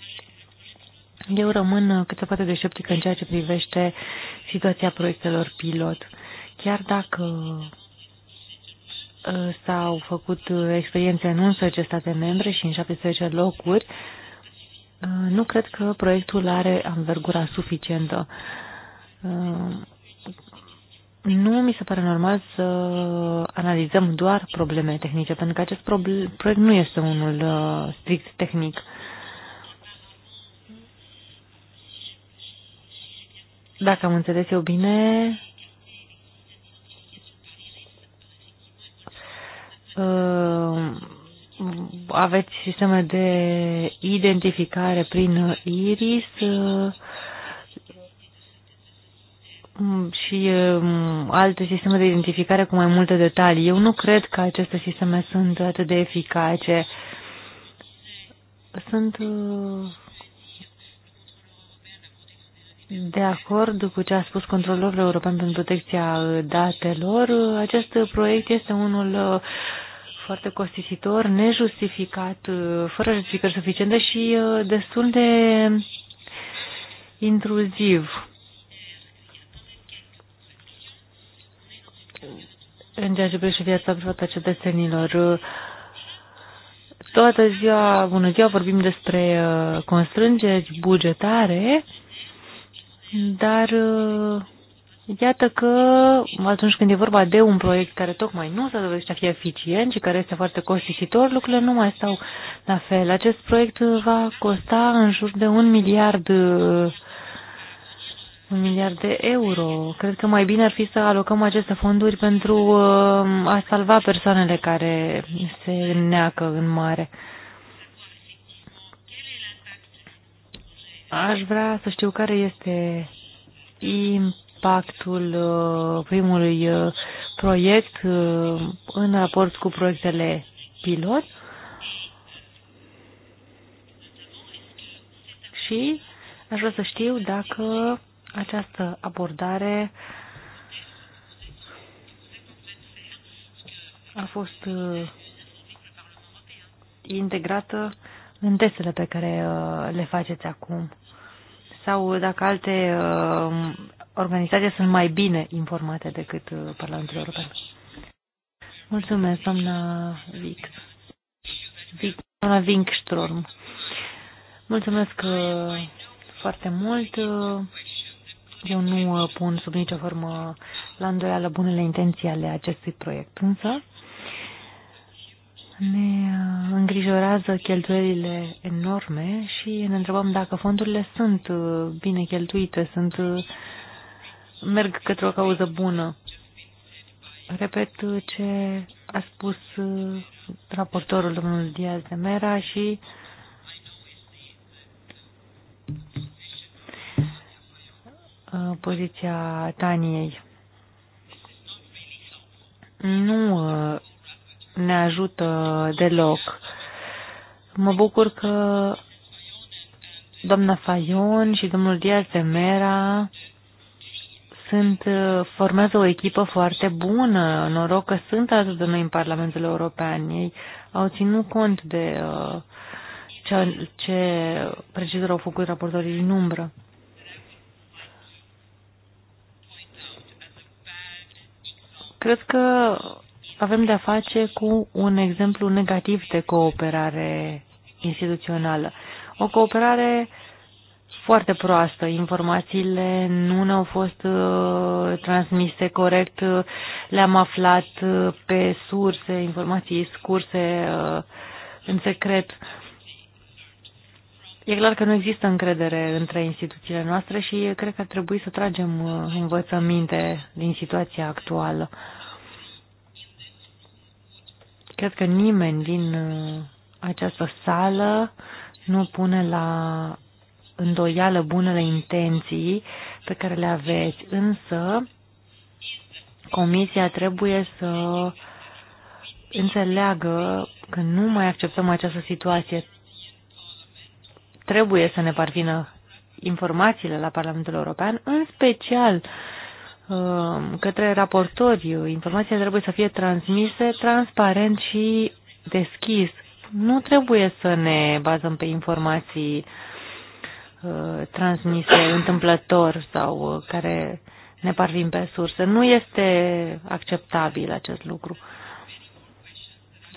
eu rămân cât se poate de sceptic în ceea ce privește situația proiectelor pilot. Chiar dacă s-au făcut experiențe în 11 state membre și în 17 locuri, uh, nu cred că proiectul are anvergura suficientă. Uh, nu mi se pare normal să analizăm doar probleme tehnice, pentru că acest proiect nu este unul uh, strict tehnic. Dacă am înțeles eu bine, Uh, aveți sisteme de identificare prin iris uh, și um, alte sisteme de identificare cu mai multe detalii. Eu nu cred că aceste sisteme sunt atât de eficace. Sunt uh, de acord cu ce a spus Controlorul European pentru Protecția Datelor. Acest proiect este unul foarte costisitor, nejustificat, uh, fără justificări suficiente și uh, destul de intruziv. În ceea ce privește viața privată a cetățenilor, uh, toată ziua, bună ziua, vorbim despre constrângeri bugetare, dar Iată că atunci când e vorba de un proiect care tocmai nu s-a dovedit a fi eficient și care este foarte costisitor, lucrurile nu mai stau la fel. Acest proiect va costa în jur de un miliard un miliard de euro. Cred că mai bine ar fi să alocăm aceste fonduri pentru uh, a salva persoanele care se neacă în mare. Aș vrea să știu care este impactul uh, primului uh, proiect uh, în raport cu proiectele pilot și aș vrea să știu dacă această abordare a fost integrată în testele pe care le faceți acum sau dacă alte Organizația sunt mai bine informate decât uh, Parlamentul European. Mulțumesc, doamna Vic. Vic doamna Vinkstrom. Mulțumesc uh, foarte mult. Uh, eu nu pun sub nicio formă la îndoială bunele intenții ale acestui proiect, însă ne îngrijorează cheltuielile enorme și ne întrebăm dacă fondurile sunt bine cheltuite, sunt merg către o cauză bună. Repet ce a spus uh, raportorul domnul Diaz de Mera și uh, poziția Taniei. Nu uh, ne ajută deloc. Mă bucur că doamna Fayon și domnul Diaz de Mera sunt, uh, formează o echipă foarte bună. Noroc că sunt alături de noi în Parlamentul European. Ei au ținut cont de uh, ce, ce precizări au făcut raportorii din umbră. Cred că avem de-a face cu un exemplu negativ de cooperare instituțională. O cooperare uh, foarte proastă. Informațiile nu ne-au fost uh, transmise corect, le-am aflat uh, pe surse, informații scurse, uh, în secret. E clar că nu există încredere între instituțiile noastre și cred că ar trebui să tragem învățăminte din situația actuală. Cred că nimeni din această sală nu pune la îndoială bunele intenții pe care le aveți, însă Comisia trebuie să înțeleagă că nu mai acceptăm această situație. Trebuie să ne parvină informațiile la Parlamentul European, în special um, către raportori. Informațiile trebuie să fie transmise transparent și deschis. Nu trebuie să ne bazăm pe informații uh, Uh, transmise întâmplător sau uh, care ne parvin pe sursă. Nu este acceptabil acest lucru.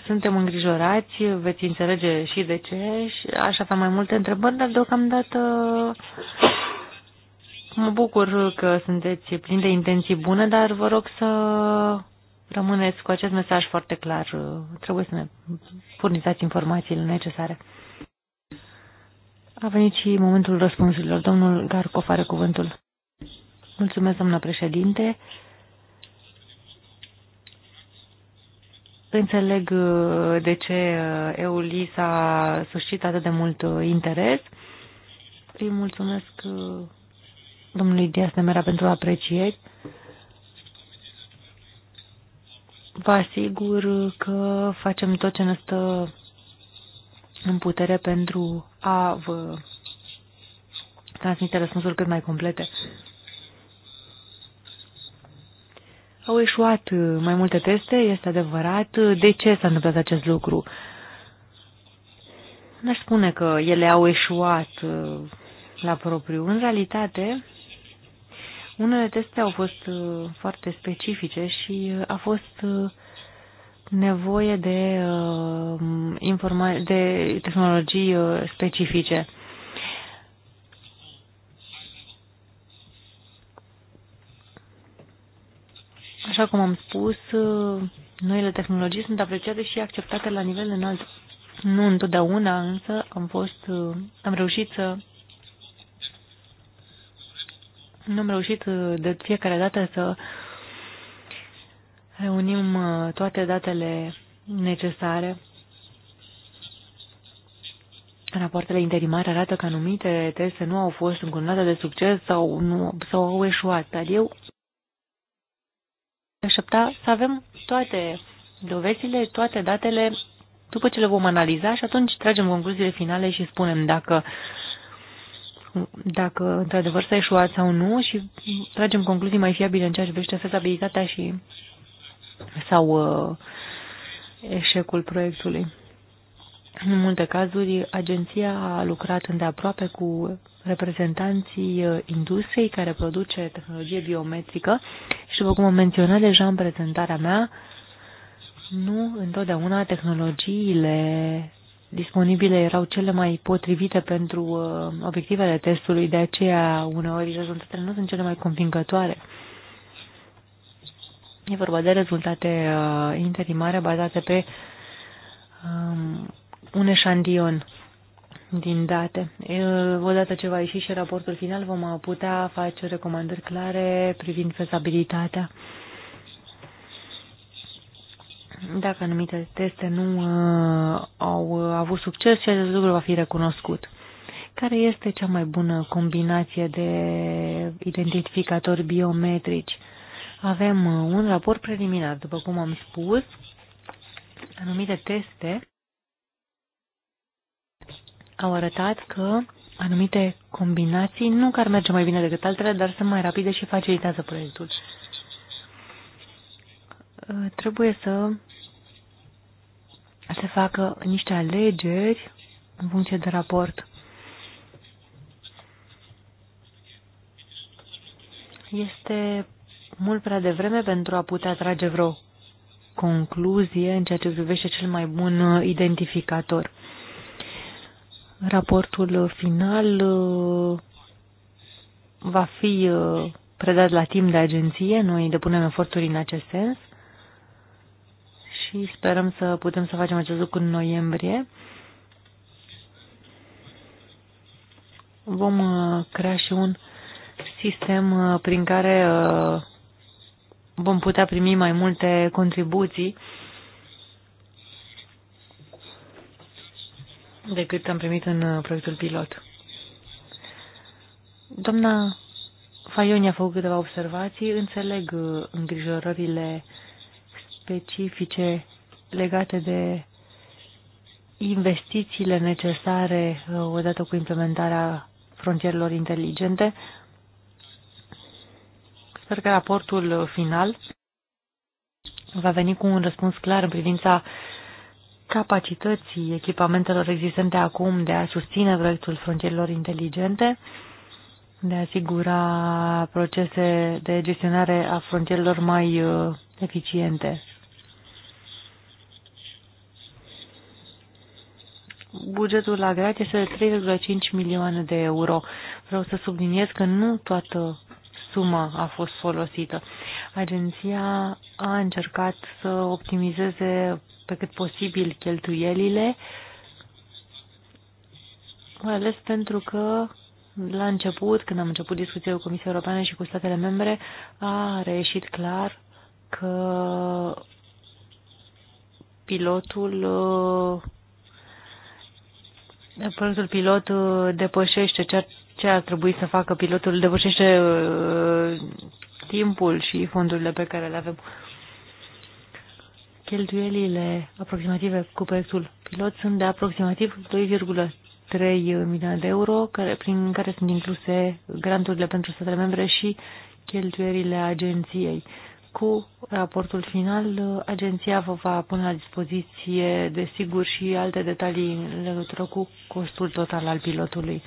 Suntem îngrijorați, veți înțelege și de ce, și aș avea mai multe întrebări, dar deocamdată mă bucur că sunteți plini de intenții bune, dar vă rog să rămâneți cu acest mesaj foarte clar. Trebuie să ne furnizați informațiile necesare. A venit și momentul răspunsurilor. Domnul Garcov are cuvântul. Mulțumesc, doamna președinte. Înțeleg uh, de ce uh, EULIS a suscit atât de mult uh, interes. Îi mulțumesc domnului Dias de Mera pentru aprecieri. Vă asigur că facem tot ce ne stă în putere pentru a vă transmite răspunsuri cât mai complete. Au eșuat mai multe teste, este adevărat. De ce s-a întâmplat acest lucru? N-aș spune că ele au eșuat uh, la propriu. În realitate, unele teste au fost uh, foarte specifice și uh, a fost nevoie de, uh, informa- de tehnologii uh, specifice. Așa cum am spus, uh, noile tehnologii sunt apreciate și acceptate la nivel înalt. Nu întotdeauna, însă am fost, am reușit să nu am reușit de fiecare dată să reunim uh, toate datele necesare. Rapoartele interimare arată că anumite teste nu au fost încununate de succes sau, nu, sau au eșuat, dar eu aștepta să avem toate dovezile, toate datele, după ce le vom analiza și atunci tragem concluziile finale și spunem dacă, dacă într-adevăr s-a eșuat sau nu și tragem concluzii mai fiabile în ceea ce privește fezabilitatea și sau uh, eșecul proiectului. În multe cazuri, agenția a lucrat îndeaproape cu reprezentanții uh, industriei care produce tehnologie biometrică și, după cum am menționat deja în prezentarea mea, nu întotdeauna tehnologiile disponibile erau cele mai potrivite pentru uh, obiectivele testului, de aceea uneori rezultatele nu sunt cele mai convingătoare. E vorba de rezultate uh, interimare bazate pe um, un eșandion din date. Odată ce va ieși și raportul final, vom putea face recomandări clare privind fezabilitatea. Dacă anumite teste nu uh, au avut succes, acest lucru va fi recunoscut. Care este cea mai bună combinație de identificatori biometrici? Uh, avem uh, un raport preliminar, după cum am spus, anumite teste au arătat că anumite combinații nu că ar merge mai bine decât altele, dar sunt mai rapide și facilitează proiectul. Uh, trebuie să se facă niște alegeri în funcție de raport. Este mult prea devreme pentru a putea trage vreo concluzie în ceea ce privește cel mai bun uh, identificator. Raportul final uh, va fi uh, predat la timp de agenție, noi depunem eforturi în acest sens și sperăm să putem să facem acest lucru în noiembrie. Vom crea și un sistem prin care vom putea primi mai multe contribuții decât am primit în uh, proiectul pilot. Doamna Faioni a făcut câteva observații. Înțeleg uh, îngrijorările specifice legate de investițiile necesare uh, odată cu implementarea frontierelor inteligente. Sper că raportul final va veni cu un răspuns clar în privința capacității echipamentelor existente acum de a susține proiectul frontierilor inteligente, de a asigura procese de gestionare a frontierilor mai uh, eficiente. Bugetul la grație este de 3,5 milioane de euro. Vreau să subliniez că nu toată sumă a fost folosită. Agenția a încercat să optimizeze pe cât posibil cheltuielile, mai ales pentru că la început, când am început discuția cu Comisia Europeană și cu statele membre, a reieșit clar că pilotul uh, proiectul pilot uh, depășește ce ar trebui să facă pilotul, depășește uh, timpul și fondurile pe care le avem. Cheltuielile aproximative cu proiectul pilot sunt de aproximativ 2,3 milioane de euro, care, prin care sunt incluse granturile pentru statele membre și cheltuielile agenției. Cu raportul final, uh, agenția vă va pune la dispoziție, desigur, și alte detalii în legătură cu costul total al pilotului.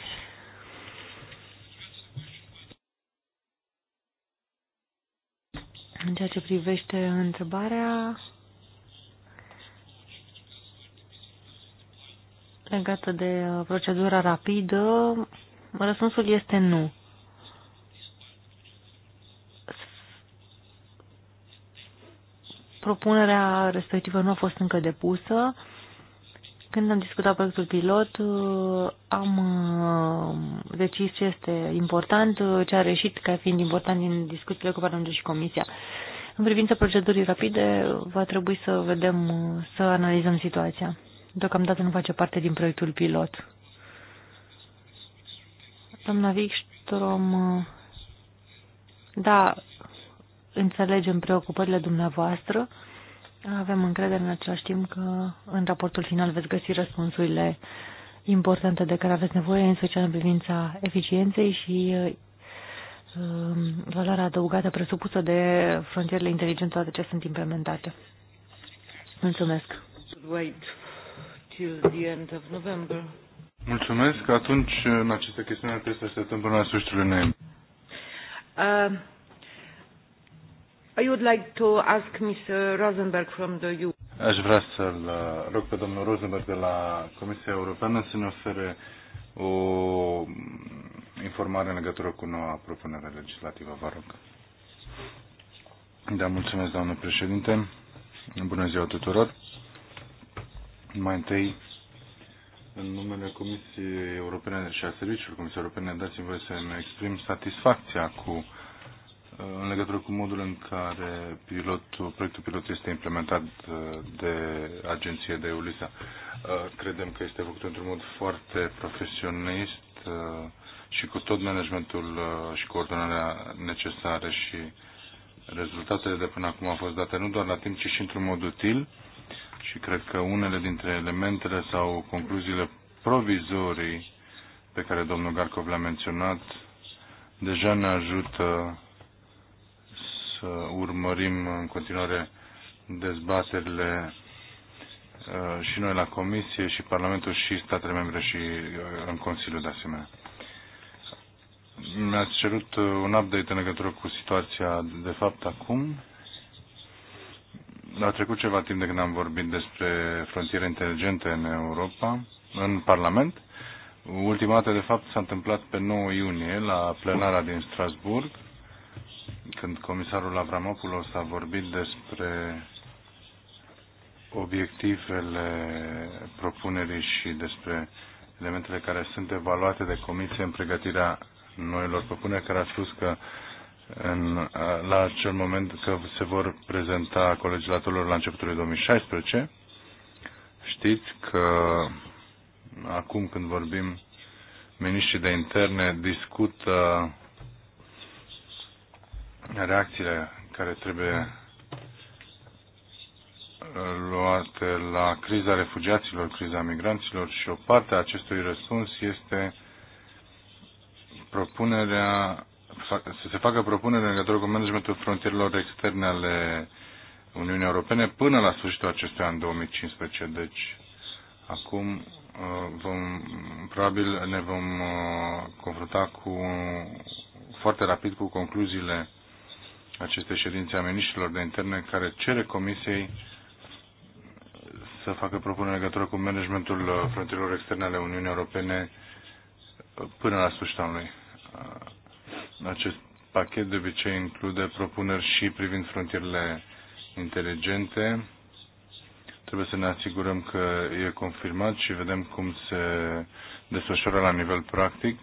În ceea ce privește întrebarea legată de uh, procedura rapidă, răspunsul este nu. Propunerea respectivă nu a fost încă depusă. Când am discutat proiectul pilot, uh, am uh, decis ce este important, uh, ce a reșit ca fiind important din discuțiile cu Parlamentul și Comisia. În privința procedurii rapide, va trebui să vedem, să analizăm situația. Deocamdată nu face parte din proiectul pilot. Doamna Wikstrom, da, înțelegem preocupările dumneavoastră. Avem încredere în același timp că în raportul final veți găsi răspunsurile importante de care aveți nevoie, în special în privința eficienței și um, valoarea adăugată presupusă de frontierele inteligente, toate ce sunt implementate. Mulțumesc. Mulțumesc. Atunci, în aceste chestiuni, trebuie să așteptăm până la sfârșitul noiembrie. I would like to ask Mr. Rosenberg from the EU. Aș vrea să-l uh, rog pe domnul Rosenberg de la Comisia Europeană să ne ofere o mm, informare în legătură cu noua propunere legislativă. Vă rog. Da, mulțumesc, doamnă președinte. Bună ziua tuturor. Mai întâi, în numele Comisiei Europene și a Serviciului Comisiei Europene, dați-mi voie să-mi exprim satisfacția cu în legătură cu modul în care pilotul, proiectul pilot este implementat uh, de agenție de EULISA. Uh, credem că este făcut într-un mod foarte profesionist uh, și cu tot managementul și coordonarea necesare și rezultatele de până acum au fost date nu doar la timp, ci și într-un mod util și cred că unele dintre elementele sau concluziile provizorii pe care domnul Garcov le-a menționat deja ne ajută să urmărim în continuare dezbaterile uh, și noi la Comisie și Parlamentul și statele membre și uh, în Consiliu de asemenea. Mi-ați cerut uh, un update în legătură cu situația de fapt acum. A trecut ceva timp de când am vorbit despre frontiere inteligente în Europa, în Parlament. Ultima dată, de fapt, s-a întâmplat pe 9 iunie la plenara din Strasburg când comisarul Avramopoulos a vorbit despre obiectivele propunerii și despre elementele care sunt evaluate de comisie în pregătirea noilor propuneri, care a spus că în, la acel moment că se vor prezenta colegilatorilor la începutul 2016. Știți că acum când vorbim, miniștrii de interne discută reacțiile care trebuie luate la criza refugiaților, criza migranților și o parte a acestui răspuns este propunerea să se facă propunere în legătură cu managementul frontierelor externe ale Uniunii Europene până la sfârșitul acestui an 2015. Deci, acum uh, vom, probabil ne vom uh, confrunta cu foarte rapid cu concluziile aceste ședințe a miniștrilor de interne care cere Comisiei să facă propuneri legătură cu managementul uh, frontierilor externe ale Uniunii Europene uh, până la sfârșitul anului. Uh, acest pachet de obicei include propuneri și privind frontierele inteligente. Trebuie să ne asigurăm că e confirmat și vedem cum se desfășoară la nivel practic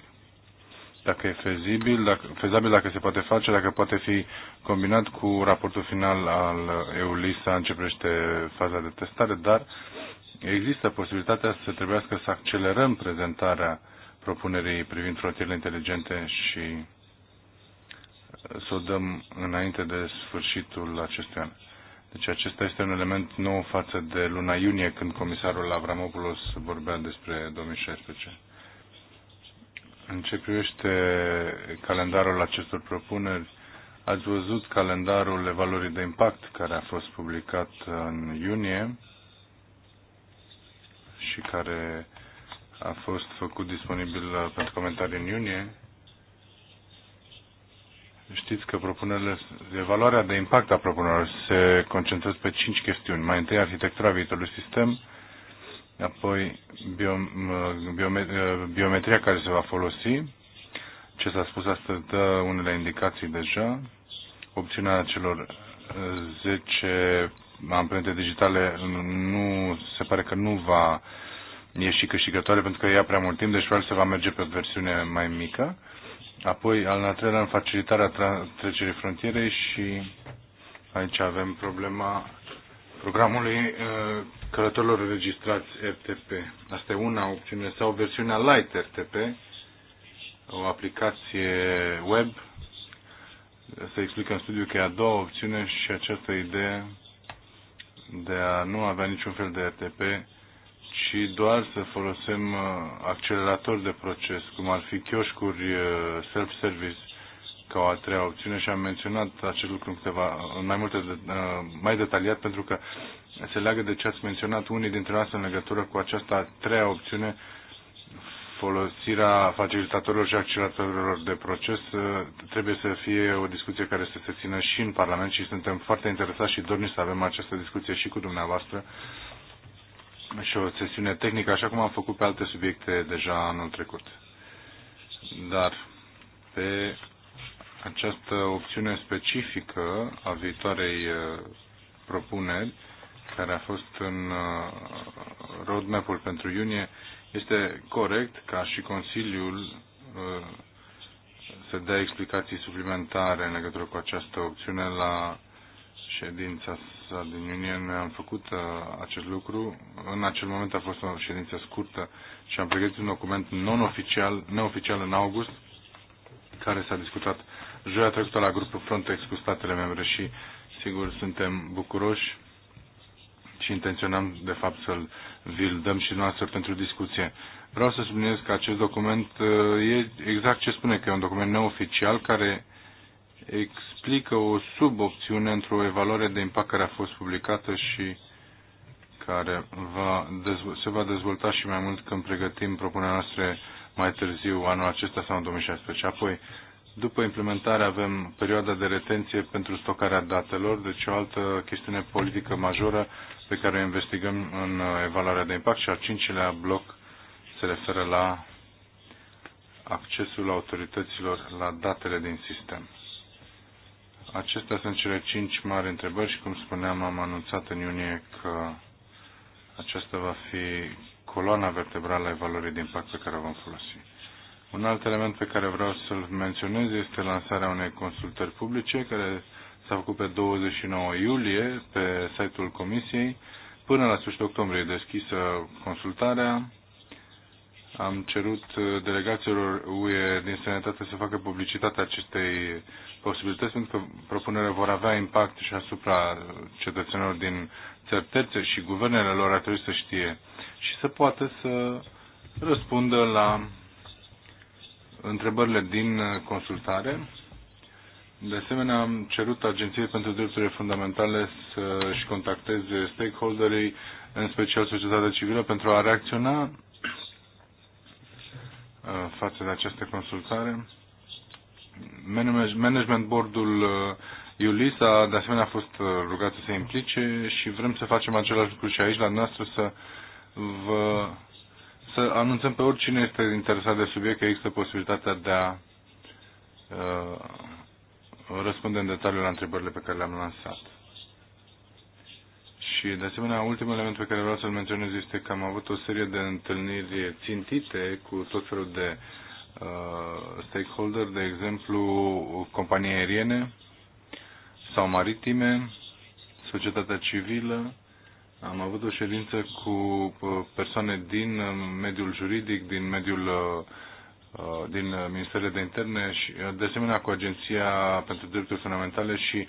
dacă e fezibil, dacă, fezabil, dacă se poate face, dacă poate fi combinat cu raportul final al EULISA, începește faza de testare, dar există posibilitatea să trebuiască să accelerăm prezentarea propunerii privind frontierele inteligente și uh, să o dăm înainte de sfârșitul acestui an. Deci acesta este un element nou față de luna iunie, când comisarul Avramopoulos vorbea despre 2016. În ce privește calendarul acestor propuneri, ați văzut calendarul evaluării de impact care a fost publicat în iunie și care a fost făcut disponibil pentru comentarii în iunie. Știți că propunerile, evaluarea de impact a propunerilor se concentrează pe cinci chestiuni. Mai întâi, arhitectura viitorului sistem, apoi biometria care se va folosi, ce s-a spus astăzi dă unele indicații deja, opțiunea celor 10 amprente digitale nu se pare că nu va ieși câștigătoare pentru că ia prea mult timp, deci probabil se va merge pe o versiune mai mică. Apoi, al treilea, în facilitarea trecerii frontierei și aici avem problema programului uh, călătorilor înregistrați RTP. Asta e una opțiune. Sau versiunea light RTP, o aplicație web. Se explică în studiu că e a doua opțiune și această idee de a nu avea niciun fel de RTP, ci doar să folosim uh, acceleratori de proces, cum ar fi chioșcuri uh, self-service, ca o a treia opțiune și am menționat acest lucru în câteva, mai multe, uh, mai detaliat pentru că se leagă de ce ați menționat unii dintre noastre în legătură cu această a treia opțiune, folosirea facilitatorilor și acceleratorilor de proces trebuie să fie o discuție care să se țină și în Parlament și suntem foarte interesați și dorni să avem această discuție și cu dumneavoastră și o sesiune tehnică, așa cum am făcut pe alte subiecte deja anul trecut. Dar pe această opțiune specifică a viitoarei uh, propuneri, care a fost în uh, roadmap-ul pentru iunie, este corect ca și Consiliul uh, să dea explicații suplimentare în legătură cu această opțiune la ședința sa din iunie. Noi am făcut uh, acest lucru. În acel moment a fost o ședință scurtă și am pregătit un document non-oficial, neoficial în august, care s-a discutat joia trecută la grupul Frontex cu statele membre și sigur suntem bucuroși și intenționăm, de fapt, să-l vi-l dăm și noastră pentru discuție. Vreau să subliniez că acest document uh, e exact ce spune, că e un document neoficial care explică o subopțiune într-o evaluare de impact care a fost publicată și care va, se va dezvolta și mai mult când pregătim propunerea noastră mai târziu, anul acesta sau în 2016. Apoi, după implementare avem perioada de retenție pentru stocarea datelor, deci o altă chestiune politică majoră pe care o investigăm în uh, evaluarea de impact și al cincilea bloc se referă la accesul autorităților la datele din sistem. Acestea sunt cele cinci mari întrebări și, cum spuneam, am anunțat în iunie că aceasta va fi coloana vertebrală a evaluării de impact pe care o vom folosi. Un alt element pe care vreau să-l menționez este lansarea unei consultări publice care s-a făcut pe 29 iulie pe site-ul Comisiei. Până la sfârșitul octombrie deschisă consultarea. Am cerut uh, delegațiilor UE din sănătate să facă publicitatea acestei posibilități, pentru că propunerea vor avea impact și asupra cetățenilor din țări terțe și guvernele lor ar trebui să știe și să poată să răspundă la întrebările din consultare de asemenea, am cerut Agenției pentru Drepturile Fundamentale să-și contacteze stakeholderii, în special societatea civilă, pentru a reacționa uh, față de această consultare. Management Boardul uh, Iulis a de asemenea a fost uh, rugat să se implice și vrem să facem același lucru și aici la noastră să vă să anunțăm pe oricine este interesat de subiect că există posibilitatea de a uh, răspunde în detaliu la întrebările pe care le-am lansat. Și, de asemenea, ultimul element pe care vreau să-l menționez este că am avut o serie de întâlniri țintite cu tot felul de uh, stakeholder, de exemplu, companii aeriene sau maritime, societatea civilă. Am avut o ședință cu uh, persoane din uh, mediul juridic, din mediul uh, Uh, din Ministerul de Interne și uh, de asemenea cu Agenția pentru Drepturi Fundamentale și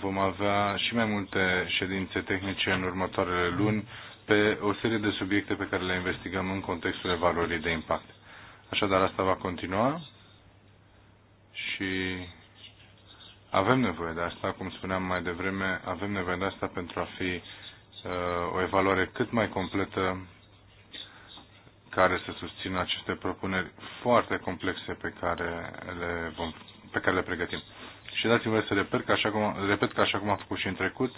vom avea și mai multe ședințe tehnice în următoarele luni pe o serie de subiecte pe care le investigăm în contextul evaluării de impact. Așadar, asta va continua și avem nevoie de asta, cum spuneam mai devreme, avem nevoie de asta pentru a fi uh, o evaluare cât mai completă care să susțină aceste propuneri foarte complexe pe care le, vom, pe care le pregătim. Și dați-mi voie să repet că, așa cum, repet că așa cum am făcut și în trecut,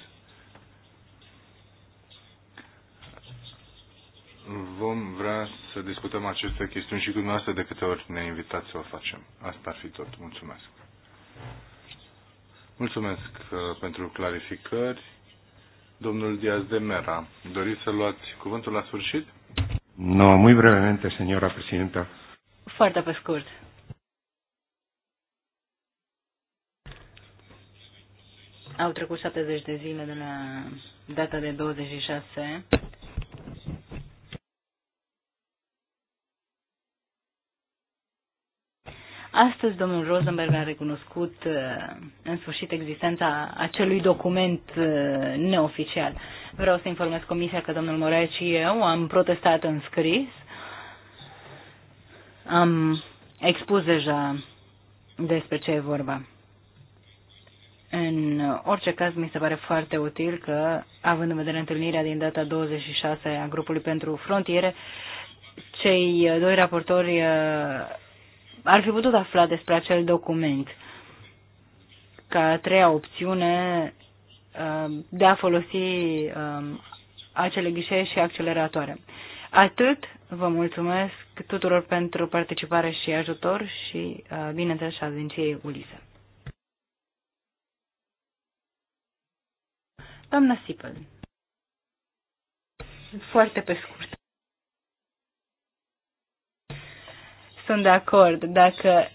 vom vrea să discutăm aceste chestiuni și cu dumneavoastră de câte ori ne invitați să o facem. Asta ar fi tot. Mulțumesc. Mulțumesc uh, pentru clarificări. Domnul Diaz de Mera, doriți să luați cuvântul la sfârșit? No, muy brevemente, señora presidenta. Foarte pe scurt. Au trecut 70 de zile de la data de 26 Astăzi domnul Rosenberg a recunoscut uh, în sfârșit existența acelui document uh, neoficial. Vreau să informez Comisia că domnul Moraes și eu am protestat în scris. Am expus deja despre ce e vorba. În orice caz, mi se pare foarte util că, având în vedere întâlnirea din data 26 a grupului pentru frontiere, cei doi raportori uh, ar fi putut afla despre acel document. Ca a treia opțiune uh, de a folosi um, acele ghișee și acceleratoare. Atât, vă mulțumesc tuturor pentru participare și ajutor și, uh, bineînțeles, și agenției Ulise. Doamna Sipel. Foarte pe scurt. sunt de acord. Dacă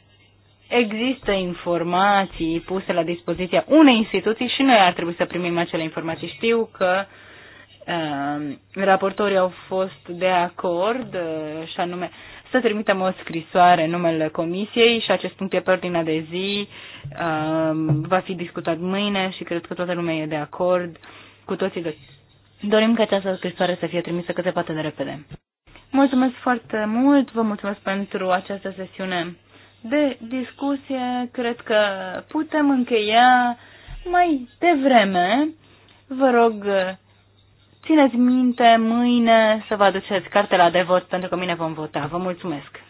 există informații puse la dispoziția unei instituții și noi ar trebui să primim acele informații. Știu că uh, raportorii au fost de acord uh, și anume să trimitem o scrisoare în numele comisiei și acest punct e pe ordinea de zi, uh, va fi discutat mâine și cred că toată lumea e de acord cu toții. Dorim ca această scrisoare să fie trimisă cât se poate de repede. Mulțumesc foarte mult, vă mulțumesc pentru această sesiune de discuție. Cred că putem încheia mai devreme. Vă rog, țineți minte mâine să vă aduceți cartela de vot pentru că mine vom vota. Vă mulțumesc!